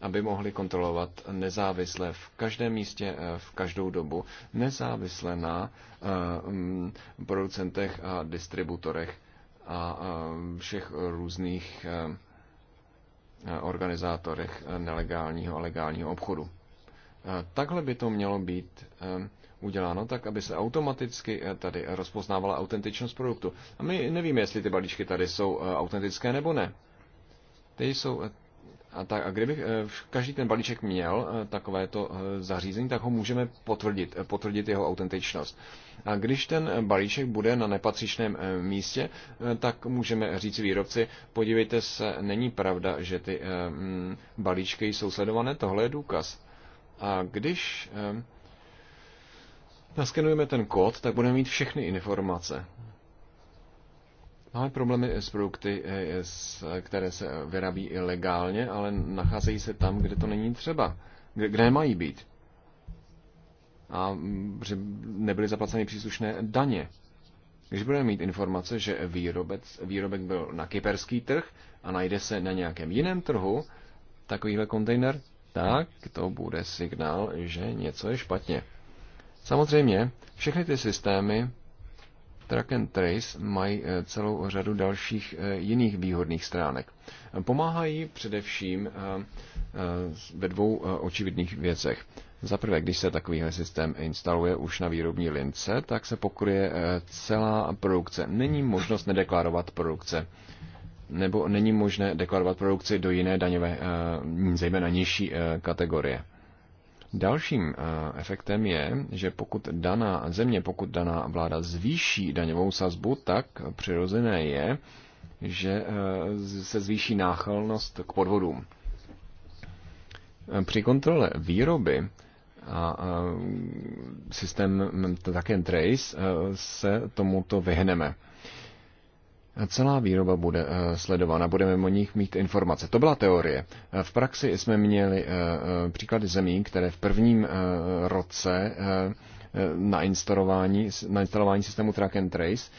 aby mohli kontrolovat nezávisle v každém místě, eh, v každou dobu, nezávisle na eh, producentech a distributorech a eh, všech různých organizátorech nelegálního a legálního obchodu. Takhle by to mělo být uděláno tak, aby se automaticky tady rozpoznávala autentičnost produktu. A my nevíme, jestli ty balíčky tady jsou autentické nebo ne. Ty jsou a, tak, a kdybych eh, každý ten balíček měl eh, takovéto eh, zařízení, tak ho můžeme potvrdit, potvrdit jeho autentičnost. A když ten balíček bude na nepatřičném místě, tak můžeme říct výrobci, podívejte se, není pravda, že ty mm, balíčky jsou sledované, tohle je důkaz. A když naskenujeme ten kód, tak budeme mít všechny informace. Máme problémy s produkty, eh, které se vyrábí ilegálně, ale nacházejí se tam, kde to není třeba, kde, kde mají být. A mm, že nebyly zaplaceny příslušné daně. Když budeme mít informace, že výrobec, výrobek byl na kyperský trh a najde se na nějakém jiném trhu takovýhle kontejner, tak to bude signál, že něco je špatně. Samozřejmě, všechny ty systémy Track and Trace mají eh, celou řadu dalších eh, jiných výhodných stránek. Pomáhají především eh, ve dvou očividných věcech. Za prvé, když se takovýhle systém instaluje už na výrobní lince, tak se pokryje celá produkce. Není možnost nedeklarovat produkce nebo není možné deklarovat produkci do jiné daňové, zejména nižší kategorie. Dalším eh, efektem je, že pokud daná země, pokud daná vláda zvýší daňovou sazbu, tak přirozené je, že eh, se zvýší náchylnost k podvodům. Při kontrole výroby a eh, systém také trace se tomuto vyhneme. Celá výroba bude eh, sledována, budeme o nich mít informace. To byla teorie. Eh, v praxi jsme měli eh, příklady zemí, které v prvním roce na instalování, na instalování systému Track and Trace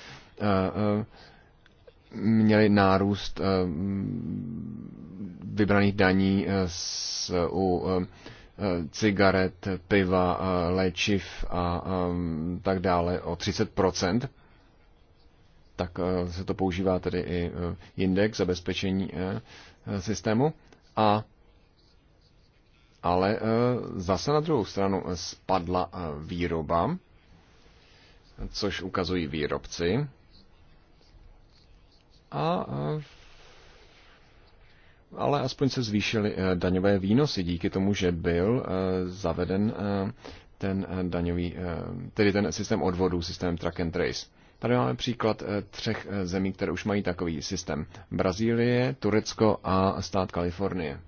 měli nárůst vybraných daní z, u cigaret, piva, léčiv a tak dále o 30 tak eh, se to používá tedy i eh, index zabezpečení eh, systému. A ale zase na druhou stranu spadla výroba, což ukazují výrobci. A, ale aspoň se zvýšily daňové výnosy díky tomu, že byl zaveden ten daňový, tedy ten systém odvodů, systém track and trace. Tady máme příklad eh, třech eh, zemí, které už mají takový systém. Brazílie, Turecko a stát Kalifornie.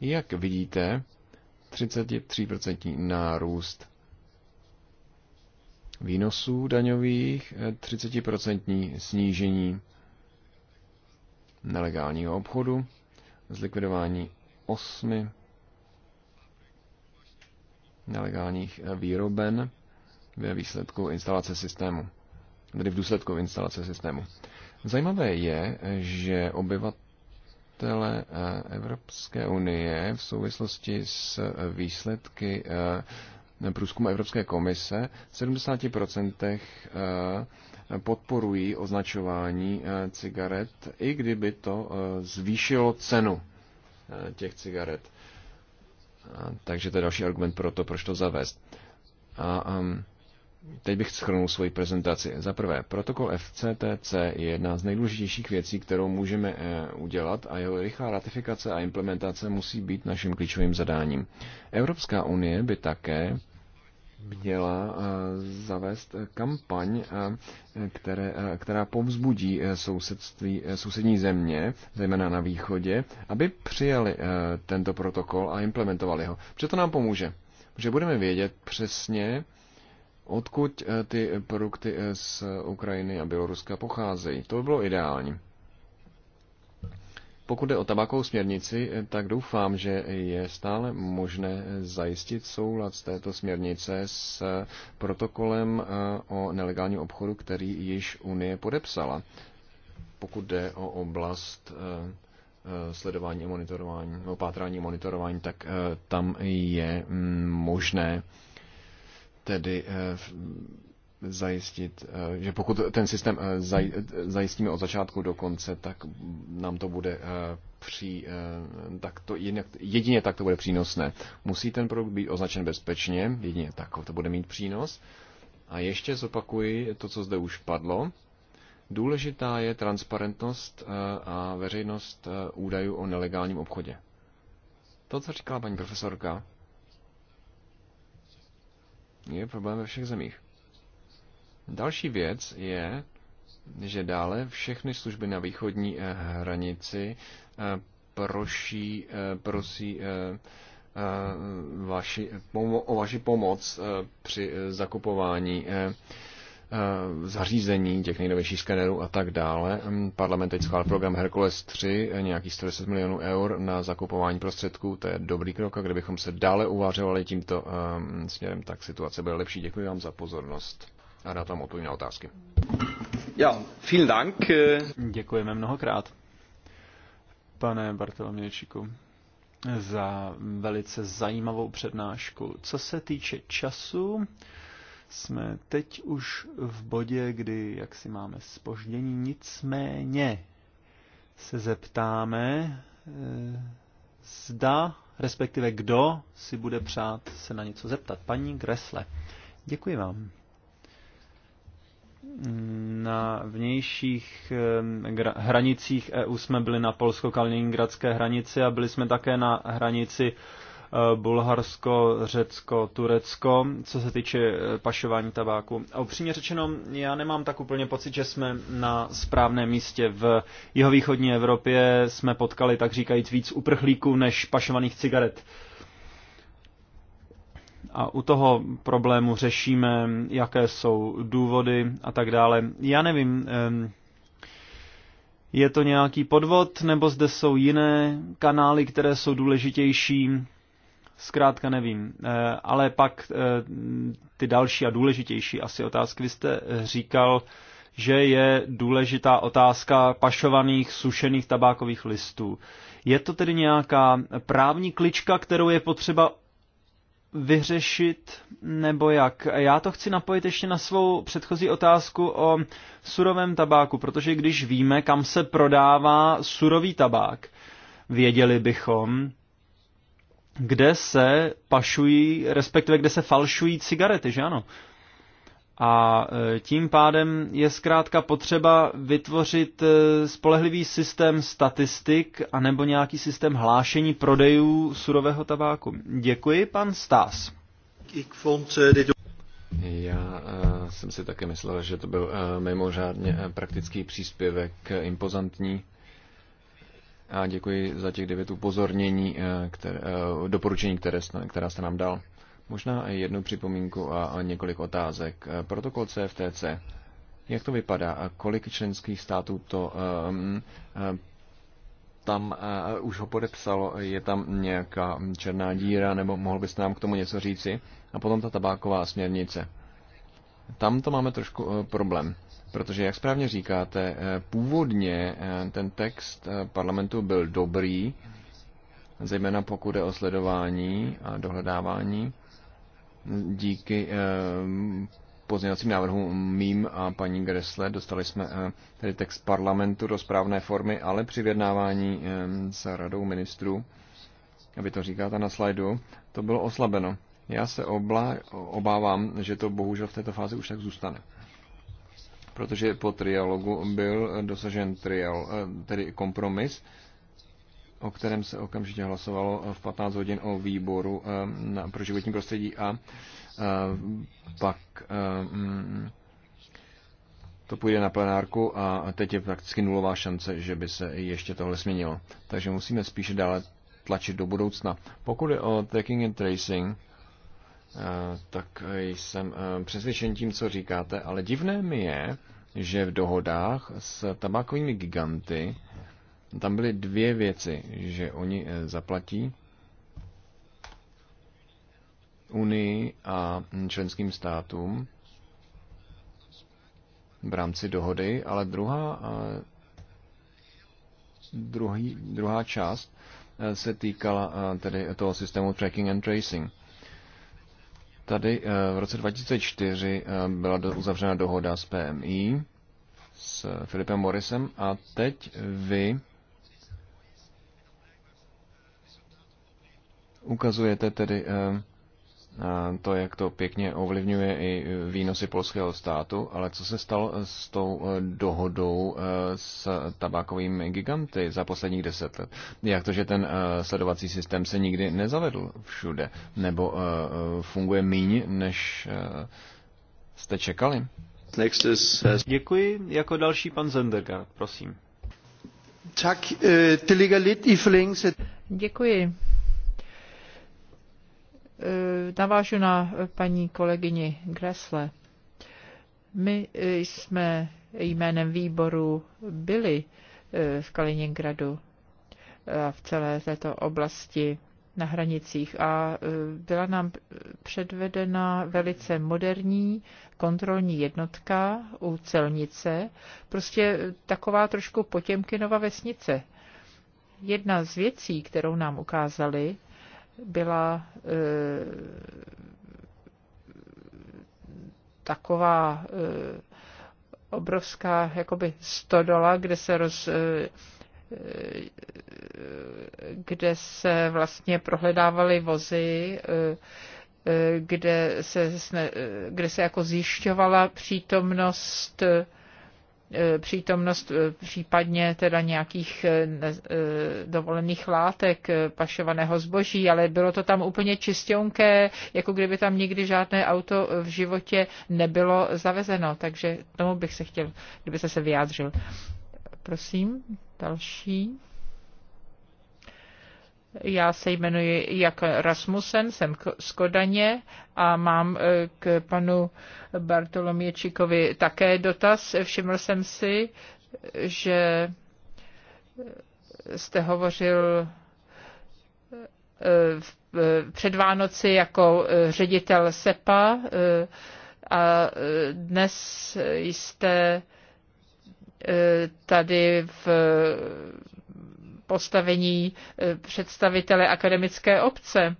Jak vidíte, 33% nárůst výnosů daňových, 30% eh, snížení nelegálního obchodu, zlikvidování 8 nelegálních výroben ve výsledku instalace systému tedy v důsledku instalace systému. Zajímavé je, že obyvatele eh, Evropské unie v souvislosti s eh, výsledky eh, průzkumu Evropské komise v 70% podporují označování cigaret, i kdyby to zvýšilo cenu těch cigaret. Takže to je další argument pro to, proč to zavést. A um, Teď bych schrnul svoji prezentaci. Za prvé, protokol FCTC je jedna z nejdůležitějších věcí, kterou můžeme eh, udělat a jeho rychlá ratifikace a implementace musí být naším klíčovým zadáním. Evropská unie by také měla eh, zavést eh, kampaň, které, která povzbudí sousedství, sousední země, zejména na východě, aby přijali tento protokol a implementovali ho. Protože to nám pomůže. Protože budeme vědět přesně, odkud eh, ty produkty eh, z Ukrajiny a Běloruska pocházejí. To by bylo ideální. Pokud jde o tabakovou směrnici, eh, tak doufám, že je stále možné zajistit soulad z této směrnice s protokolem o nelegálním obchodu, který již Unie podepsala. Pokud jde o oblast sledování a monitorování, opátrání a monitorování, tak tam je mm, možné tedy eh, zajistit, eh, že pokud ten systém eh, zajistíme od začátku do konce, tak nám to bude při, tak to jinak, jedině tak to bude přínosné. Musí ten produkt být označen bezpečně, jedině tak to bude mít přínos. A ještě zopakuji to, co zde už padlo. Důležitá je transparentnost a veřejnost údajů o nelegálním obchodě. To, co říkala paní profesorka, je problém ve všech zemích. Další věc je, že dále všechny služby na východní eh, hranici eh, proší, eh, prosí vaši, o vaši pomoc při zakupování Eh, zařízení, těch nejnovějších skenerů a tak dále. Mm, parlament teď schválil program Hercules 3, eh, nějaký 110 milionů eur na zakupování prostředků. To je dobrý krok a kdybychom se dále uvařovali tímto eh, směrem, tak situace bude lepší. Děkuji vám za pozornost a rád vám odpovím na otázky. Ja, vielen Dank. Děkujeme mnohokrát, pane Bartolomějčíku, za velice zajímavou přednášku. Co se týče času, jsme teď už v bodě, kdy jak si máme spoždění, nicméně se zeptáme, eh, zda, respektive kdo si bude přát se na něco zeptat. Paní Gresle, děkuji vám. Na vnějších eh, hranicích EU jsme byli na polsko-kaliningradské hranici a byli jsme také na hranici Eh, Bulharsko, Řecko, Turecko, co se týče eh, pašování tabáku. A upřímně řečeno, já nemám tak úplně pocit, že jsme na správném místě. V jihovýchodní Evropě jsme potkali, tak říkajíc, víc uprchlíků než pašovaných cigaret. A u toho problému řešíme, jaké jsou důvody a tak dále. Já nevím, je to nějaký podvod, nebo zde jsou jiné kanály, které jsou důležitější? Zkrátka nevím. Eh, ale pak eh, ty další a důležitější asi otázky. Vy jste říkal, že je důležitá otázka pašovaných sušených tabákových listů. Je to tedy nějaká právní klička, kterou je potřeba vyřešit, nebo jak? Já to chci napojit ještě na svou předchozí otázku o surovém tabáku, protože když víme, kam se prodává surový tabák, věděli bychom, kde se pašují, respektive kde se falšují cigarety, že ano? A e, tím pádem je zkrátka potřeba vytvořit e, spolehlivý systém statistik anebo nějaký systém hlášení prodejů surového tabáku. Děkuji, pan Stás. Já e, jsem si také myslel, že to byl mimořádně praktický příspěvek, impozantní a děkuji za těch devět upozornění, eh, které, eh, doporučení, které, která jste nám dal. Možná jednu připomínku a několik otázek. Eh, protokol CFTC, jak to vypadá a kolik členských států to um, tam uh, už ho podepsalo, je tam nějaká černá díra, nebo mohl byste nám k tomu něco říci? A potom ta tabáková směrnice. Tam to máme trošku uh, problém. Protože, jak správně říkáte, eh, původně eh, ten text eh, parlamentu byl dobrý, zejména pokud je o sledování a dohledávání díky pozněvacím návrhům mým a paní Gresle. Dostali jsme tedy text parlamentu do správné formy, ale při vědnávání s radou ministrů, aby to říkáte na slajdu, to bylo oslabeno. Já se obla, obávám, že to bohužel v této fázi už tak zůstane protože po trialogu byl dosažen trial, eh, tedy kompromis, o kterém se okamžitě hlasovalo v 15 hodin o výboru eh, pro životní prostředí a eh, pak mm, to půjde na plenárku a teď je prakticky nulová šance, že by se ještě tohle změnilo. Takže musíme spíše dále tlačit do budoucna. Pokud je o tracking and tracing, Eh, tak jsem eh, přesvědčen tím, co říkáte, ale divné mi je, že v dohodách s tabákovými giganty tam byly dvě věci, že oni eh, zaplatí Unii a členským státům v rámci dohody, ale druhá, druhý, druhá část se týkala tedy toho systému tracking and tracing. Tady eh, v roce 2004 eh, byla uzavřena dohoda s PMI, s eh, Filipem Morisem a teď vy ukazujete tedy to, jak to pěkně ovlivňuje i výnosy polského státu, ale co se stalo s tou eh, dohodou eh, s tabákovými giganty za posledních deset let? Jak to, že ten eh, sledovací systém se nikdy nezavedl všude? Nebo funguje míň, než jste čekali? Děkuji. Jako další pan Zendergaard, prosím. Tak, ty Děkuji. Eh, navážu na paní kolegyni Gressle. My eh, jsme jménem výboru byli eh, v Kaliningradu a v celé této oblasti na hranicích a byla nám předvedena velice moderní kontrolní jednotka u celnice, prostě taková trošku potěmkinova vesnice. Jedna z věcí, kterou nám ukázali, byla e, taková e, obrovská jakoby stodola, kde se roz, e, kde se vlastně prohledávaly vozy, kde se, kde se jako zjišťovala přítomnost E, přítomnost e, případně teda nějakých e, dovolených látek pašovaného zboží, ale bylo to tam úplně čistěnké, jako kdyby tam nikdy žádné auto v životě nebylo zavezeno. Takže tomu bych se chtěl, kdyby se se vyjádřil. Prosím, další. Já se jmenuji Jak Rasmussen, jsem z Kodaně a mám e, k panu Bartoloměčikovi také dotaz. Všiml jsem si, že jste hovořil e, e, před Vánoci jako ředitel SEPA a dnes jste tady v postavení eh, představitele akademické obce.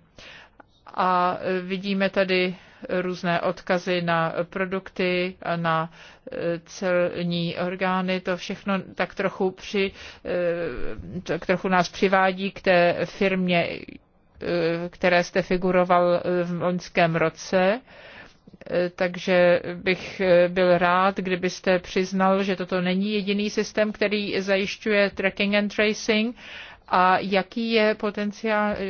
A eh, vidíme tady různé odkazy na produkty, na eh, celní orgány, to všechno tak trochu, při, tak trochu nás přivádí k té firmě, které jste figuroval v loňském roce. Eh, takže bych eh, byl rád, kdybyste přiznal, že toto není jediný systém, který zajišťuje tracking and tracing a jaký je potenciál e,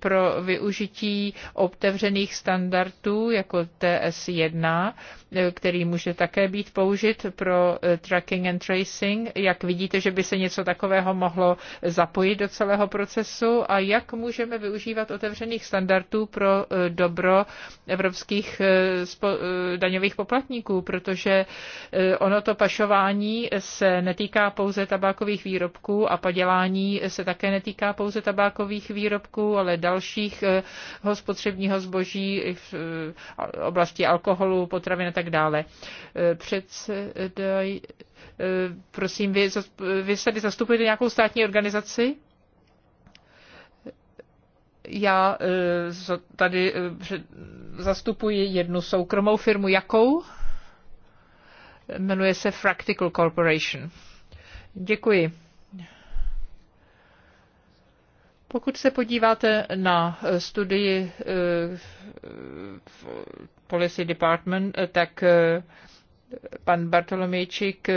pro využití otevřených standardů jako TS1, e, který může také být použit pro e, tracking and tracing. Jak vidíte, že by se něco takového mohlo zapojit do celého procesu a jak můžeme využívat otevřených standardů pro dobro evropských daňových poplatníků, protože ono to pašování se netýká pouze tabákových výrobků a padělání se také netýká pouze tabákových výrobků, ale dalších eh, spotřebního zboží v eh, oblasti alkoholu, potravin a tak dále. Eh, předsedaj, prosím, vy, vy tady zastupujete nějakou státní organizaci? Já tady zastupuji jednu soukromou firmu. Jakou? Jmenuje se Fractical Corporation. Děkuji. Pokud se podíváte na eh, studii eh, Policy Department, eh, tak pan Bartolomějčík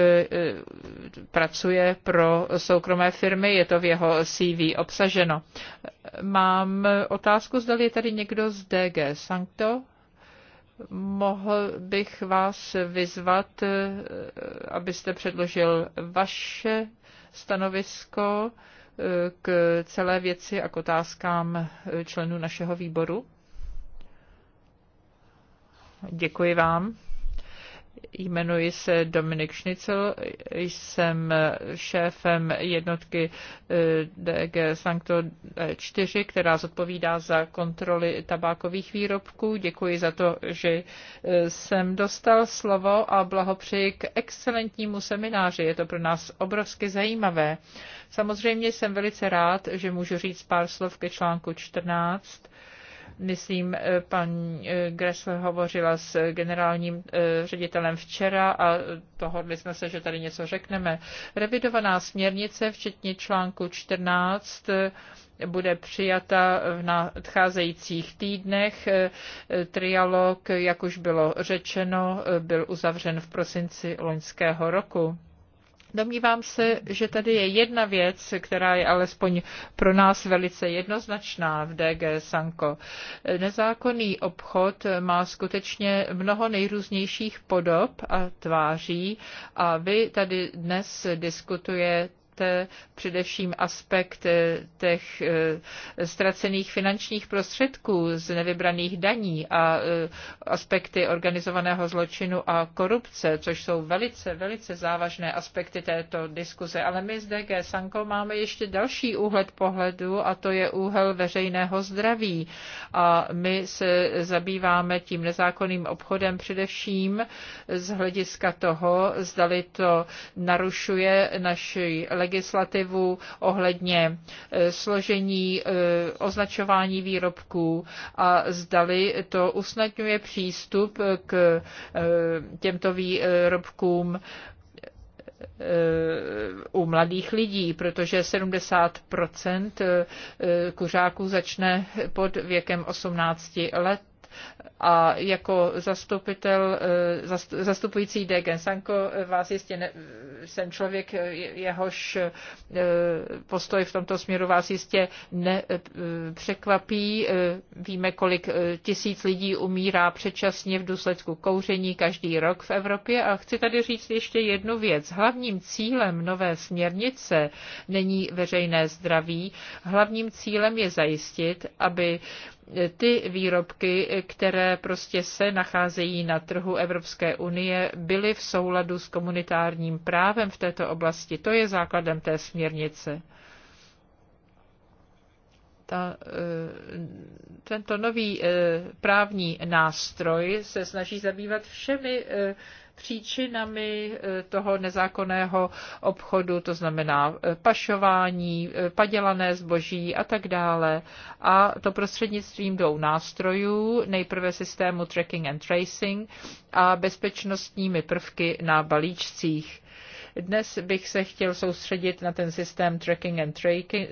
pracuje pro soukromé firmy, je to v jeho CV obsaženo. Mám otázku, zda je tady někdo z DG Sancto? Mohl bych vás vyzvat, abyste předložil vaše stanovisko k celé věci a k otázkám členů našeho výboru? Děkuji vám. Jmenuji se Dominik Šnicel, jsem šéfem jednotky eh, DG Sancto 4, e která zodpovídá za kontroly tabákových výrobků. Děkuji za to, že eh, jsem dostal slovo a blahopřeji k excelentnímu semináři. Je to pro nás obrovsky zajímavé. Samozřejmě jsem velice rád, že můžu říct pár slov ke článku 14 Myslím, eh, pan eh, Gressel hovořila s generálním eh, ředitelem včera a dohodli jsme se, že tady něco řekneme. Revidovaná směrnice, včetně článku 14, bude přijata v nadcházejících týdnech. Trialog, jak už bylo řečeno, byl uzavřen v prosinci loňského roku. Domnívám se, že tady je jedna věc, která je alespoň pro nás velice jednoznačná v DG Sanko. Nezákonný obchod má skutečně mnoho nejrůznějších podob a tváří a vy tady dnes diskutujete Eh, především aspekt eh, těch eh, ztracených finančních prostředků z nevybraných daní a aspekty organizovaného zločinu a korupce, což jsou velice, velice závažné aspekty této diskuze. Ale my z DG Sanko máme ještě další úhled pohledu a to je úhel veřejného zdraví. A my se zabýváme tím nezákonným obchodem především z hlediska toho, zdali to narušuje naši legislativu legislativu ohledně eh, složení, eh, označování výrobků a zdali to usnadňuje přístup k eh, těmto výrobkům u mladých lidí, protože 70 kuřáků začne pod věkem 18 let a jako zastupitel, eh, zastupující DG Sanko, eh, vás jistě ne, jsem člověk, eh, jehož postoj v tomto směru vás jistě nepřekvapí. Víme, kolik tisíc lidí umírá předčasně v důsledku kouření každý rok v Evropě. A chci tady říct ještě jednu věc. Hlavním cílem nové směrnice není veřejné zdraví. Hlavním cílem je zajistit, aby ty výrobky, které prostě se nacházejí na trhu Evropské unie, byly v souladu s komunitárním právem v této oblasti. To je základem té směrnice. Ta, eh, tento nový eh, právní nástroj se snaží zabývat všemi eh, příčinami eh, toho nezákonného obchodu, to znamená eh, pašování, eh, padělané zboží a tak dále. A to prostřednictvím dvou nástrojů, nejprve systému tracking and tracing a bezpečnostními prvky na balíčcích. Dnes bych se chtěl soustředit na ten systém tracking and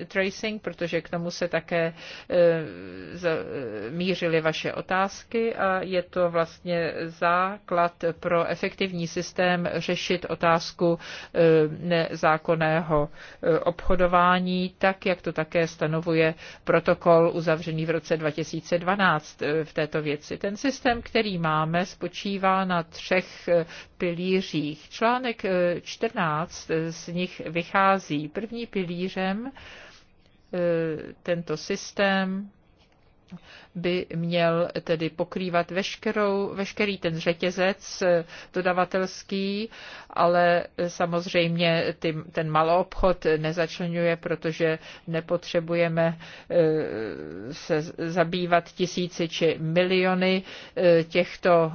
tracing, protože k tomu se také e, e, mířily vaše otázky a je to vlastně základ pro efektivní systém řešit otázku e, nezákonného obchodování, tak jak to také stanovuje protokol uzavřený v roce 2012 v této věci. Ten systém, který máme, spočívá na třech pilířích. Článek 14 15 eh, z nich vychází. První pilířem eh, tento systém by měl tedy pokrývat veškerou, veškerý ten řetězec eh, dodavatelský, ale samozřejmě ty, ten malou obchod nezačlenuje, protože nepotřebujeme eh, se zabývat tisíci či miliony eh, těchto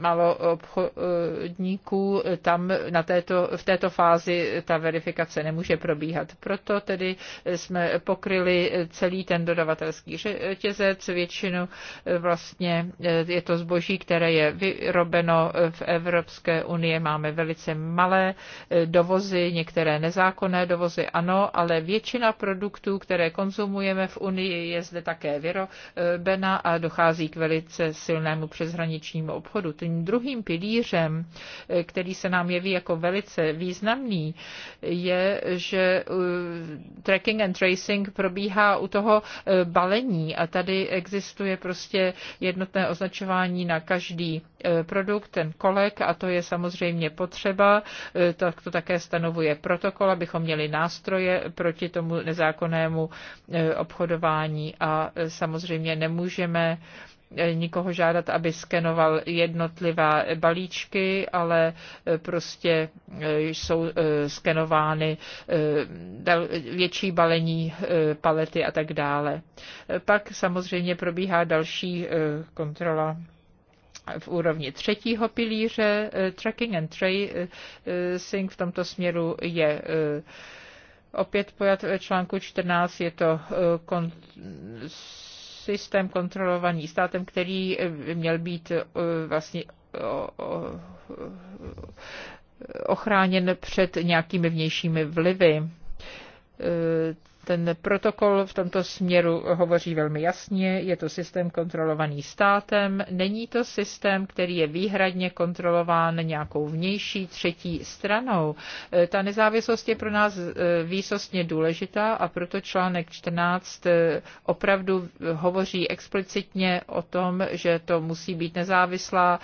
maloobchodníků. Tam na této, v této fázi ta verifikace nemůže probíhat. Proto tedy jsme pokryli celý ten dodavatelský řetězec řetězec, většinu eh, vlastně eh, je to zboží, které je vyrobeno eh, v Evropské unii. Máme velice malé dovozy, některé nezákonné dovozy, ano, ale většina produktů, které konzumujeme v Unii, je zde také vyrobena a dochází k velice silnému přeshraničnímu obchodu. Tím druhým pilířem, který se nám jeví jako velice významný, je, že tracking and tracing probíhá u toho balení a ta tady existuje prostě jednotné označování na každý e, produkt, ten kolek, a to je samozřejmě potřeba. E, tak to také stanovuje protokol, abychom měli nástroje proti tomu nezákonnému e, obchodování a samozřejmě nemůžeme nikoho žádat, aby skenoval jednotlivá balíčky, ale eh, prostě eh, jsou eh, skenovány větší balení palety a tak dále. Pak samozřejmě probíhá další kontrola v úrovni třetího pilíře. Tracking and tracing v tomto směru je opět pojat v článku 14, je to systém kontrolovaný státem, který eh, měl být eh, vlastně ochráněn před nějakými vnějšími vlivy eh, ten protokol v tomto směru hovoří velmi jasně, je to systém kontrolovaný státem, není to systém, který je výhradně kontrolován nějakou vnější třetí stranou. E, ta nezávislost je pro nás e, výsostně důležitá a proto článek 14 e, opravdu hovoří explicitně o tom, že to musí být nezávislá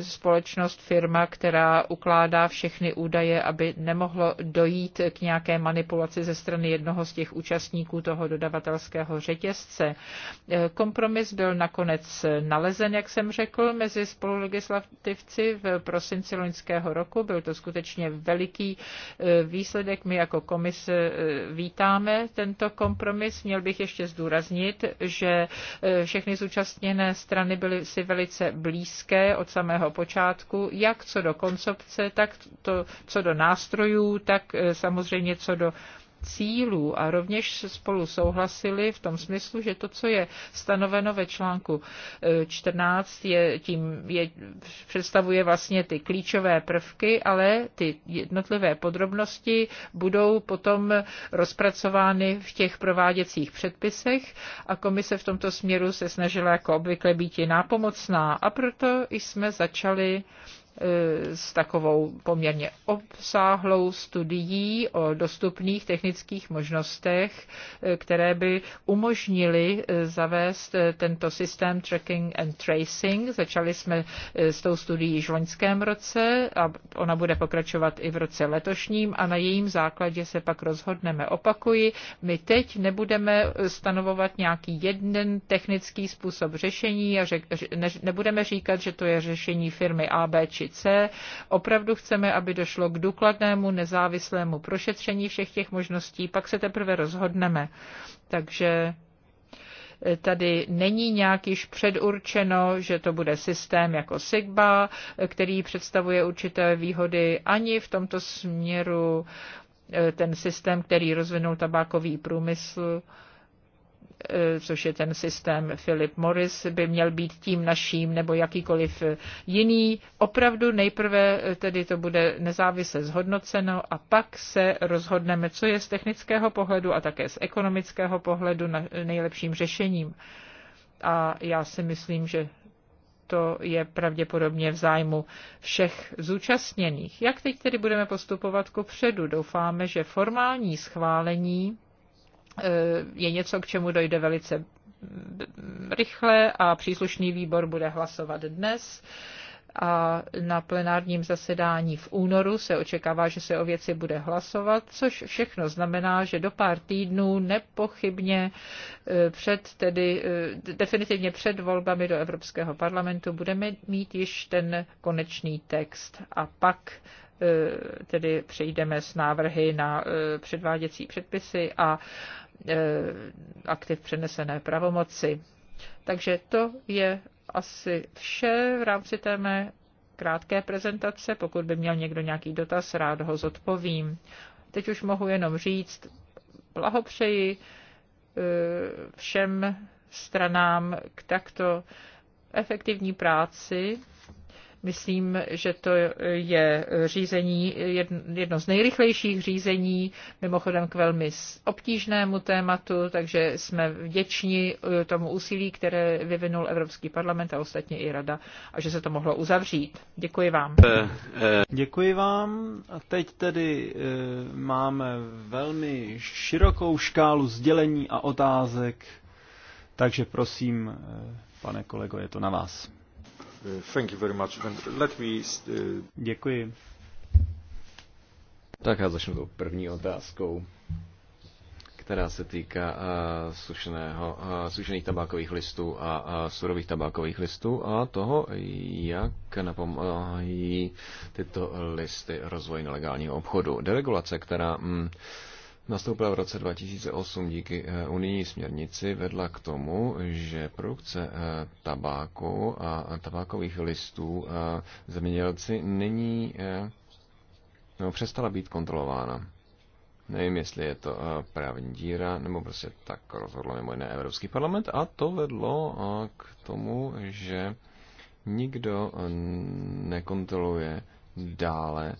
společnost, firma, která ukládá všechny údaje, aby nemohlo dojít k nějaké manipulaci ze strany jednoho jednoho z těch účastníků toho dodavatelského řetězce. E, kompromis byl nakonec nalezen, jak jsem řekl, mezi spolulegislativci v prosinci loňského roku. Byl to skutečně veliký e, výsledek. My jako komise e, vítáme tento kompromis. Měl bych ještě zdůraznit, že všechny zúčastněné strany byly si velice blízké od samého počátku, jak co do koncepce, tak to, co do nástrojů, tak samozřejmě co do cílů a rovněž spolu souhlasili v tom smyslu, že to, co je stanoveno ve článku 14, eh, je, tím je, představuje vlastně ty klíčové prvky, ale ty jednotlivé podrobnosti budou potom rozpracovány v těch prováděcích předpisech a komise v tomto směru se snažila jako obvykle být i nápomocná a proto jsme začali Eh, s takovou poměrně obsáhlou studií o dostupných technických možnostech, eh, které by umožnily eh, zavést tento systém tracking and tracing. Začali jsme s tou studií již v loňském roce a ona bude pokračovat i v roce letošním a na jejím základě se pak rozhodneme. Opakuji, my teď nebudeme stanovovat nějaký jeden technický způsob řešení a řek, nebudeme říkat, že to je řešení firmy A, B či C. Opravdu chceme, aby došlo k důkladnému nezávislému prošetření všech těch možností, pak se teprve rozhodneme. Takže eh, tady není nějak již předurčeno, že to bude systém jako SIGBA, eh, který představuje určité výhody ani v tomto směru eh, ten systém, který rozvinul tabákový průmysl, Eh, což je ten systém Philip Morris, by měl být tím naším nebo jakýkoliv jiný. Opravdu nejprve eh, tedy to bude nezávisle zhodnoceno a pak se rozhodneme, co je z technického pohledu a také z ekonomického pohledu eh, nejlepším řešením. A já si myslím, že to je pravděpodobně v zájmu všech zúčastněných. Jak teď tedy budeme postupovat ku předu? Doufáme, že formální schválení Eh, je něco, k čemu dojde velice mm, rychle a příslušný výbor bude hlasovat dnes a na plenárním zasedání v únoru se očekává, že se o věci bude hlasovat, což všechno znamená, že do pár týdnů nepochybně eh, před tedy, eh, definitivně před volbami do Evropského parlamentu budeme mít již ten konečný text a pak tedy přejdeme s návrhy na předváděcí předpisy a Eh, aktiv přenesené pravomoci. Takže to je asi vše v rámci té mé krátké prezentace. Pokud by měl někdo nějaký dotaz, rád ho zodpovím. Teď už mohu jenom říct, blahopřeji eh, všem stranám k takto efektivní práci Myslím, že to je řízení, jedno z nejrychlejších řízení, mimochodem k velmi obtížnému tématu, takže jsme vděční eh, tomu úsilí, které vyvinul Evropský parlament a ostatně i Rada, a že se to mohlo uzavřít. Děkuji vám. Eh, eh. Děkuji vám. A teď tedy máme velmi širokou škálu sdělení a otázek, takže prosím, pane kolego, je to na vás. Uh, thank you very much. let me... Uh, Děkuji. Tak já začnu tou první otázkou, která se týká uh, sušeného, uh, sušených tabákových listů a uh, surových tabákových listů a toho, jak napomáhají tyto listy rozvoji nelegálního obchodu. Deregulace, která mm, nastoupila v roce 2008 díky eh, unijní směrnici, vedla k tomu, že produkce eh, tabáku a tabákových listů eh, zemědělci není, no, přestala být kontrolována. Nevím, jestli je to právní díra, nebo prostě tak rozhodlo mimo jiné Evropský parlament a to vedlo k tomu, že nikdo nekontroluje dále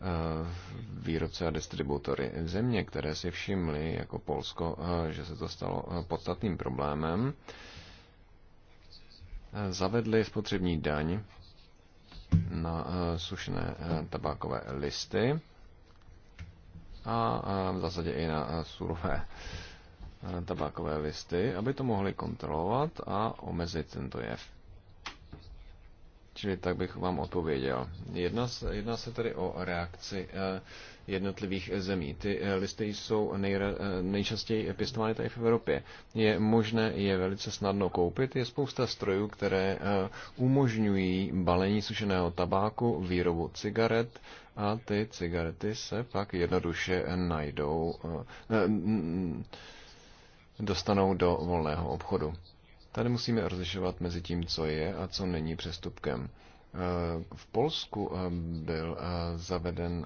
Eh, výrobce a distributory. Země, které si všimly, jako Polsko, eh, že se to stalo eh, podstatným problémem, zavedly spotřební daň na sušené tabákové listy a v zásadě i na surové tabákové listy, aby to mohli kontrolovat a omezit tento jev. Čili tak bych vám odpověděl. Jedná, jedná se tedy o reakci eh, jednotlivých zemí. Ty eh, listy jsou nejra, eh, nejčastěji pěstovány tady v Evropě. Je možné je velice snadno koupit. Je spousta strojů, které umožňují balení sušeného tabáku, výrobu cigaret a ty cigarety se pak jednoduše najdou, dostanou do volného obchodu. Tady musíme rozlišovat mezi tím, co je a co není přestupkem. Eh, v Polsku eh, byl eh, zaveden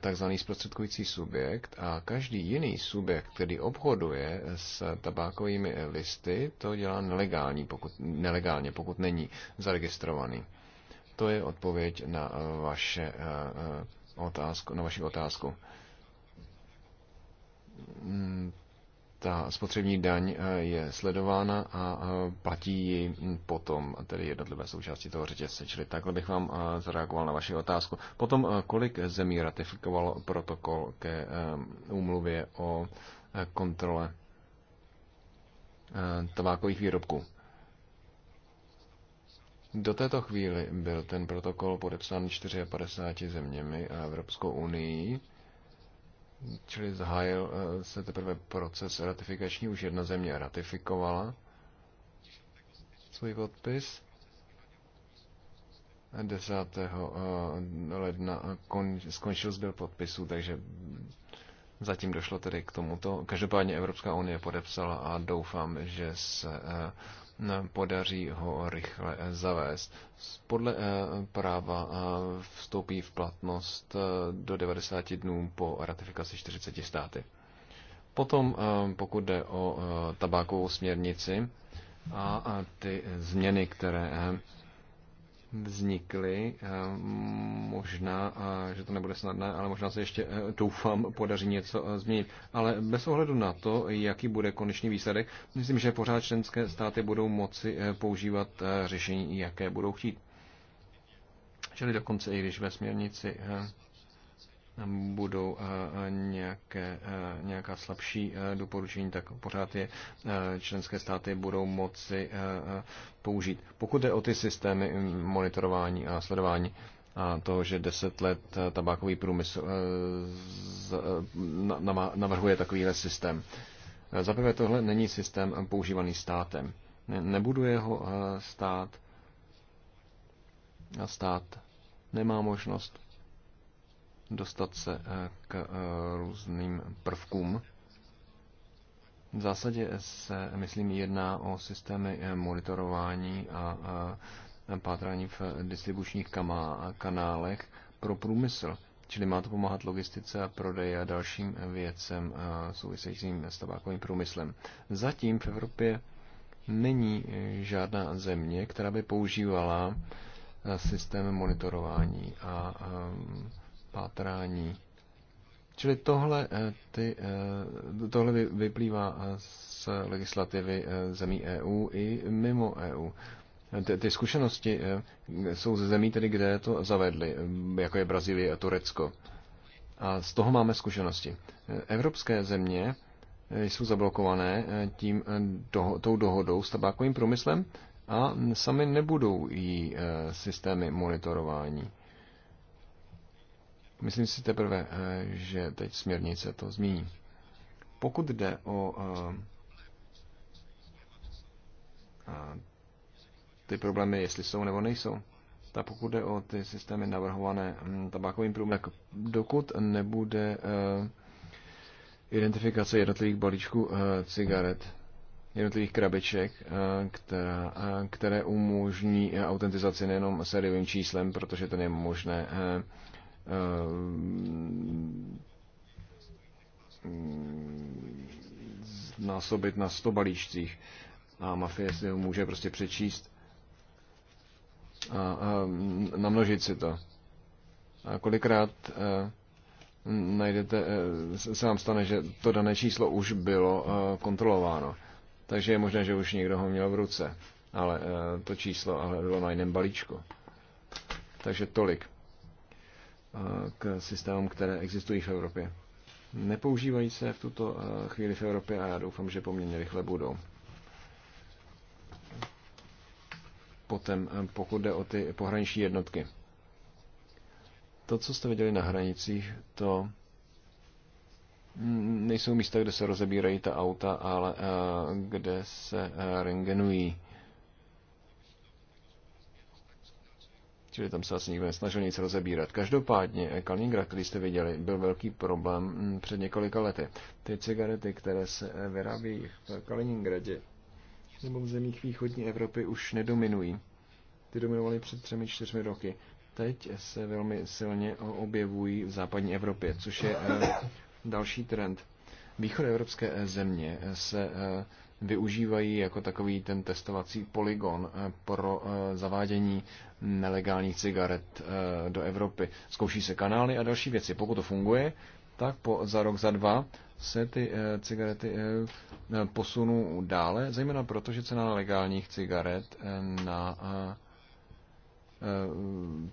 takzvaný zprostředkující subjekt a každý jiný subjekt, který obchoduje s tabákovými listy, to dělá nelegální, pokud, nelegálně, pokud není zaregistrovaný. To je odpověď na, vaše otázku, na vaši otázku hmm, ta spotřební daň eh, je sledována a eh, platí ji potom tedy jednotlivé součásti toho řetězce. Čili takhle bych vám eh, zareagoval na vaši otázku. Potom, kolik zemí ratifikovalo protokol ke úmluvě o kontrole tabákových výrobků? Do této chvíli byl ten protokol podepsán 54 zeměmi a Evropskou unii čili zahájil eh, se teprve proces ratifikační, už jedna země ratifikovala svůj podpis. 10. Eh, ledna skončil zbyl podpisů, takže zatím došlo tedy k tomuto. Každopádně Evropská unie podepsala a doufám, že se eh, podaří ho rychle eh, zavést. Podle eh, práva eh, vstoupí v platnost do 90 dnů po ratifikaci 40 státy. Potom, pokud jde o tabákovou směrnici a ty změny, které vznikly. Eh, možná, eh, že to nebude snadné, ale možná se ještě, eh, doufám, podaří něco změnit. Ale bez ohledu na to, jaký bude konečný výsledek, myslím, že pořád členské státy budou moci používat řešení, jaké budou chtít. Čili dokonce i když ve směrnici budou eh, nějaké, eh, nějaká slabší eh, doporučení, tak pořád je členské státy budou moci použít. Pokud je o ty systémy mm, monitorování a sledování, a toho, že deset let tabákový průmysl navrhuje takovýhle systém. Za prvé tohle není systém používaný státem. Nebuduje ho stát a stát nemá možnost dostat se eh, k eh, různým prvkům. V zásadě se, myslím, jedná o systémy eh, monitorování a pátrání v distribučních kanálech pro průmysl. Čili má to pomáhat logistice a prodeji a dalším věcem souvisejícím s tabákovým průmyslem. Zatím v Evropě není žádná země, která by používala systém monitorování a um, pátrání. Čili tohle, eh, ty, eh, tohle vyplývá eh, z legislativy zemí EU i mimo EU. Ty, ty zkušenosti jsou ze zemí, tedy, kde to zavedli, jako je Brazílie a Turecko. A z toho máme zkušenosti. Evropské země jsou zablokované tím, do, tou dohodou s tabákovým průmyslem a sami nebudou jí systémy monitorování. Myslím si teprve, eh, že teď směrnice to změní. Pokud jde o eh, eh, ty problémy, jestli jsou nebo nejsou, tak pokud jde o ty systémy navrhované hm, tabákovým průmyslem, tak dokud nebude identifikace jednotlivých balíčků cigaret, jednotlivých krabiček, která, které umožní autentizaci nejenom sériovým číslem, protože to je možné Ehm, mm, násobit na 100 balíčcích a mafie si ho může prostě přečíst a, a namnožit si to. A kolikrát a, ehm, najdete, a, ehm, se vám stane, že to dané číslo už bylo a, kontrolováno. Takže je možné, že už někdo ho měl v ruce, ale a, to číslo ale bylo na jiném balíčku. Takže tolik k systémům, které existují v Evropě. Nepoužívají se v tuto eh, chvíli v Evropě a já doufám, že poměrně rychle budou. Potom, eh, pokud jde o ty pohraniční jednotky. To, co jste viděli na hranicích, to mm, nejsou místa, kde se rozebírají ta auta, ale eh, kde se rengenují Čili tam se asi nikdo nesnažil nic rozebírat. Každopádně eh, Kaliningrad, který jste viděli, byl velký problém mm, před několika lety. Ty cigarety, které se eh, vyrábí v Kaliningradě nebo v zemích východní Evropy, už nedominují. Ty dominovaly před třemi, čtyřmi roky. Teď se velmi silně objevují v západní Evropě, což je eh, další trend. Východ evropské země se využívají jako takový ten testovací poligon eh, pro eh, zavádění nelegálních cigaret eh, do Evropy. Zkouší se kanály a další věci. Pokud to funguje, tak po, za rok, za dva se ty cigarety posunou dále, zejména proto, že cena legálních cigaret na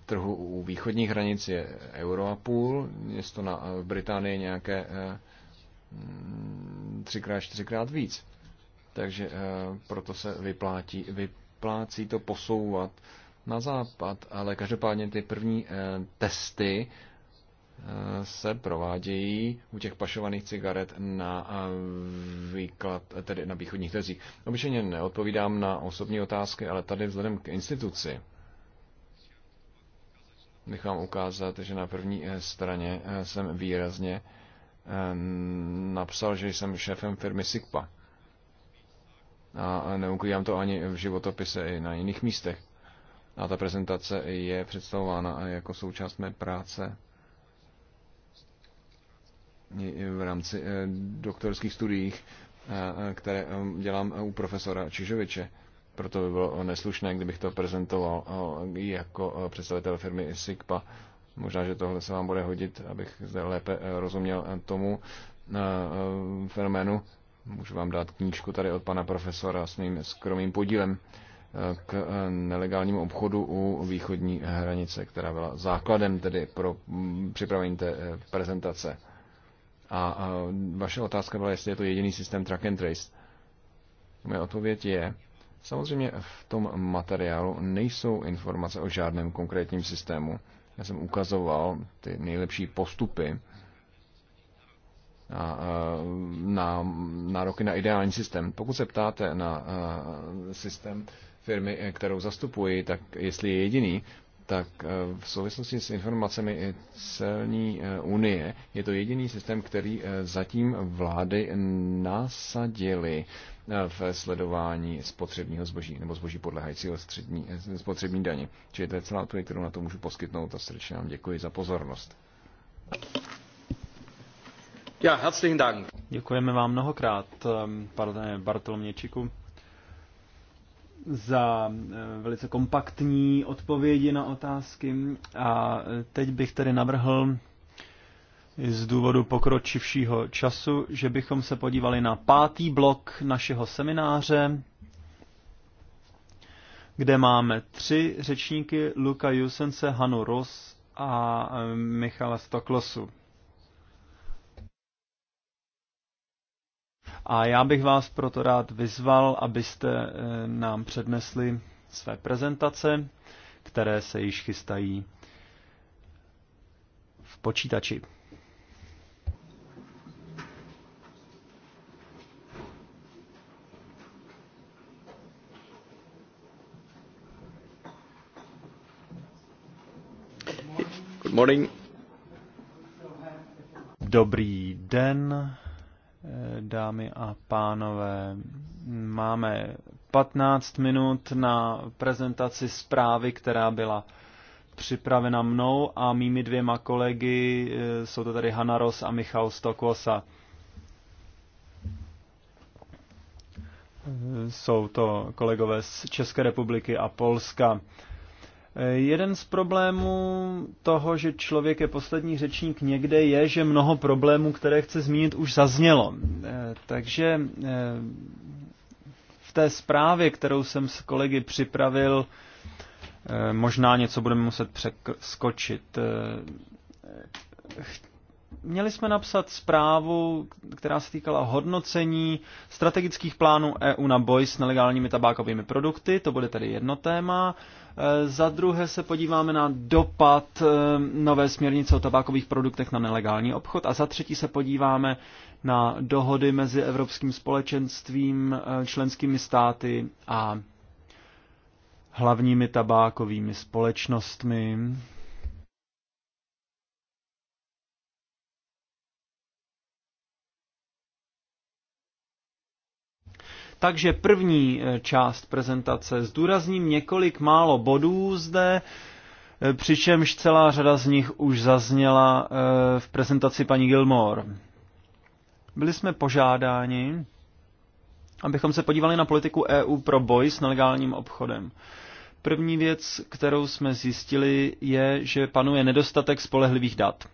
trhu u východních hranic je euro a půl, město na Británii nějaké třikrát, čtyřikrát víc takže eh, proto se vyplátí, vyplácí to posouvat na západ, ale každopádně ty první eh, testy eh, se provádějí u těch pašovaných cigaret na výklad, tedy na východních tezích. Obyčejně neodpovídám na osobní otázky, ale tady vzhledem k instituci bych vám ukázat, že na první straně jsem výrazně napsal, že jsem šéfem firmy SIGPA a neukrývám to ani v životopise i na jiných místech. A ta prezentace je představována jako součást mé práce v rámci eh, doktorských studiích, eh, které eh, dělám u profesora Čižoviče. Proto by bylo neslušné, kdybych to prezentoval jako představitel firmy SIGPA. Možná, že tohle se vám bude hodit, abych zde lépe rozuměl tomu fenoménu Můžu vám dát knížku tady od pana profesora s mým skromým podílem eh, k eh, nelegálnímu obchodu u východní hranice, která byla základem tedy pro mm, připravení té eh, prezentace. A vaše otázka byla, jestli je to jediný systém track and trace. Moje odpověď je, samozřejmě v tom materiálu nejsou informace o žádném konkrétním systému. Já jsem ukazoval ty nejlepší postupy, a na nároky na ideální systém. Pokud se ptáte na systém firmy, kterou zastupuji, tak jestli je jediný, tak v souvislosti s informacemi celní unie je to jediný systém, který zatím vlády nasadily v sledování spotřebního zboží nebo zboží podlehajícího střední, spotřební daně. Čili to je celá odpověď, kterou na to můžu poskytnout a srdečně vám děkuji za pozornost. Ja, herzlichen Dank. Děkujeme vám mnohokrát, ehm, pane Bartoloměčiku, za eh, velice kompaktní odpovědi na otázky. A eh, teď bych tedy navrhl z důvodu pokročivšího času, že bychom se podívali na pátý blok našeho semináře, kde máme tři řečníky Luka Jusense, Hanu Ros a eh, Michala Stoklosu. A já bych vás proto rád vyzval, abyste eh, nám přednesli své prezentace, které se již chystají v počítači. Dobrý den dámy a pánové. Máme 15 minut na prezentaci zprávy, která byla připravena mnou a mými dvěma kolegy, eh, jsou to tady Hanna Ros a Michal Stokosa. Eh, jsou to kolegové z České republiky a Polska. Jeden z problémů toho, že člověk je poslední řečník někde, je, že mnoho problémů, které chce zmínit, už zaznělo. Eh, takže eh, v té zprávě, kterou jsem s kolegy připravil, eh, možná něco budeme muset přeskočit. Měli jsme napsat zprávu, která se týkala hodnocení strategických plánů EU na boj s nelegálními tabákovými produkty, to bude tedy jedno téma. E, za druhé se podíváme na dopad e, nové směrnice o tabákových produktech na nelegální obchod a za třetí se podíváme na dohody mezi Evropským společenstvím, e, členskými státy a hlavními tabákovými společnostmi, Takže první eh, část prezentace zdůrazním několik málo bodů zde, eh, přičemž celá řada z nich už zazněla eh, v prezentaci paní Gilmore. Byli jsme požádáni, abychom se podívali na politiku EU pro boj s nelegálním obchodem. První věc, kterou jsme zjistili, je, že panuje nedostatek spolehlivých dat.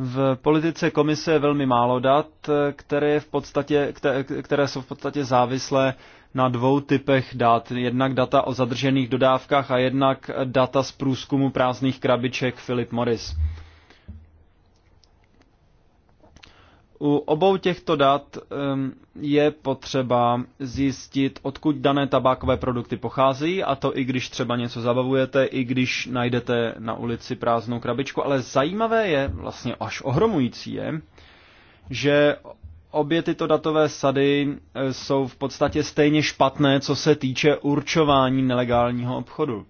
V politice komise je velmi málo dat, které, v podstatě, které jsou v podstatě závislé na dvou typech dat. Jednak data o zadržených dodávkách a jednak data z průzkumu prázdných krabiček Philip Morris. U obou těchto dat je potřeba zjistit, odkud dané tabákové produkty pochází, a to i když třeba něco zabavujete, i když najdete na ulici prázdnou krabičku. Ale zajímavé je, vlastně až ohromující je, že obě tyto datové sady eh, jsou v podstatě stejně špatné, co se týče určování nelegálního obchodu.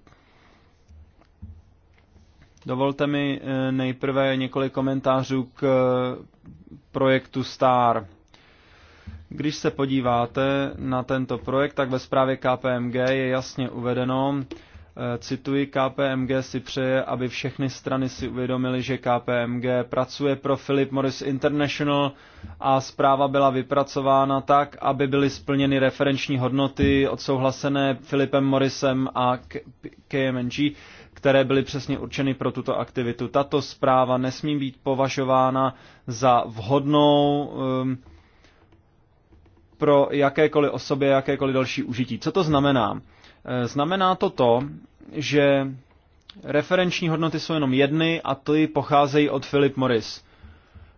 Dovolte mi eh, nejprve několik komentářů k eh, projektu STAR. Když se podíváte na tento projekt, tak ve zprávě KPMG je jasně uvedeno, eh, cituji, KPMG si přeje, aby všechny strany si uvědomily, že KPMG pracuje pro Philip Morris International a zpráva byla vypracována tak, aby byly splněny referenční hodnoty odsouhlasené Philipem Morrisem a KMNG které byly přesně určeny pro tuto aktivitu. Tato zpráva nesmí být považována za vhodnou um, pro jakékoliv osobě, jakékoliv další užití. Co to znamená? E, znamená to to, že referenční hodnoty jsou jenom jedny a ty pocházejí od Philip Morris.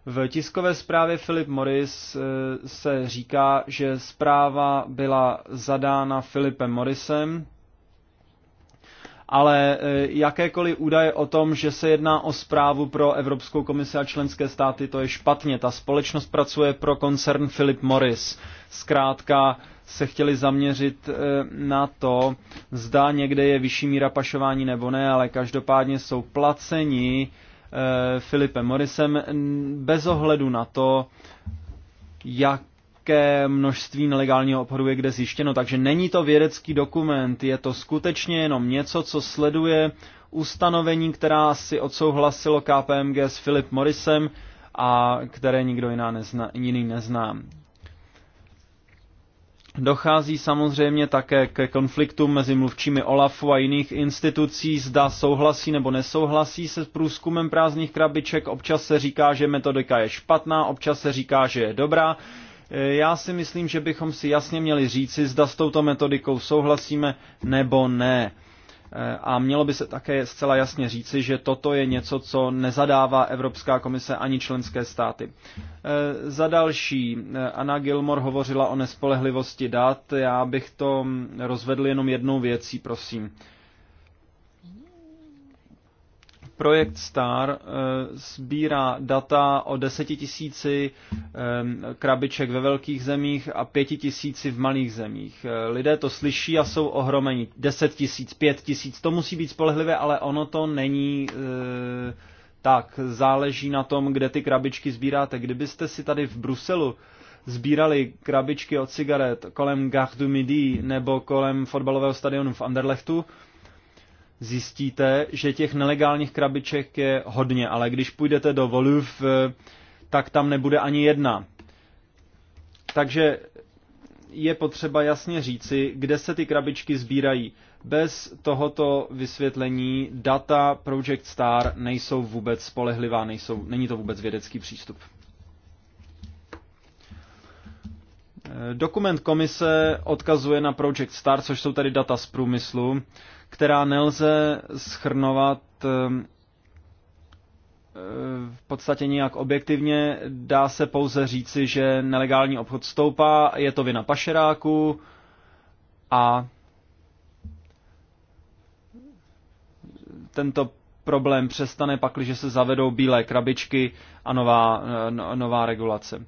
V tiskové zprávě Philip Morris e, se říká, že zpráva byla zadána Philipem Morrisem, ale e, jakékoliv údaje o tom, že se jedná o zprávu pro Evropskou komisi a členské státy, to je špatně. Ta společnost pracuje pro koncern Philip Morris. Zkrátka se chtěli zaměřit e, na to, zda někde je vyšší míra pašování nebo ne, ale každopádně jsou placeni e, Filipem Morrisem bez ohledu na to, jak obrovské množství nelegálního obchodu je kde zjištěno, takže není to vědecký dokument, je to skutečně jenom něco, co sleduje ustanovení, která si odsouhlasilo KPMG s Philip Morrisem a které nikdo jiná nezna, jiný nezná. Dochází samozřejmě také ke konfliktu mezi mluvčími OLAFu a jiných institucí, zda souhlasí nebo nesouhlasí se s průzkumem prázdných krabiček. Občas se říká, že metodika je špatná, občas se říká, že je dobrá. Já si myslím, že bychom si jasně měli říci, zda s touto metodikou souhlasíme nebo ne. A mělo by se také zcela jasně říci, že toto je něco, co nezadává Evropská komise ani členské státy. E, za další, e, Anna Gilmore hovořila o nespolehlivosti dat. Já bych to rozvedl jenom jednou věcí, prosím. Projekt STAR eh, sbírá data o deseti tisíci eh, krabiček ve velkých zemích a pěti tisíci v malých zemích. Eh, lidé to slyší a jsou ohromeni. Deset tisíc, pět tisíc, to musí být spolehlivé, ale ono to není tak. Záleží na tom, kde ty krabičky sbíráte. Kdybyste si tady v Bruselu sbírali krabičky od cigaret kolem Gare du Midi nebo kolem fotbalového stadionu v Anderlechtu, zjistíte, že těch nelegálních krabiček je hodně, ale když půjdete do Voluv, eh, tak tam nebude ani jedna. Takže je potřeba jasně říci, kde se ty krabičky sbírají. Bez tohoto vysvětlení data Project Star nejsou vůbec spolehlivá, nejsou, není to vůbec vědecký přístup. Eh, dokument komise odkazuje na Project Star, což jsou tady data z průmyslu která nelze schrnovat ehm, ehm, v podstatě nijak objektivně. Dá se pouze říci, že nelegální obchod stoupá, je to vina pašeráku a tento problém přestane pakliže se zavedou bílé krabičky a nová, no, nová regulace.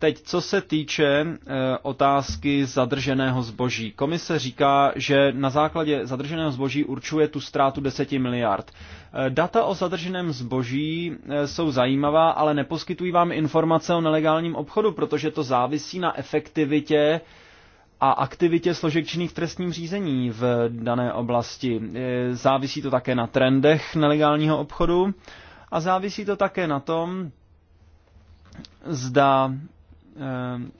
Teď, co se týče eh, otázky zadrženého zboží. Komise říká, že na základě zadrženého zboží určuje tu ztrátu 10 miliard. Eh, data o zadrženém zboží eh, jsou zajímavá, ale neposkytují vám informace o nelegálním obchodu, protože to závisí na efektivitě a aktivitě složek činných v trestním řízení v dané oblasti. Závisí to také na trendech nelegálního obchodu a závisí to také na tom, zda Ehm,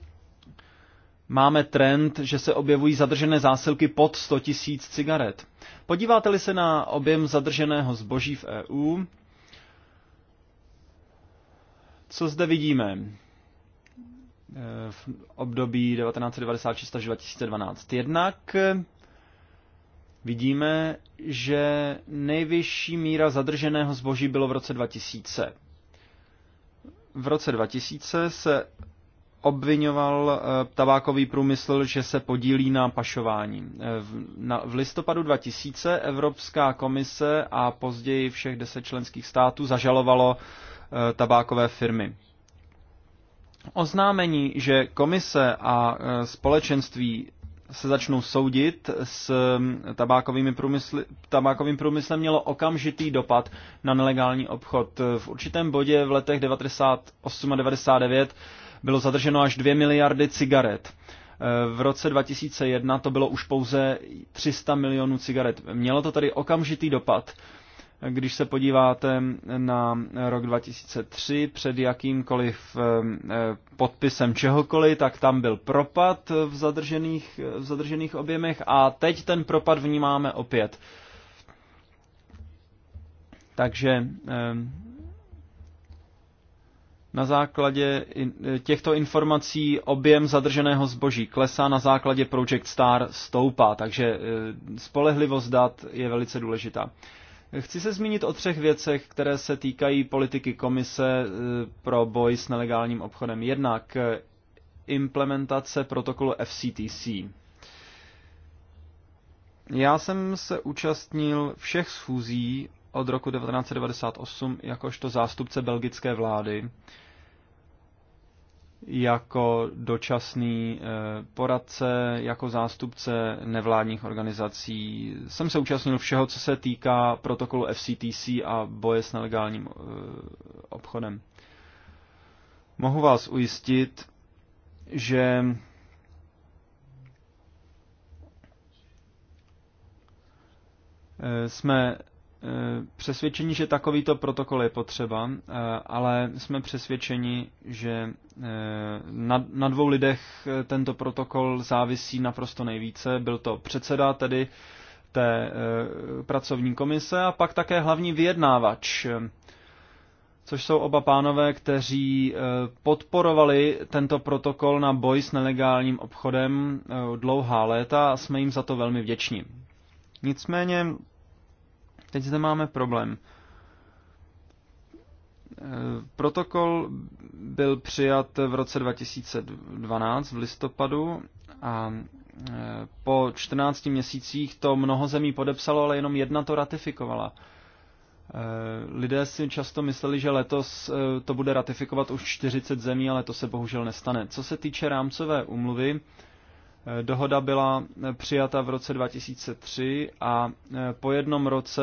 máme trend, že se objevují zadržené zásilky pod 100 000 cigaret. Podíváte-li se na objem zadrženého zboží v EU, co zde vidíme ehm, v období 1996 až 2012? Jednak eh, vidíme, že nejvyšší míra zadrženého zboží bylo v roce 2000. V roce 2000 se obvinoval eh, tabákový průmysl, že se podílí na pašování. Eh, v, listopadu 2000 Evropská komise a později všech deset členských států zažalovalo eh, tabákové firmy. Oznámení, že komise a společenství se začnou soudit s mm, tabákovými průmysly, tabákovým průmyslem, mělo okamžitý dopad na nelegální obchod. V určitém bodě v letech 98 a 99 bylo zadrženo až 2 miliardy cigaret. Eh, v roce 2001 to bylo už pouze 300 milionů cigaret. Mělo to tady okamžitý dopad. Když se podíváte na rok 2003 před jakýmkoliv eh, eh, podpisem čehokoliv, tak tam byl propad v zadržených, v zadržených objemech a teď ten propad vnímáme opět. Takže na základě eh, těchto informací objem zadrženého zboží klesá, na základě Project Star stoupá, takže eh, spolehlivost dat je velice důležitá. Chci se zmínit o třech věcech, které se týkají politiky komise eh, pro boj s nelegálním obchodem. Jednak implementace protokolu FCTC. Já jsem se účastnil všech schůzí od roku 1998 jakožto zástupce belgické vlády, jako dočasný eh, poradce, jako zástupce nevládních organizací. Jsem se účastnil všeho, co se týká protokolu FCTC a boje s nelegálním eh, obchodem. Mohu vás ujistit, že eh, jsme Eh, přesvědčeni, že takovýto protokol je potřeba, eh, ale jsme přesvědčeni, že eh, na, na dvou lidech tento protokol závisí naprosto nejvíce. Byl to předseda tedy té pracovní komise a pak také hlavní vyjednávač, což jsou oba pánové, kteří podporovali tento protokol na boj s nelegálním obchodem dlouhá léta a jsme jim za to velmi vděční. Nicméně Teď zde máme problém. E, protokol byl přijat v roce 2012 v listopadu a e, po 14 měsících to mnoho zemí podepsalo, ale jenom jedna to ratifikovala. E, lidé si často mysleli, že letos to bude ratifikovat už 40 zemí, ale to se bohužel nestane. Co se týče rámcové umluvy, Dohoda byla přijata v roce 2003 a e, po jednom roce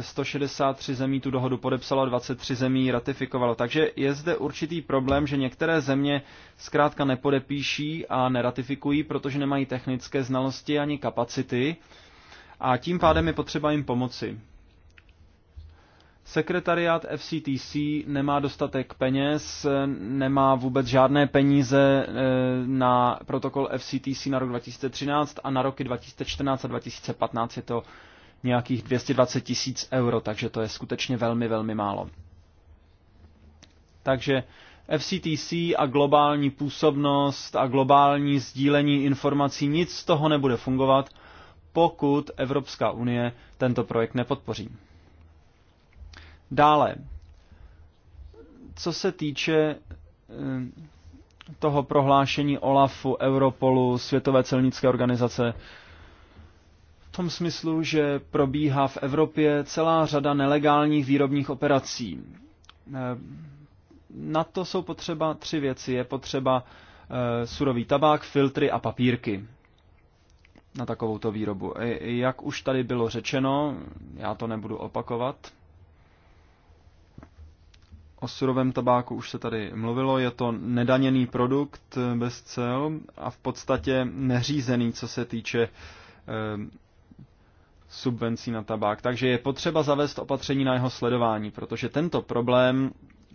163 e, zemí tu dohodu podepsalo, 23 zemí ratifikovalo. Takže je zde určitý problém, že některé země zkrátka nepodepíší a neratifikují, protože nemají technické znalosti ani kapacity a tím pádem je potřeba jim pomoci. Sekretariát FCTC nemá dostatek peněz, nemá vůbec žádné peníze eh, na protokol FCTC na rok 2013 a na roky 2014 a 2015 je to nějakých 220 tisíc euro, takže to je skutečně velmi, velmi málo. Takže FCTC a globální působnost a globální sdílení informací, nic z toho nebude fungovat, pokud Evropská unie tento projekt nepodpoří. Dále, co se týče eh, toho prohlášení OLAFu, Europolu, Světové celnické organizace, v tom smyslu, že probíhá v Evropě celá řada nelegálních výrobních operací. Eh, na to jsou potřeba tři věci. Je potřeba eh, surový tabák, filtry a papírky na takovouto výrobu. Jak už tady bylo řečeno, já to nebudu opakovat, O surovém tabáku už se tady mluvilo, je to nedaněný produkt bez cel a v podstatě neřízený, co se týče eh, subvencí na tabák. Takže je potřeba zavést opatření na jeho sledování, protože tento problém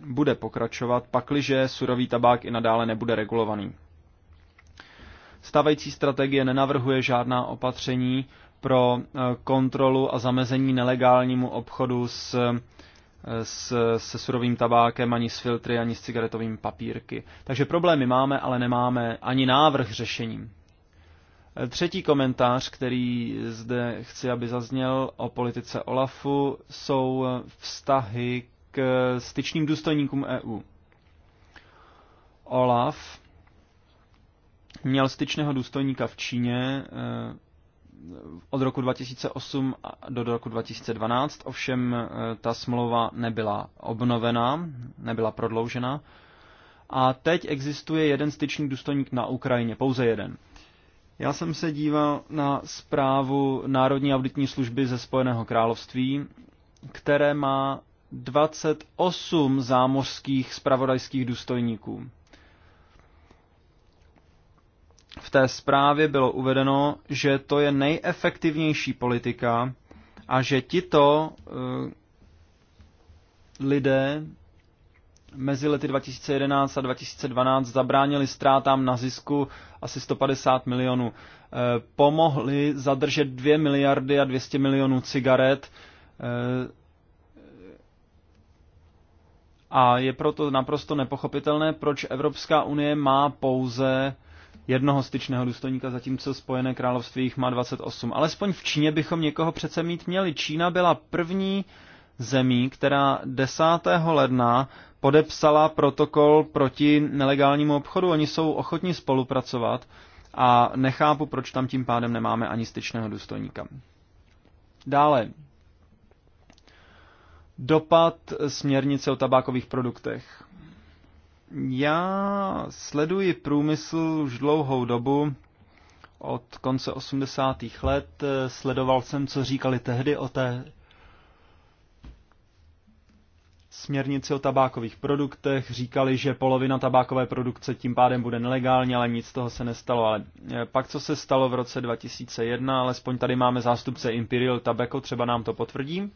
bude pokračovat, pakliže surový tabák i nadále nebude regulovaný. Stávající strategie nenavrhuje žádná opatření pro eh, kontrolu a zamezení nelegálnímu obchodu s s, se surovým tabákem, ani s filtry, ani s cigaretovými papírky. Takže problémy máme, ale nemáme ani návrh řešení. E, třetí komentář, který zde chci, aby zazněl o politice OLAFu, jsou vztahy k styčným důstojníkům EU. OLAF měl styčného důstojníka v Číně, e, od roku 2008 do roku 2012, ovšem eh, ta smlouva nebyla obnovená, nebyla prodloužena. A teď existuje jeden styčný důstojník na Ukrajině, pouze jeden. Já jsem se díval na zprávu Národní auditní služby ze Spojeného království, které má 28 zámořských spravodajských důstojníků v té zprávě bylo uvedeno, že to je nejefektivnější politika a že tito eh, lidé mezi lety 2011 a 2012 zabránili ztrátám na zisku asi 150 milionů. Eh, pomohli zadržet 2 miliardy a 200 milionů cigaret eh, a je proto naprosto nepochopitelné, proč Evropská unie má pouze jednoho styčného důstojníka, zatímco Spojené království jich má 28. Alespoň v Číně bychom někoho přece mít měli. Čína byla první zemí, která 10. ledna podepsala protokol proti nelegálnímu obchodu. Oni jsou ochotní spolupracovat a nechápu, proč tam tím pádem nemáme ani styčného důstojníka. Dále. Dopad směrnice o tabákových produktech. Já sleduji průmysl už dlouhou dobu, od konce 80. let. Eh, sledoval jsem, co říkali tehdy o té směrnici o tabákových produktech. Říkali, že polovina tabákové produkce tím pádem bude nelegální, ale nic z toho se nestalo. Ale eh, pak, co se stalo v roce 2001, alespoň tady máme zástupce Imperial Tobacco, třeba nám to potvrdí,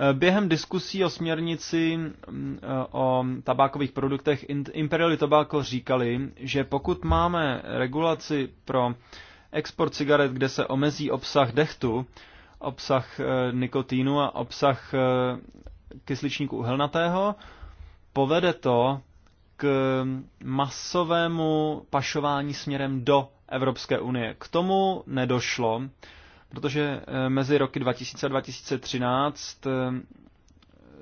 Eh, během diskusí o směrnici mm, eh, o tabákových produktech Imperial Tobacco říkali, že pokud máme regulaci pro export cigaret, kde se omezí obsah dechtu, obsah eh, nikotínu a obsah kysličníku uhelnatého, povede to k masovému pašování směrem do Evropské unie. K tomu nedošlo protože eh, mezi roky 2000 a 2013 eh,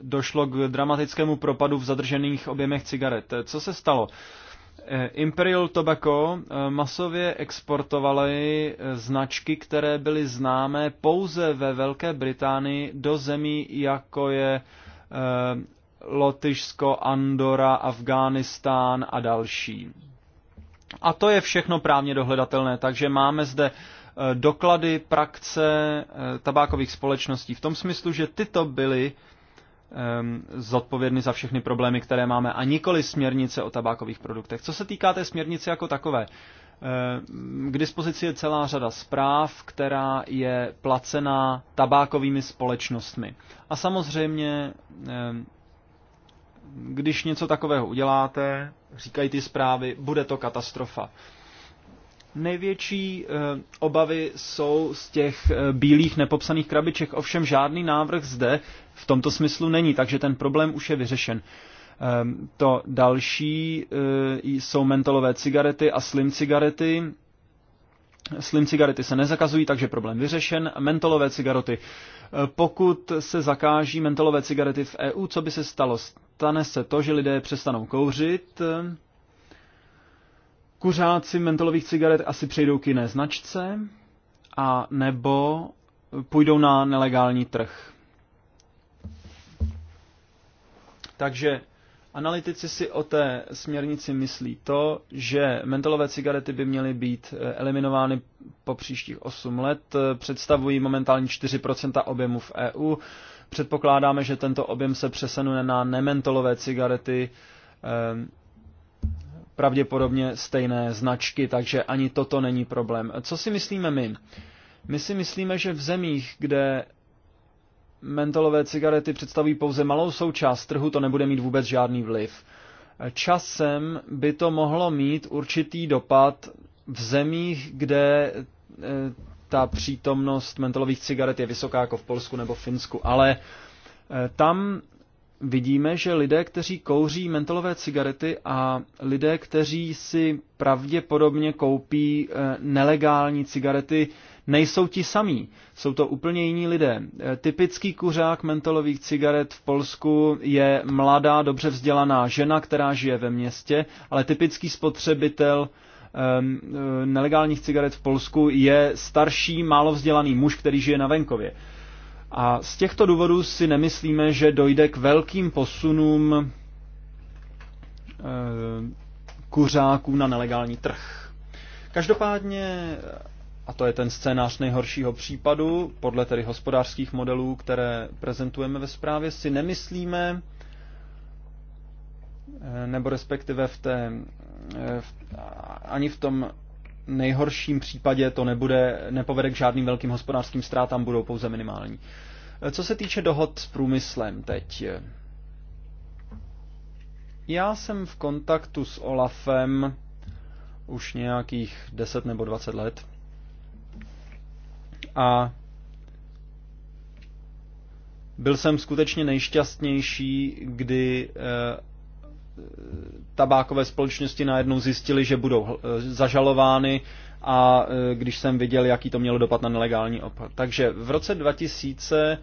došlo k dramatickému propadu v zadržených objemech cigaret. Co se stalo? Eh, Imperial Tobacco masově exportovaly značky, které byly známé pouze ve Velké Británii do zemí, jako je Lotyšsko, Andora, Afghánistán a další. A to je všechno právně dohledatelné, takže máme zde Eh, doklady praxe eh, tabákových společností v tom smyslu, že tyto byly ehm, zodpovědny za všechny problémy, které máme, a nikoli směrnice o tabákových produktech. Co se týká té směrnice jako takové, ehm, k dispozici je celá řada zpráv, která je placená tabákovými společnostmi. A samozřejmě, ehm, když něco takového uděláte, říkají ty zprávy, bude to katastrofa. Největší eh, obavy jsou z těch eh, bílých nepopsaných krabiček, ovšem žádný návrh zde v tomto smyslu není, takže ten problém už je vyřešen. Ehm, to další eh, jsou mentolové cigarety a slim cigarety. Slim cigarety se nezakazují, takže problém vyřešen. Mentolové cigarety. Pokud se zakáží mentolové cigarety v EU, co by se stalo? Stane se to, že lidé přestanou kouřit, kuřáci mentolových cigaret asi přejdou k jiné značce a nebo půjdou na nelegální trh. Takže analytici si o té směrnici myslí to, že mentolové cigarety by měly být eh, eliminovány po příštích 8 let, eh, představují momentálně 4% objemu v EU. Předpokládáme, že tento objem se přesune na nementolové cigarety eh, pravděpodobně stejné značky, takže ani toto není problém. Co si myslíme my? My si myslíme, že v zemích, kde mentolové cigarety představují pouze malou součást trhu, to nebude mít vůbec žádný vliv. Časem by to mohlo mít určitý dopad v zemích, kde eh, ta přítomnost mentolových cigaret je vysoká jako v Polsku nebo v Finsku, ale eh, tam vidíme, že lidé, kteří kouří mentolové cigarety a lidé, kteří si pravděpodobně koupí eh, nelegální cigarety, nejsou ti samí. Jsou to úplně jiní lidé. Eh, typický kuřák mentolových cigaret v Polsku je mladá, dobře vzdělaná žena, která žije ve městě, ale typický spotřebitel ehm, eh, nelegálních cigaret v Polsku je starší, málo vzdělaný muž, který žije na venkově. A z těchto důvodů si nemyslíme, že dojde k velkým posunům eh, kuřáků na nelegální trh. Každopádně, a to je ten scénář nejhoršího případu, podle tedy hospodářských modelů, které prezentujeme ve zprávě, si nemyslíme, eh, nebo respektive v té, eh, v, ani v tom nejhorším případě to nebude, nepovede k žádným velkým hospodářským ztrátám, budou pouze minimální. Co se týče dohod s průmyslem teď. Já jsem v kontaktu s Olafem už nějakých 10 nebo 20 let. A byl jsem skutečně nejšťastnější, kdy eh, tabákové společnosti najednou zjistili, že budou eh, zažalovány a e, když jsem viděl, jaký to mělo dopad na nelegální obchod. Takže v roce 2000 e,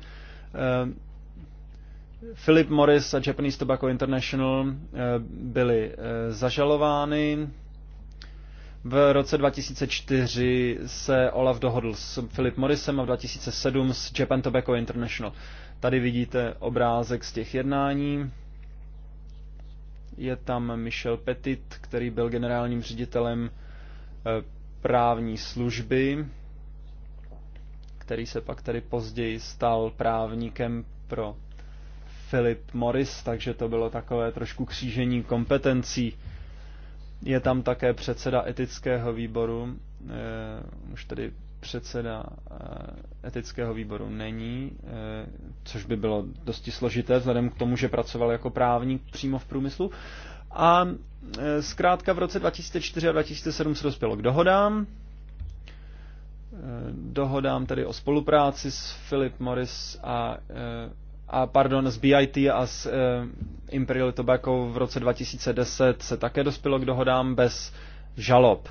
Philip Morris a Japanese Tobacco International e, byly zažalovány. V roce 2004 se Olaf dohodl s Philip Morrisem a v 2007 s Japan Tobacco International. Tady vidíte obrázek z těch jednání. Je tam Michel Petit, který byl generálním ředitelem právní služby, který se pak tedy později stal právníkem pro Philip Morris, takže to bylo takové trošku křížení kompetencí. Je tam také předseda etického výboru, eh, už tedy předseda eh, etického výboru není, eh, což by bylo dosti složité vzhledem k tomu, že pracoval jako právník přímo v průmyslu, a e, zkrátka v roce 2004 a 2007 se dospělo k dohodám. E, dohodám tedy o spolupráci s Philip Morris a, e, a pardon, s BIT a s Imperial Tobacco v roce 2010 se také dospělo k dohodám bez žalob.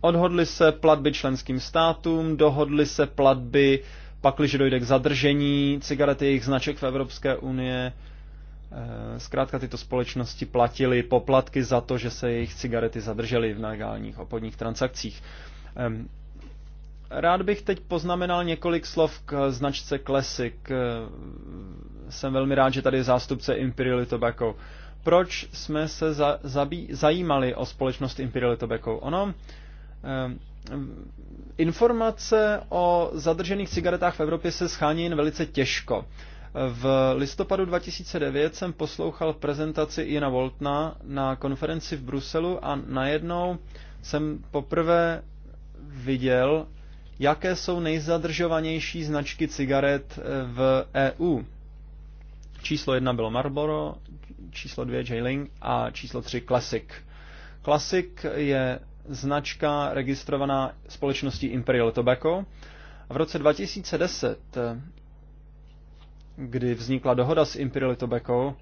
Odhodly se platby členským státům, dohodly se platby, pakliže dojde k zadržení cigarety jejich značek v Evropské unie, Eh, zkrátka tyto společnosti platily poplatky za to, že se jejich cigarety zadržely v nelegálních obchodních transakcích. Rád bych teď poznamenal několik slov k značce Classic. Eh, jsem velmi rád, že tady je zástupce Imperial Tobacco. Proč jsme se za, zabí, zajímali o společnost Imperial Tobacco? Ono, informace o zadržených cigaretách v Evropě se schání jen velice těžko. V listopadu 2009 jsem poslouchal prezentaci Jana Voltna na konferenci v Bruselu a najednou jsem poprvé viděl, jaké jsou nejzadržovanější značky cigaret eh, v EU. Číslo jedna bylo Marlboro, číslo dvě J-Ling a číslo tři Classic. Classic je značka registrovaná společností Imperial Tobacco. A v roce 2010 kdy vznikla dohoda s Imperial Tobacco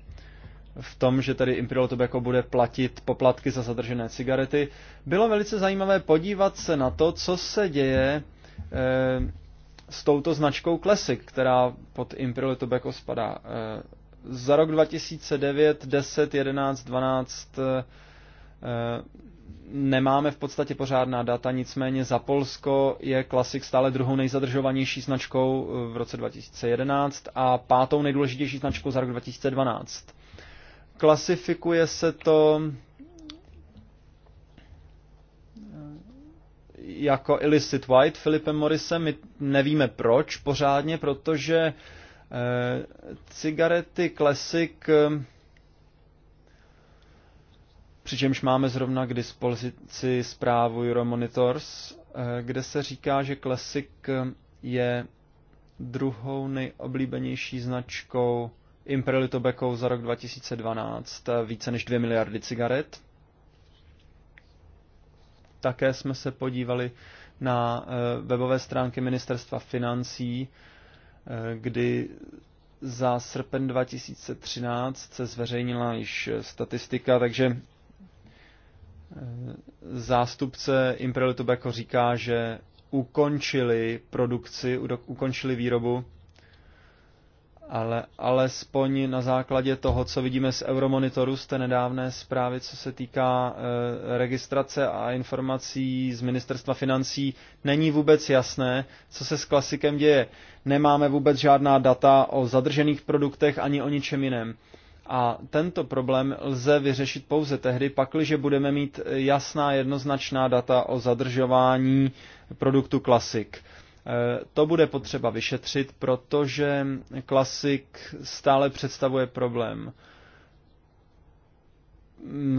v tom, že tedy Imperial Tobacco bude platit poplatky za zadržené cigarety, bylo velice zajímavé podívat se na to, co se děje e, s touto značkou Classic, která pod Imperial Tobacco spadá. E, za rok 2009, 10, 11, 12 e, nemáme v podstatě pořádná data, nicméně za Polsko je Klasik stále druhou nejzadržovanější značkou eh, v roce 2011 a pátou nejdůležitější značkou za rok 2012. Klasifikuje se to eh, jako Illicit White Filipem Morrisem, my nevíme proč pořádně, protože eh, cigarety Classic přičemž máme zrovna k dispozici zprávu Euromonitors, eh, kde se říká, že Classic je druhou nejoblíbenější značkou Imperial Tobacco za rok 2012 eh, více než 2 miliardy cigaret. Také jsme se podívali na eh, webové stránky Ministerstva financí, kdy za srpen 2013 se zveřejnila již statistika, takže zástupce Imperial Tobacco říká, že ukončili produkci, ukončili výrobu, ale alespoň na základě toho, co vidíme z Euromonitoru, z té nedávné zprávy, co se týká e, registrace a informací z Ministerstva financí, není vůbec jasné, co se s klasikem děje. Nemáme vůbec žádná data o zadržených produktech ani o ničem jiném. E, a tento problém lze vyřešit pouze tehdy, pakliže budeme mít jasná jednoznačná data o zadržování produktu Classic. E, to bude potřeba vyšetřit, protože Classic stále představuje problém.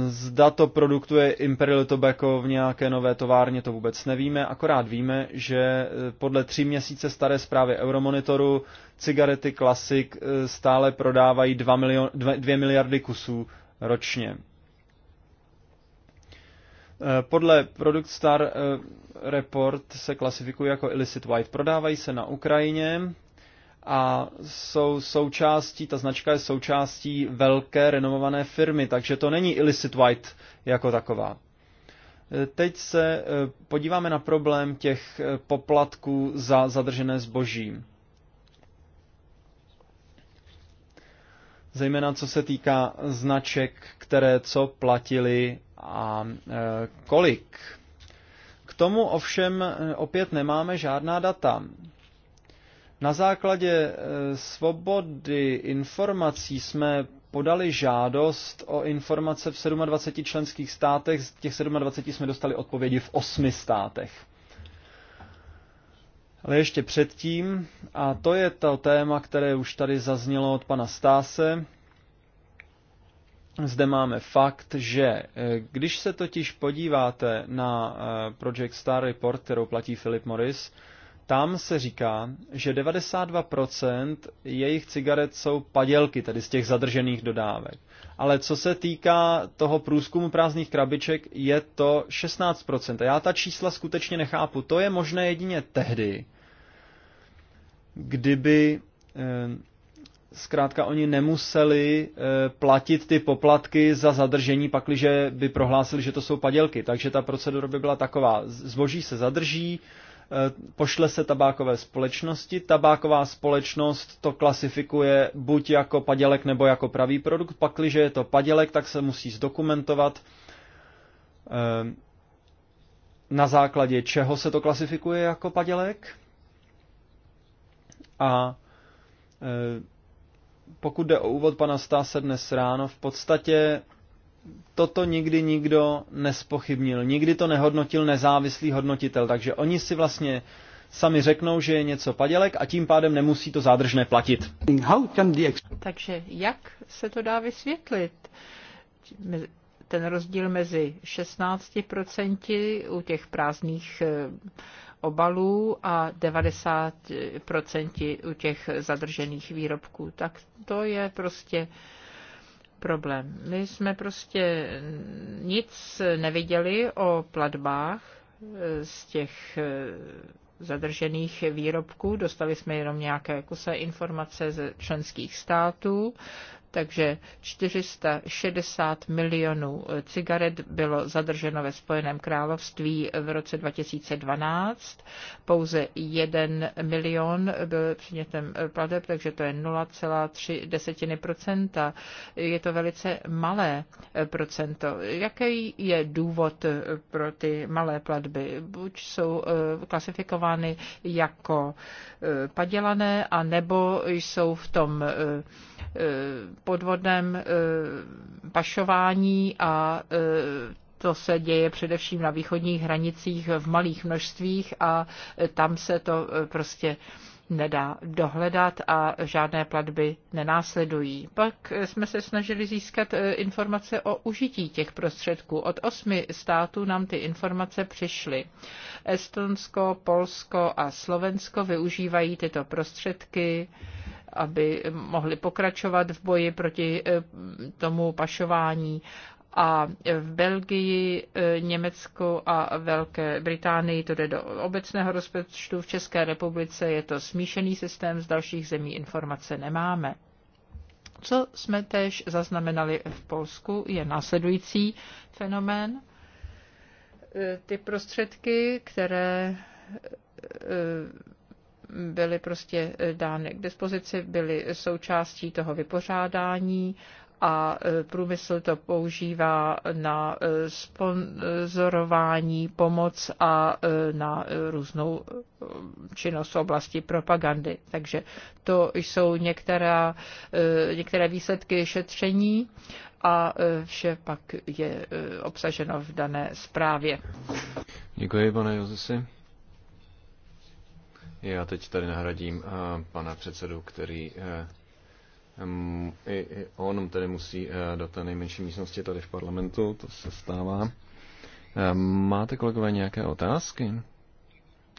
Zda to produktuje Imperial Tobacco v nějaké nové továrně, to vůbec nevíme, akorát víme, že eh, podle tři měsíce staré zprávy Euromonitoru cigarety Classic eh, stále prodávají 2, milion, 2 miliardy kusů ročně. Eh, podle Product Star Report se klasifikují jako illicit white. Prodávají se na Ukrajině, a jsou součástí, ta značka je součástí velké renomované firmy, takže to není illicit white jako taková. E, teď se e, podíváme na problém těch e, poplatků za zadržené zboží. Zejména co se týká značek, které co platili a kolik. K tomu ovšem opět nemáme žádná data. Na základě eh, svobody informací jsme podali žádost o informace v 27 členských státech, z těch 27 jsme dostali odpovědi v 8 státech. Ale ještě předtím, a to je to téma, které už tady zaznělo od pana Stáse, zde máme fakt, že eh, když se totiž podíváte na eh, Project Star Report, kterou platí Philip Morris, tam se říká, že 92% jejich cigaret jsou padělky, tedy z těch zadržených dodávek. Ale co se týká toho průzkumu prázdných krabiček, je to 16%. A já ta čísla skutečně nechápu. To je možné jedině tehdy, kdyby eh, zkrátka oni nemuseli eh, platit ty poplatky za zadržení, pakliže by prohlásili, že to jsou padělky. Takže ta procedura by byla taková. Zboží se zadrží, Eh, pošle se tabákové společnosti. Tabáková společnost to klasifikuje buď jako padělek nebo jako pravý produkt. Pakliže je to padělek, tak se musí zdokumentovat eh, na základě čeho se to klasifikuje jako padělek. A eh, pokud jde o úvod pana Stáse dnes ráno, v podstatě toto nikdy nikdo nespochybnil. Nikdy to nehodnotil nezávislý hodnotitel. Takže oni si vlastně sami řeknou, že je něco padělek a tím pádem nemusí to zádržné platit. Takže jak se to dá vysvětlit? Ten rozdíl mezi 16% u těch prázdných eh, obalů a 90% u těch zadržených výrobků. Tak to je prostě problém. My jsme prostě nic neviděli o platbách eh, z těch eh, zadržených výrobků. Dostali jsme jenom nějaké kuse informace ze členských států takže 460 milionů eh, cigaret bylo zadrženo ve Spojeném království v roce 2012. Pouze 1 milion byl přinětem eh, plateb, takže to je 0,3 Je to velice malé eh, procento. Jaký je důvod pro ty malé platby? Buď jsou klasifikovány jako padělané, anebo jsou v tom podvodném eh, pašování a eh, to se děje především na východních hranicích v malých množstvích a eh, tam se to prostě nedá dohledat a žádné platby nenásledují. Pak jsme se snažili získat informace o užití těch prostředků. Od osmi států nám ty informace přišly. Estonsko, Polsko a Slovensko využívají tyto prostředky aby mohli pokračovat v boji proti eh, tomu pašování a v Belgii, eh, Německu a Velké Británii to jde do obecného rozpočtu. V České republice je to smíšený systém, z dalších zemí informace nemáme. Co jsme též zaznamenali v Polsku, je následující fenomén. Eh, ty prostředky, které byly prostě eh, dány k dispozici, byly součástí toho vypořádání a eh, průmysl to používá na eh, sponzorování, pomoc a na různou činnost v oblasti propagandy. Takže to jsou některá, některé výsledky šetření a vše pak je obsaženo v dané zprávě. Děkuji, pane Josesi. Já teď tady nahradím eh, pana předsedu, který eh, i, i on tedy musí eh, do té nejmenší místnosti tady v parlamentu, to se stává. Máte, kolegové, nějaké otázky?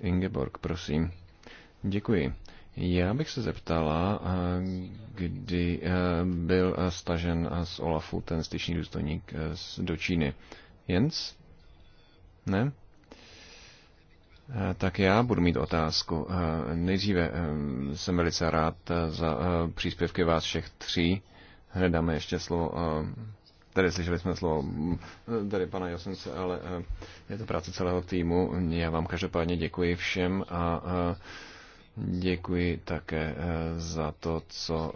Ingeborg, prosím. Děkuji. Já bych se zeptala, kdy byl stažen z Olafu ten styční důstojník do Číny. Jens? Ne? Eh, tak já budu mít otázku. Eh, nejdříve eh, jsem velice rád za příspěvky vás všech tří. Hned dáme ještě slovo, tady slyšeli jsme slovo mm, tady pana Josence, ale je to práce celého týmu. Já vám každopádně děkuji všem a děkuji také za to, co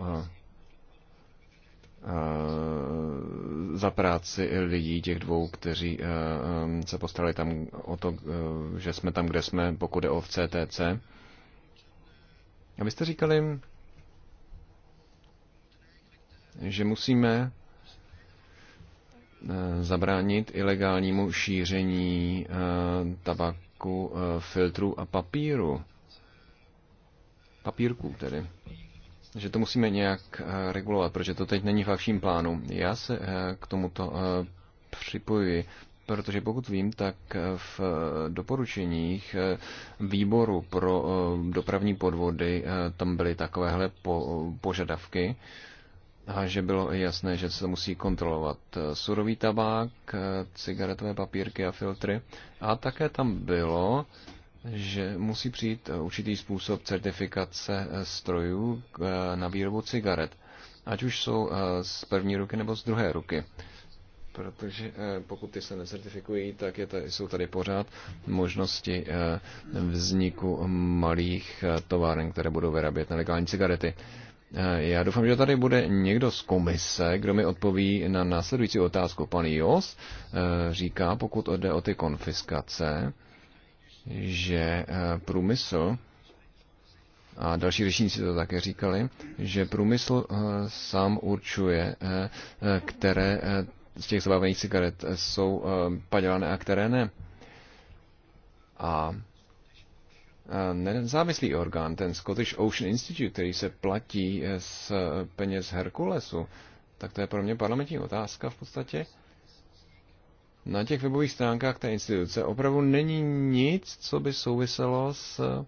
Eh, za práci lidí, těch dvou, kteří eh, se postarali tam o to, eh, že jsme tam, kde jsme, pokud je o v CTC. A vy jste říkali, že musíme zabránit ilegálnímu šíření tabaku, filtru a papíru. Papírků tedy že to musíme nějak eh, regulovat, protože to teď není v akčním plánu. Já se eh, k tomuto eh, připojuji, protože pokud vím, tak v doporučeních výboru pro dopravní podvody tam byly takovéhle požadavky a že bylo jasné, že se musí kontrolovat surový tabák, cigaretové papírky a filtry. A také tam bylo, že musí přijít eh, určitý způsob certifikace eh, strojů eh, na výrobu cigaret, ať už jsou z první ruky nebo z druhé ruky. Protože pokud ty se necertifikují, tak je tady, jsou tady pořád možnosti vzniku malých továren, které budou vyrábět nelegální cigarety. Já doufám, že tady bude někdo z komise, kdo mi odpoví na následující otázku. Pan Jos říká, pokud jde o ty konfiskace, že eh, průmysl, a další řečníci to také říkali, že průmysl eh, sám určuje, eh, které z těch zabavených cigaret jsou padělané a které ne. A nezávislý orgán, ten Scottish Ocean Institute, který se platí z peněz Herkulesu, tak to je pro mě parlamentní otázka v podstatě na těch webových stránkách té instituce opravdu není nic, co by souviselo s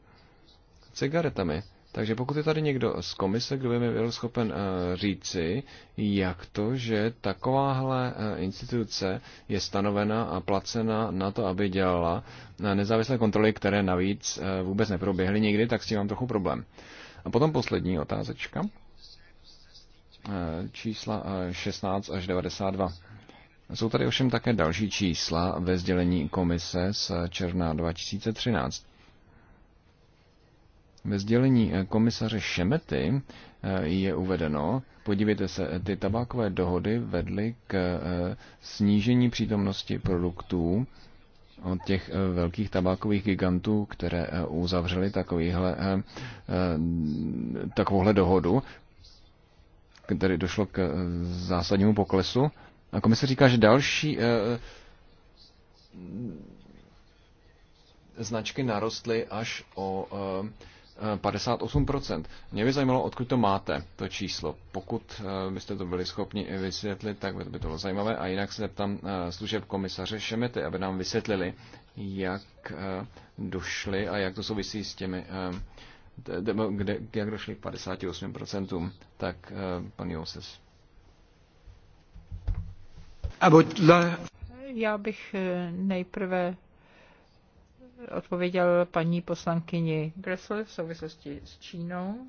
cigaretami. Takže pokud je tady někdo z komise, kdo by mi byl schopen eh, říci, jak to, že takováhle eh, instituce je stanovena a placena na to, aby dělala eh, nezávislé kontroly, které navíc vůbec neproběhly nikdy, tak s tím mám trochu problém. A potom poslední otázečka. čísla 16 až 92. Jsou tady ovšem také další čísla ve sdělení komise z června 2013. Ve sdělení eh, komisaře Šemety eh, je uvedeno, podívejte se, eh, ty tabákové dohody vedly k snížení přítomnosti produktů od těch velkých tabákových gigantů, které uzavřely takovýhle, takovouhle dohodu, který došlo k zásadnímu poklesu a komise říká, že další eh, značky narostly až o 58%. Eh, eh, Mě by zajímalo, odkud to máte, to číslo. Pokud byste to byli schopni vysvětlit, tak by to bylo zajímavé. A jinak se zeptám služeb komisaře Šemety, aby nám vysvětlili, jak došli a jak to souvisí s těmi, kde, jak došli k 58%. Tak pan Joses. Já bych eh, nejprve odpověděl paní poslankyni Gressel v souvislosti s Čínou.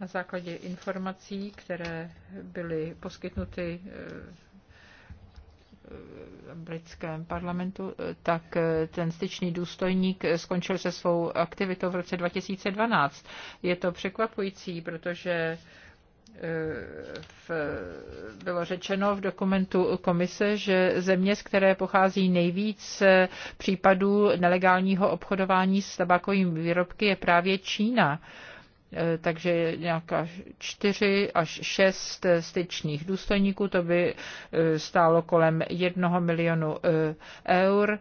Na základě informací, které byly poskytnuty eh, eh, britském parlamentu, tak ten styčný důstojník skončil se svou aktivitou v roce 2012. Je to překvapující, protože v, bylo řečeno v dokumentu komise, že země, z které pochází nejvíc případů nelegálního obchodování s tabakovými výrobky, je právě Čína. Eh, takže nějaká čtyři až šest styčních důstojníků, to by eh, stálo kolem jednoho milionu eh, eur,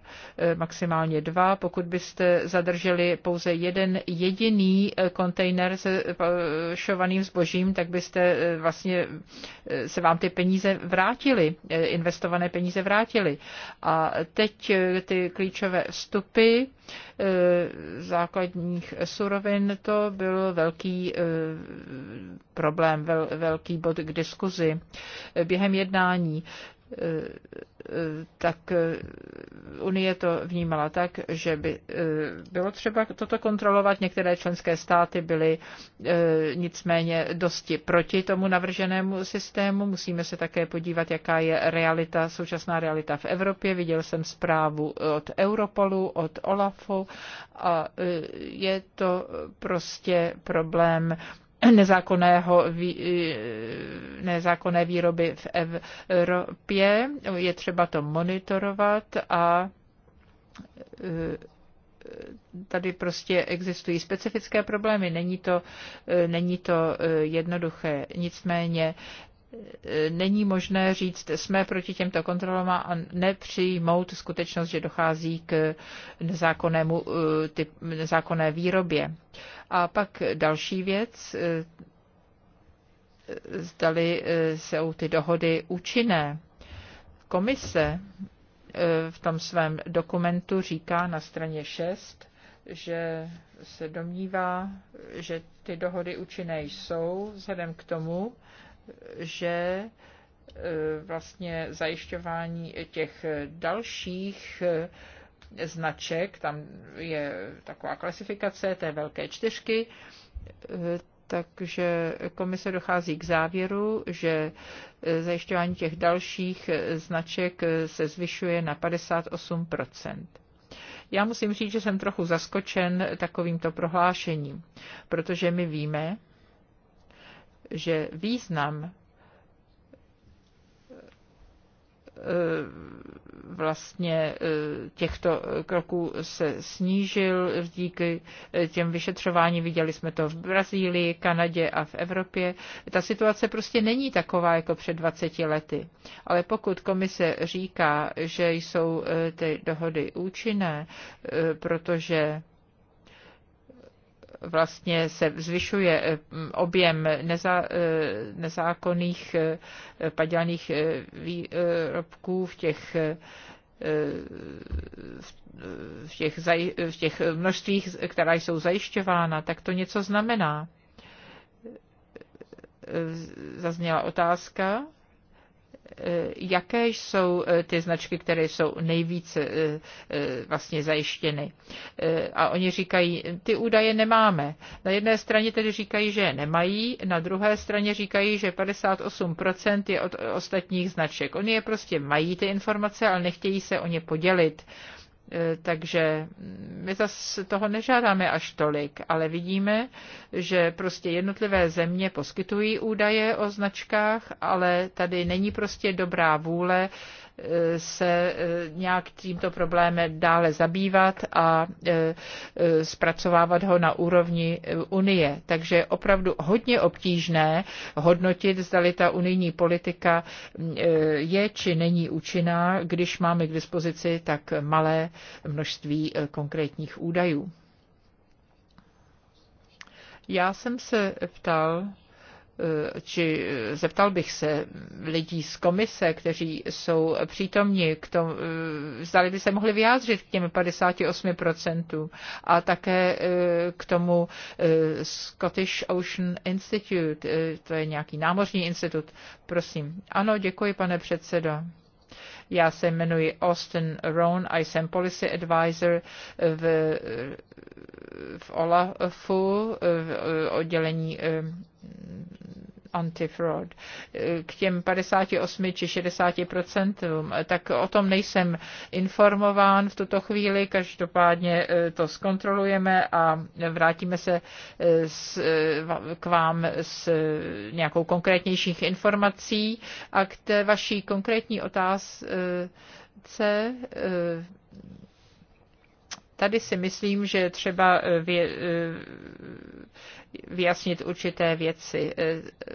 maximálně dva, pokud byste zadrželi pouze jeden jediný kontejner se šovaným zbožím, tak byste vlastně se vám ty peníze vrátili, investované peníze vrátili. A teď ty klíčové vstupy, E, základních surovin, to byl velký e, problém, velký bod k diskuzi během jednání tak eh, Unie to vnímala tak, že by eh, bylo třeba toto kontrolovat. Některé členské státy byly eh, nicméně dosti proti tomu navrženému systému. Musíme se také podívat, jaká je realita, současná realita v Evropě. Viděl jsem zprávu od Europolu, od Olafu a je to prostě problém nezákonného, eh, nezákonné výroby v Evropě. Je třeba to monitorovat a eh, tady prostě existují specifické problémy, není to, eh, není to jednoduché. Nicméně není možné říct, jsme proti těmto kontrolám a nepřijmout skutečnost, že dochází k nezákonnému, eh, typ, nezákonné výrobě. A pak další věc, eh, zdali eh, jsou ty dohody účinné. Komise v tom svém dokumentu říká na straně 6, že se domnívá, že ty dohody účinné jsou vzhledem k tomu, že e, vlastně zajišťování těch dalších e, značek, tam je taková klasifikace té velké čtyřky, e, takže komise dochází k závěru, že zajišťování těch dalších značek se zvyšuje na 58 Já musím říct, že jsem trochu zaskočen takovýmto prohlášením, protože my víme, že význam e, vlastně e, těchto kroků se snížil díky e, těm vyšetřování. Viděli jsme to v Brazílii, Kanadě a v Evropě. Ta situace prostě není taková jako před 20 lety. Ale pokud komise říká, že jsou ty dohody účinné, protože vlastně se zvyšuje eh, objem neza, eh, nezákonných eh, padělaných výrobků v těch v těch, zaj, v těch množstvích, která jsou zajišťována, tak to něco znamená. Zazněla otázka Eh, jaké jsou eh, ty značky, které jsou nejvíce eh, vlastně zajištěny. A oni říkají, ty údaje nemáme. Na jedné straně tedy říkají, že je nemají, na druhé straně říkají, že 58% je od ostatních značek. Oni je prostě mají ty informace, ale nechtějí se o ně podělit. Eh, takže my zase toho nežádáme až tolik, ale vidíme, že prostě jednotlivé země poskytují údaje o značkách, ale tady není prostě dobrá vůle se eh, nějak tímto problémem dále zabývat a eh, zpracovávat ho na úrovni eh, Unie. Takže je opravdu hodně obtížné hodnotit, zdali ta unijní politika je či není účinná, když máme k dispozici tak malé množství konkrétních údajů. Já jsem se ptal, Eh, či eh, zeptal bych se lidí z komise, kteří jsou přítomní, k tomu, eh, zdali by se mohli vyjádřit k těm 58% a také k tomu Scottish Ocean Institute, to je nějaký námořní institut, prosím. Ano, děkuji, pane předsedo. Já se jmenuji Austin Rohn a jsem policy advisor v, v OLAFu, v oddělení eh, antifraud eh, k těm 58 či 60 procentům, eh, tak o tom nejsem informován v tuto chvíli, každopádně eh, to zkontrolujeme a vrátíme se s, k vám s nějakou konkrétnějších informací a k té vaší konkrétní otázce Tady si myslím, že třeba vě, vyjasnit určité věci. Eh, eh,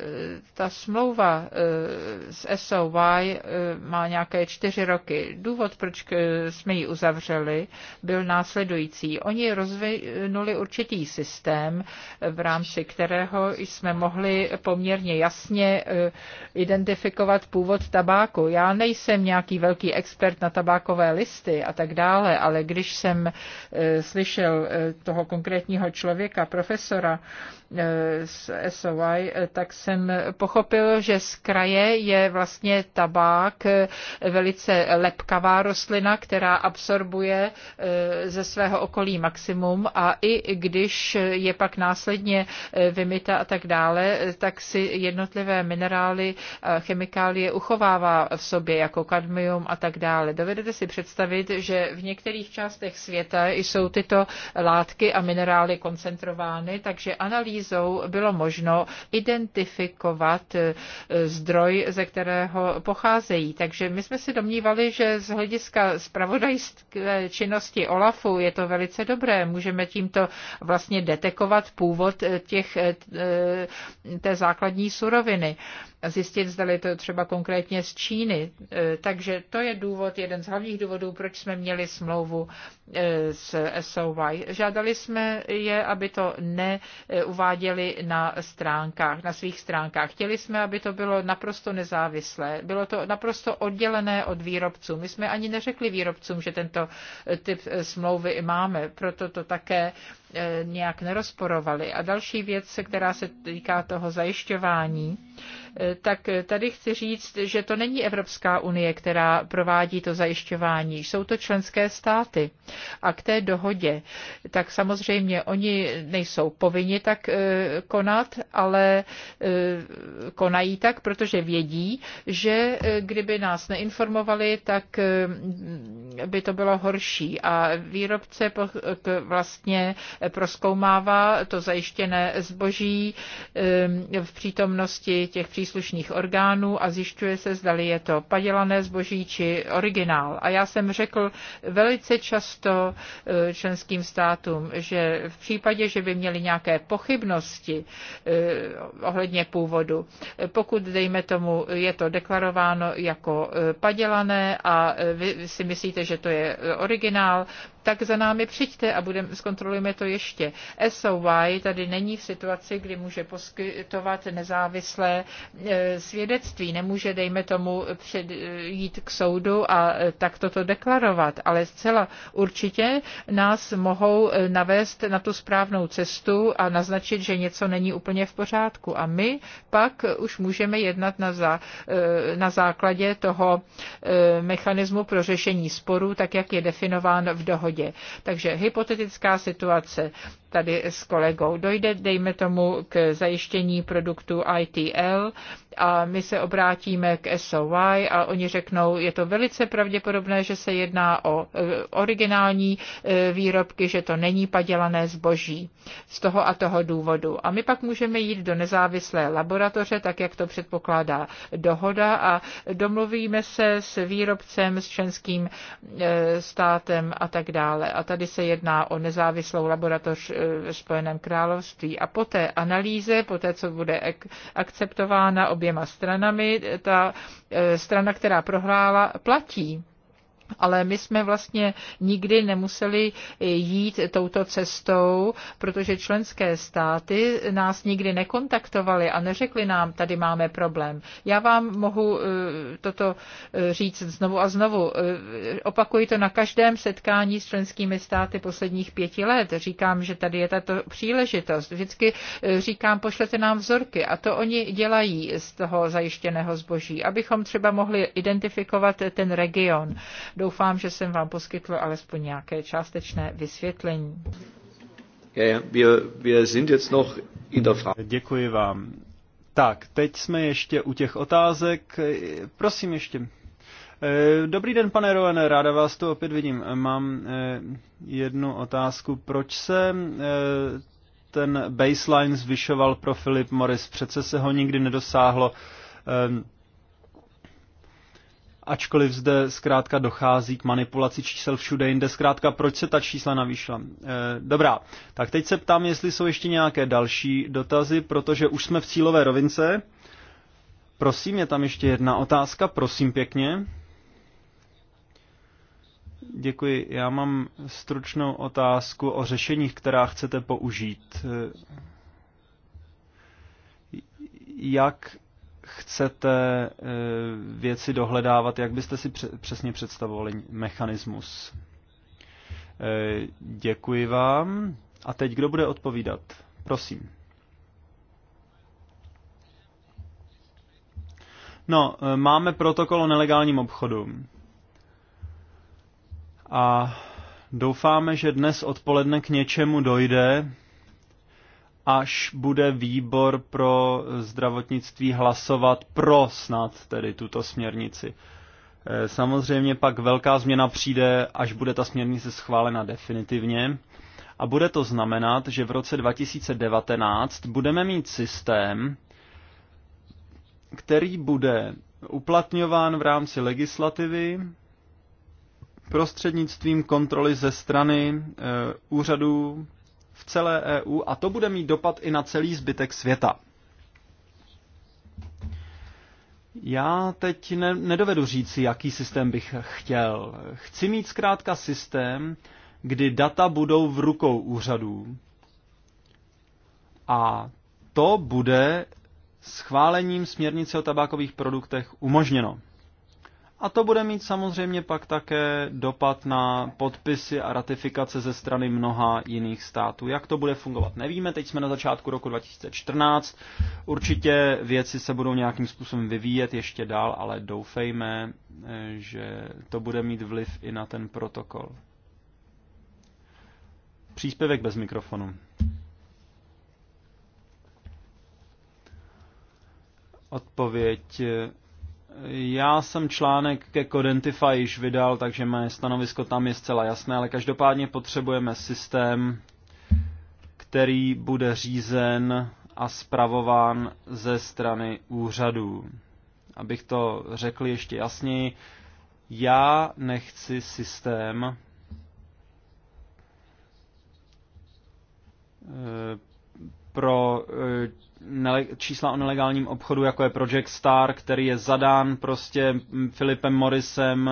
ta smlouva eh, s SOY má nějaké čtyři roky. Důvod, proč jsme ji uzavřeli, byl následující. Oni rozvinuli určitý systém, v rámci kterého jsme mohli poměrně jasně identifikovat původ tabáku. Já nejsem nějaký velký expert na tabákové listy a tak dále, ale když jsem slyšel toho konkrétního člověka, profesora, z SOI, tak jsem pochopil, že z kraje je vlastně tabák eh, velice lepkavá rostlina, která absorbuje eh, ze svého okolí maximum a i když je pak následně eh, vymita a tak dále, tak si jednotlivé minerály a chemikálie uchovává v sobě jako kadmium a tak dále. Dovedete si představit, že v některých částech světa jsou tyto látky a minerály koncentrovány, takže ano, analýzou bylo možno identifikovat eh, zdroj, ze kterého pocházejí. Takže my jsme si domnívali, že z hlediska zpravodajské činnosti OLAFu je to velice dobré. Můžeme tímto vlastně detekovat původ eh, těch, eh, té základní suroviny zjistit, zda je to třeba konkrétně z Číny. E, takže to je důvod, jeden z hlavních důvodů, proč jsme měli smlouvu e, s SOY. Žádali jsme je, aby to neuváděli na stránkách, na svých stránkách. Chtěli jsme, aby to bylo naprosto nezávislé. Bylo to naprosto oddělené od výrobců. My jsme ani neřekli výrobcům, že tento typ e, smlouvy máme. Proto to také Eh, nějak nerozporovali. A další věc, která se týká toho zajišťování, eh, tak tady chci říct, že to není Evropská unie, která provádí to zajišťování, jsou to členské státy. A k té dohodě, tak samozřejmě oni nejsou povinni tak eh, konat, ale konají tak, protože vědí, že kdyby nás neinformovali, tak by to bylo horší. A výrobce vlastně proskoumává to zajištěné zboží v přítomnosti těch příslušných orgánů a zjišťuje se, zdali je to padělané zboží či originál. A já jsem řekl velice často eh, členským státům, že v případě, že by měli nějaké pochybnosti eh, ohledně původu, eh, pokud, dejme tomu, je to deklarováno jako padělané a vy si myslíte, že to je originál, tak za námi přijďte a budem, zkontrolujeme to ještě. SOY tady není v situaci, kdy může poskytovat nezávislé e, svědectví. Nemůže, dejme tomu, před, jít k soudu a e, tak toto deklarovat, ale zcela určitě nás mohou e, navést na tu správnou cestu a naznačit, že něco není úplně v pořádku. A my pak už můžeme jednat na, e, na základě toho mechanismu pro řešení sporů, tak jak je definován v dohodě dohodě. Takže hypotetická situace tady s kolegou. Dojde, dejme tomu, k zajištění produktu ITL a my se obrátíme k SOY a oni řeknou, je to velice pravděpodobné, že se jedná o eh, originální eh, výrobky, že to není padělané zboží z toho a toho důvodu. A my pak můžeme jít do nezávislé laboratoře, tak jak to předpokládá dohoda a domluvíme se s výrobcem, s členským eh, státem a tak dále. A tady se jedná o nezávislou laboratoř ve Spojeném království. A po té analýze, po té, co bude akceptována oběma stranami, ta eh, strana, která prohrála, platí ale my jsme vlastně nikdy nemuseli jít touto cestou, protože členské státy nás nikdy nekontaktovaly a neřekli nám, tady máme problém. Já vám mohu eh, toto eh, říct znovu a znovu. Eh, opakuji to na každém setkání s členskými státy posledních pěti let. Říkám, že tady je tato příležitost. Vždycky říkám, pošlete nám vzorky a to oni dělají z toho zajištěného zboží, abychom třeba mohli identifikovat ten region Doufám, že jsem vám poskytl alespoň nějaké částečné vysvětlení. Děkuji vám. Tak, teď jsme ještě u těch otázek. Prosím ještě. Eh, dobrý den, pane Rowan, ráda vás tu opět vidím. Mám eh, jednu otázku. Proč se eh, ten baseline zvyšoval pro Philip Morris? Přece se ho nikdy nedosáhlo ačkoliv zde zkrátka dochází k manipulaci čísel všude jinde. Zkrátka, proč se ta čísla navýšla. E, eh, dobrá, tak teď se ptám, jestli jsou ještě nějaké další dotazy, protože už jsme v cílové rovince. Prosím, je tam ještě jedna otázka, prosím pěkně. Děkuji. Já mám stručnou otázku o řešeních, která chcete použít. Eh, jak chcete eh, věci dohledávat, jak byste si přesně představovali mechanismus? Eh, děkuji vám. A teď kdo bude odpovídat? Prosím. No, eh, máme protokol o nelegálním obchodu. A doufáme, že dnes odpoledne k něčemu dojde, až bude výbor pro zdravotnictví hlasovat pro snad tedy tuto směrnici. E, samozřejmě pak velká změna přijde, až bude ta směrnice schválena definitivně. A bude to znamenat, že v roce 2019 budeme mít systém, který bude uplatňován v rámci legislativy prostřednictvím kontroly ze strany e, úřadů v celé EU a to bude mít dopad i na celý zbytek světa. Já teď ne, nedovedu říci, jaký systém bych chtěl. Chci mít zkrátka systém, kdy data budou v rukou úřadů. A to bude schválením směrnice o tabákových produktech umožněno. A to bude mít samozřejmě pak také dopad na podpisy a ratifikace ze strany mnoha jiných států. Jak to bude fungovat, nevíme. Teď jsme na začátku roku 2014. Určitě věci se budou nějakým způsobem vyvíjet ještě dál, ale doufejme, eh, že to bude mít vliv i na ten protokol. Příspěvek bez mikrofonu. Odpověď eh, já jsem článek ke Codentify již vydal, takže mé stanovisko tam je zcela jasné, ale každopádně potřebujeme systém, který bude řízen a spravován ze strany úřadů. Abych to řekl ještě jasněji, já nechci systém eh, pro eh, čísla o nelegálním obchodu, jako je Project Star, který je zadán prostě Filipem Morrisem,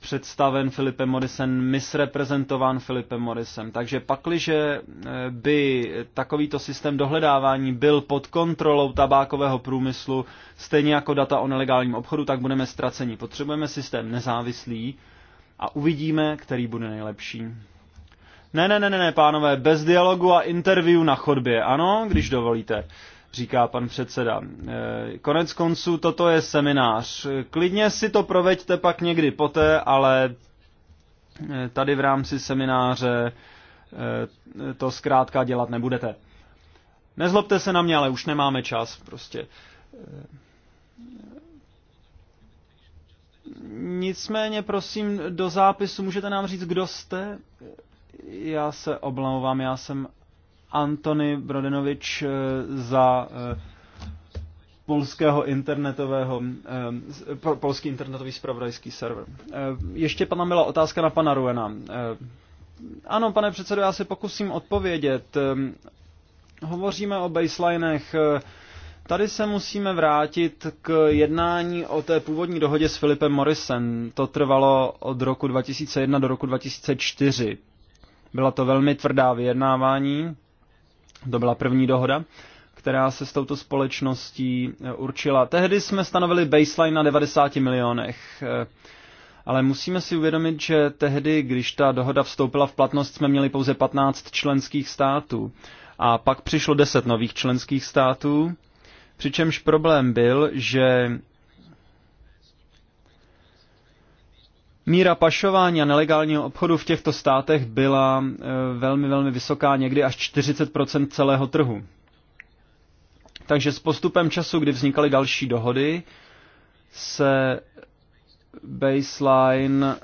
představen Filipem Morrisem, misreprezentován Filipem Morrisem. Takže pakliže eh, by takovýto systém dohledávání byl pod kontrolou tabákového průmyslu, stejně jako data o nelegálním obchodu, tak budeme ztraceni. Potřebujeme systém nezávislý a uvidíme, který bude nejlepší. Ne, ne, ne, ne, pánové, bez dialogu a interview na chodbě, ano, když dovolíte, říká pan předseda. Eh, konec konců toto je seminář. Klidně si to proveďte pak někdy poté, ale eh, tady v rámci semináře eh, to zkrátka dělat nebudete. Nezlobte se na mě, ale už nemáme čas prostě. Nicméně, prosím, do zápisu můžete nám říct, kdo jste? Já se oblamovám, já jsem Antony Brodenovič eh, za eh, polského internetového, eh, polský internetový spravodajský server. Ještě pana byla otázka na pana Ruena. Ano, pane předsedo, já se pokusím odpovědět. Hovoříme o baselinech. Tady se musíme vrátit k jednání o té původní dohodě s Filipem Morrisem. To trvalo od roku 2001 do roku 2004. Byla to velmi tvrdá vyjednávání, to byla první dohoda, která se s touto společností eh, určila. Tehdy jsme stanovili baseline na 90 milionech. Eh, ale musíme si uvědomit, že tehdy, když ta dohoda vstoupila v platnost, jsme měli pouze 15 členských států. A pak přišlo 10 nových členských států, přičemž problém byl, že Míra pašování a nelegálního obchodu v těchto státech byla eh, velmi, velmi vysoká, někdy až 40% celého trhu. Takže s postupem času, kdy vznikaly další dohody, se baseline eh,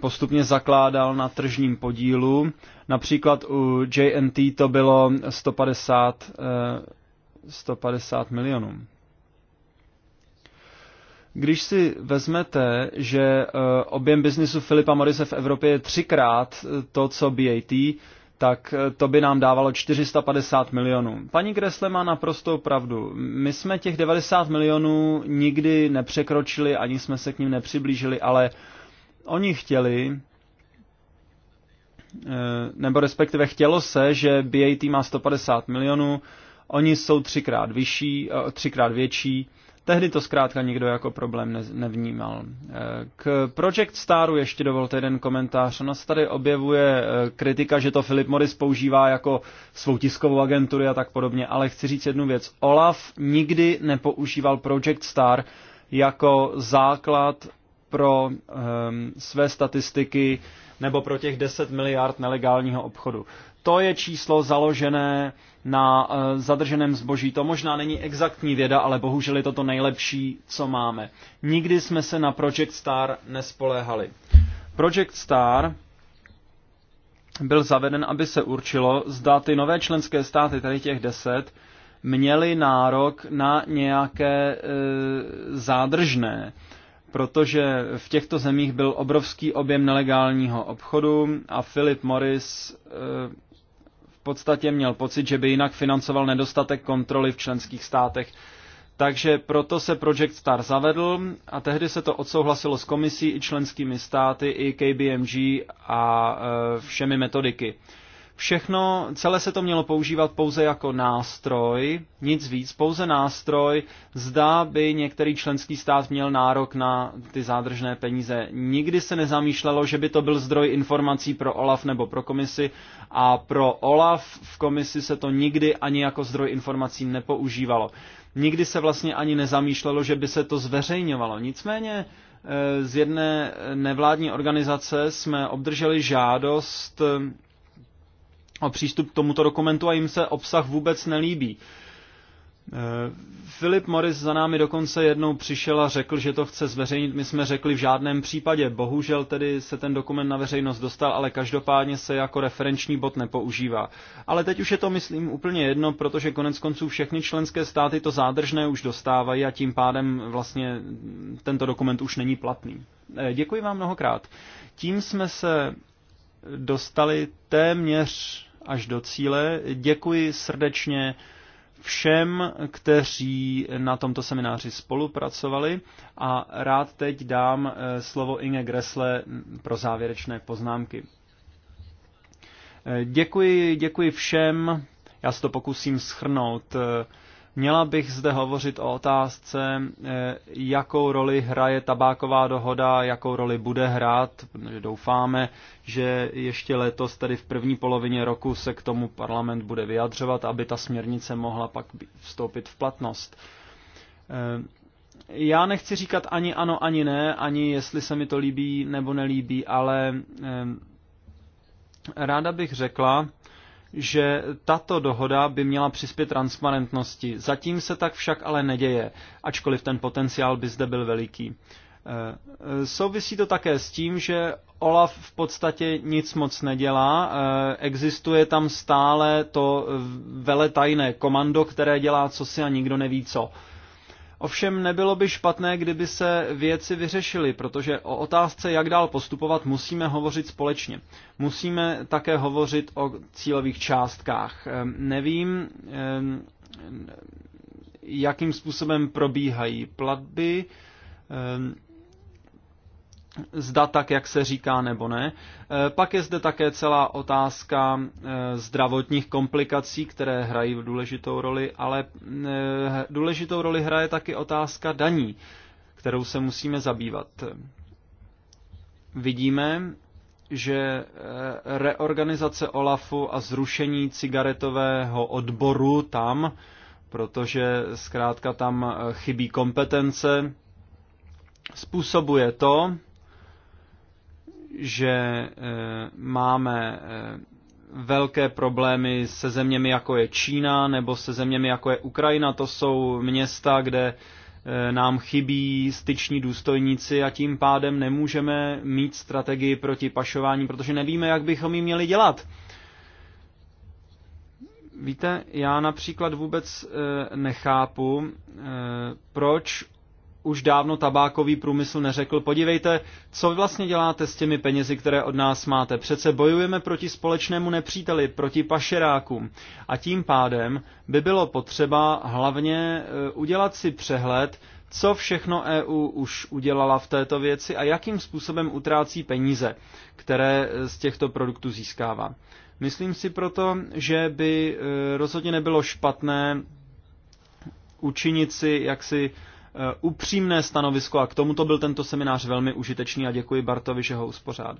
postupně zakládal na tržním podílu. Například u JNT to bylo 150, 150 eh, milionů. Když si vezmete, že eh, objem biznisu Filipa Morise v Evropě je třikrát eh, to, co BAT, tak eh, to by nám dávalo 450 milionů. Paní Kresle má naprostou pravdu. My jsme těch 90 milionů nikdy nepřekročili, ani jsme se k ním nepřiblížili, ale oni chtěli, nebo respektive chtělo se, že BAT má 150 milionů, oni jsou třikrát vyšší, třikrát větší, Tehdy to zkrátka nikdo jako problém ne- nevnímal. Eh, k Project Staru ještě dovolte jeden komentář. Ona se tady objevuje eh, kritika, že to Philip Morris používá jako svou tiskovou agenturu a tak podobně, ale chci říct jednu věc. Olaf nikdy nepoužíval Project Star jako základ pro um, své statistiky nebo pro těch 10 miliard nelegálního obchodu. To je číslo založené na eh, zadrženém zboží. To možná není exaktní věda, ale bohužel je to to nejlepší, co máme. Nikdy jsme se na Project Star nespoléhali. Project Star byl zaveden, aby se určilo, zda ty nové členské státy, tady těch deset, měli nárok na nějaké e, zádržné, protože v těchto zemích byl obrovský objem nelegálního obchodu a Philip Morris e, podstatě měl pocit, že by jinak financoval nedostatek kontroly v členských státech. Takže proto se Project Star zavedl a tehdy se to odsouhlasilo s komisí i členskými státy, i KBMG a e, všemi metodiky. Všechno, celé se to mělo používat pouze jako nástroj, nic víc, pouze nástroj, zda by některý členský stát měl nárok na ty zádržné peníze. Nikdy se nezamýšlelo, že by to byl zdroj informací pro OLAF nebo pro komisi a pro OLAF v komisi se to nikdy ani jako zdroj informací nepoužívalo. Nikdy se vlastně ani nezamýšlelo, že by se to zveřejňovalo. Nicméně eh, z jedné nevládní organizace jsme obdrželi žádost eh, o přístup k tomuto dokumentu a jim se obsah vůbec nelíbí. Philip e, Morris za námi dokonce jednou přišel a řekl, že to chce zveřejnit. My jsme řekli v žádném případě. Bohužel tedy se ten dokument na veřejnost dostal, ale každopádně se jako referenční bod nepoužívá. Ale teď už je to, myslím, úplně jedno, protože konec konců všechny členské státy to zádržné už dostávají a tím pádem vlastně tento dokument už není platný. E, děkuji vám mnohokrát. Tím jsme se dostali téměř až do cíle. Děkuji srdečně všem, kteří na tomto semináři spolupracovali a rád teď dám eh, slovo Inge Gresle pro závěrečné poznámky. Eh, děkuji, děkuji všem. Já se to pokusím schrnout. Eh, Měla bych zde hovořit o otázce, eh, jakou roli hraje tabáková dohoda, jakou roli bude hrát, protože doufáme, že ještě letos, tedy v první polovině roku, se k tomu parlament bude vyjadřovat, aby ta směrnice mohla pak vstoupit v platnost. Eh, já nechci říkat ani ano, ani ne, ani jestli se mi to líbí nebo nelíbí, ale eh, ráda bych řekla, že tato dohoda by měla přispět transparentnosti. Zatím se tak však ale neděje, ačkoliv ten potenciál by zde byl veliký. E, e, souvisí to také s tím, že Olaf v podstatě nic moc nedělá. E, existuje tam stále to veletajné komando, které dělá co si a nikdo neví co. Ovšem nebylo by špatné, kdyby se věci vyřešily, protože o otázce, jak dál postupovat, musíme hovořit společně. Musíme také hovořit o cílových částkách. Ehm, nevím, ehm, jakým způsobem probíhají platby, ehm, zda tak, jak se říká, nebo ne. Eh, pak je zde také celá otázka eh, zdravotních komplikací, které hrají důležitou roli, ale eh, důležitou roli hraje taky otázka daní, kterou se musíme zabývat. Vidíme, že reorganizace OLAFu a zrušení cigaretového odboru tam, protože zkrátka tam chybí kompetence, způsobuje to, že e, máme e, velké problémy se zeměmi, jako je Čína, nebo se zeměmi, jako je Ukrajina. To jsou města, kde e, nám chybí styční důstojníci a tím pádem nemůžeme mít strategii proti pašování, protože nevíme, jak bychom ji měli dělat. Víte, já například vůbec nechápu, proč už dávno tabákový průmysl neřekl, podívejte, co vy vlastně děláte s těmi penězi, které od nás máte. Přece bojujeme proti společnému nepříteli, proti pašerákům. A tím pádem by bylo potřeba hlavně e, udělat si přehled, co všechno EU už udělala v této věci a jakým způsobem utrácí peníze, které e, z těchto produktů získává. Myslím si proto, že by e, rozhodně nebylo špatné učinit si jaksi Eh, upřímné stanovisko a k tomuto byl tento seminář velmi užitečný a děkuji Bartovi, že ho uspořád.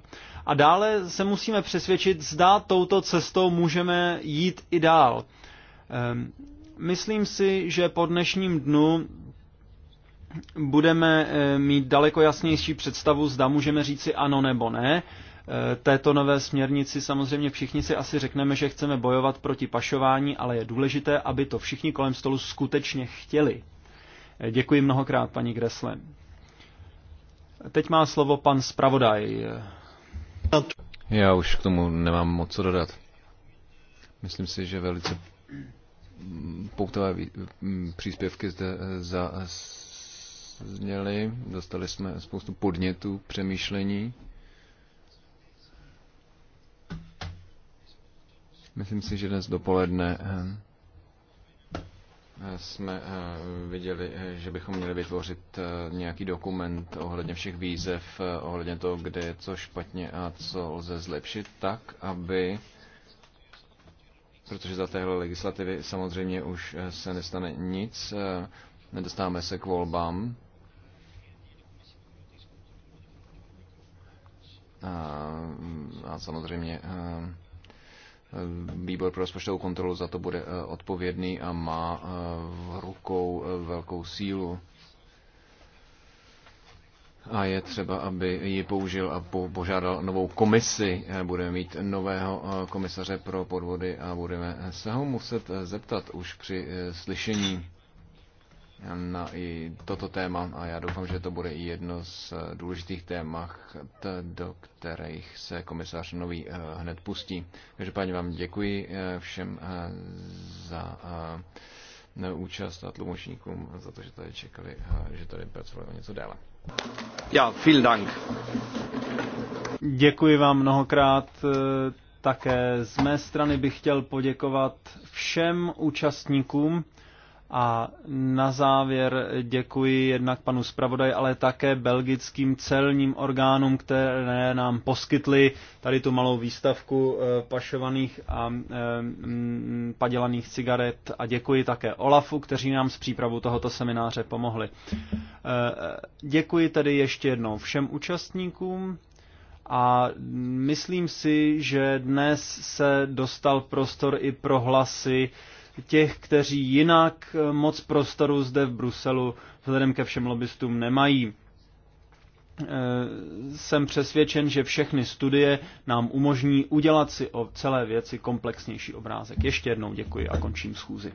A dále se musíme přesvědčit, zda touto cestou můžeme jít i dál. Ehm, myslím si, že po dnešním dnu budeme eh, mít daleko jasnější představu, zda můžeme říci ano nebo ne. Eh, této nové směrnici samozřejmě všichni si asi řekneme, že chceme bojovat proti pašování, ale je důležité, aby to všichni kolem stolu skutečně chtěli. Děkuji mnohokrát, paní Gresle. Teď má slovo pan zpravodaj. Já už k tomu nemám moc co dodat. Myslím si, že velice poutavé příspěvky zde eh, za zněli. Dostali jsme spoustu podnětů, přemýšlení. Myslím si, že dnes dopoledne eh, jsme eh, viděli, eh, že bychom měli vytvořit eh, nějaký dokument ohledně všech výzev, ohledně toho, kde je co špatně a co lze zlepšit, tak, aby protože za téhle legislativy samozřejmě už se nestane nic, nedostáváme se k volbám. A, a samozřejmě a, Výbor pro rozpočtovou kontrolu za to bude eh, odpovědný a má eh, v rukou eh, velkou sílu. A je třeba, aby ji použil a požádal novou komisi. Budeme mít nového komisaře pro podvody a budeme se ho muset zeptat už při slyšení na i toto téma a já doufám, že to bude i jedno z eh, důležitých témat, do kterých se komisař nový eh, hned pustí. Každopádně vám děkuji eh, všem za no, účast a tlumočníkům za to, že tady čekali, že tady pracovali o něco déle. Já, vielen Dank. Děkuji vám mnohokrát. Také z mé strany bych chtěl poděkovat všem účastníkům. A na závěr děkuji jednak panu zpravodaj, ale také belgickým celním orgánům, které nám poskytly tady tu malou výstavku eh, pašovaných a eh, padělaných cigaret. A děkuji také Olafu, kteří nám s přípravou tohoto semináře pomohli. Eh, děkuji tedy ještě jednou všem účastníkům. A myslím si, že dnes se dostal prostor i pro hlasy, těch, kteří jinak eh, moc prostoru zde v Bruselu vzhledem ke všem lobbystům nemají. Eh, jsem přesvědčen, že všechny studie nám umožní udělat si o celé věci komplexnější obrázek. Ještě jednou děkuji a končím schůzi.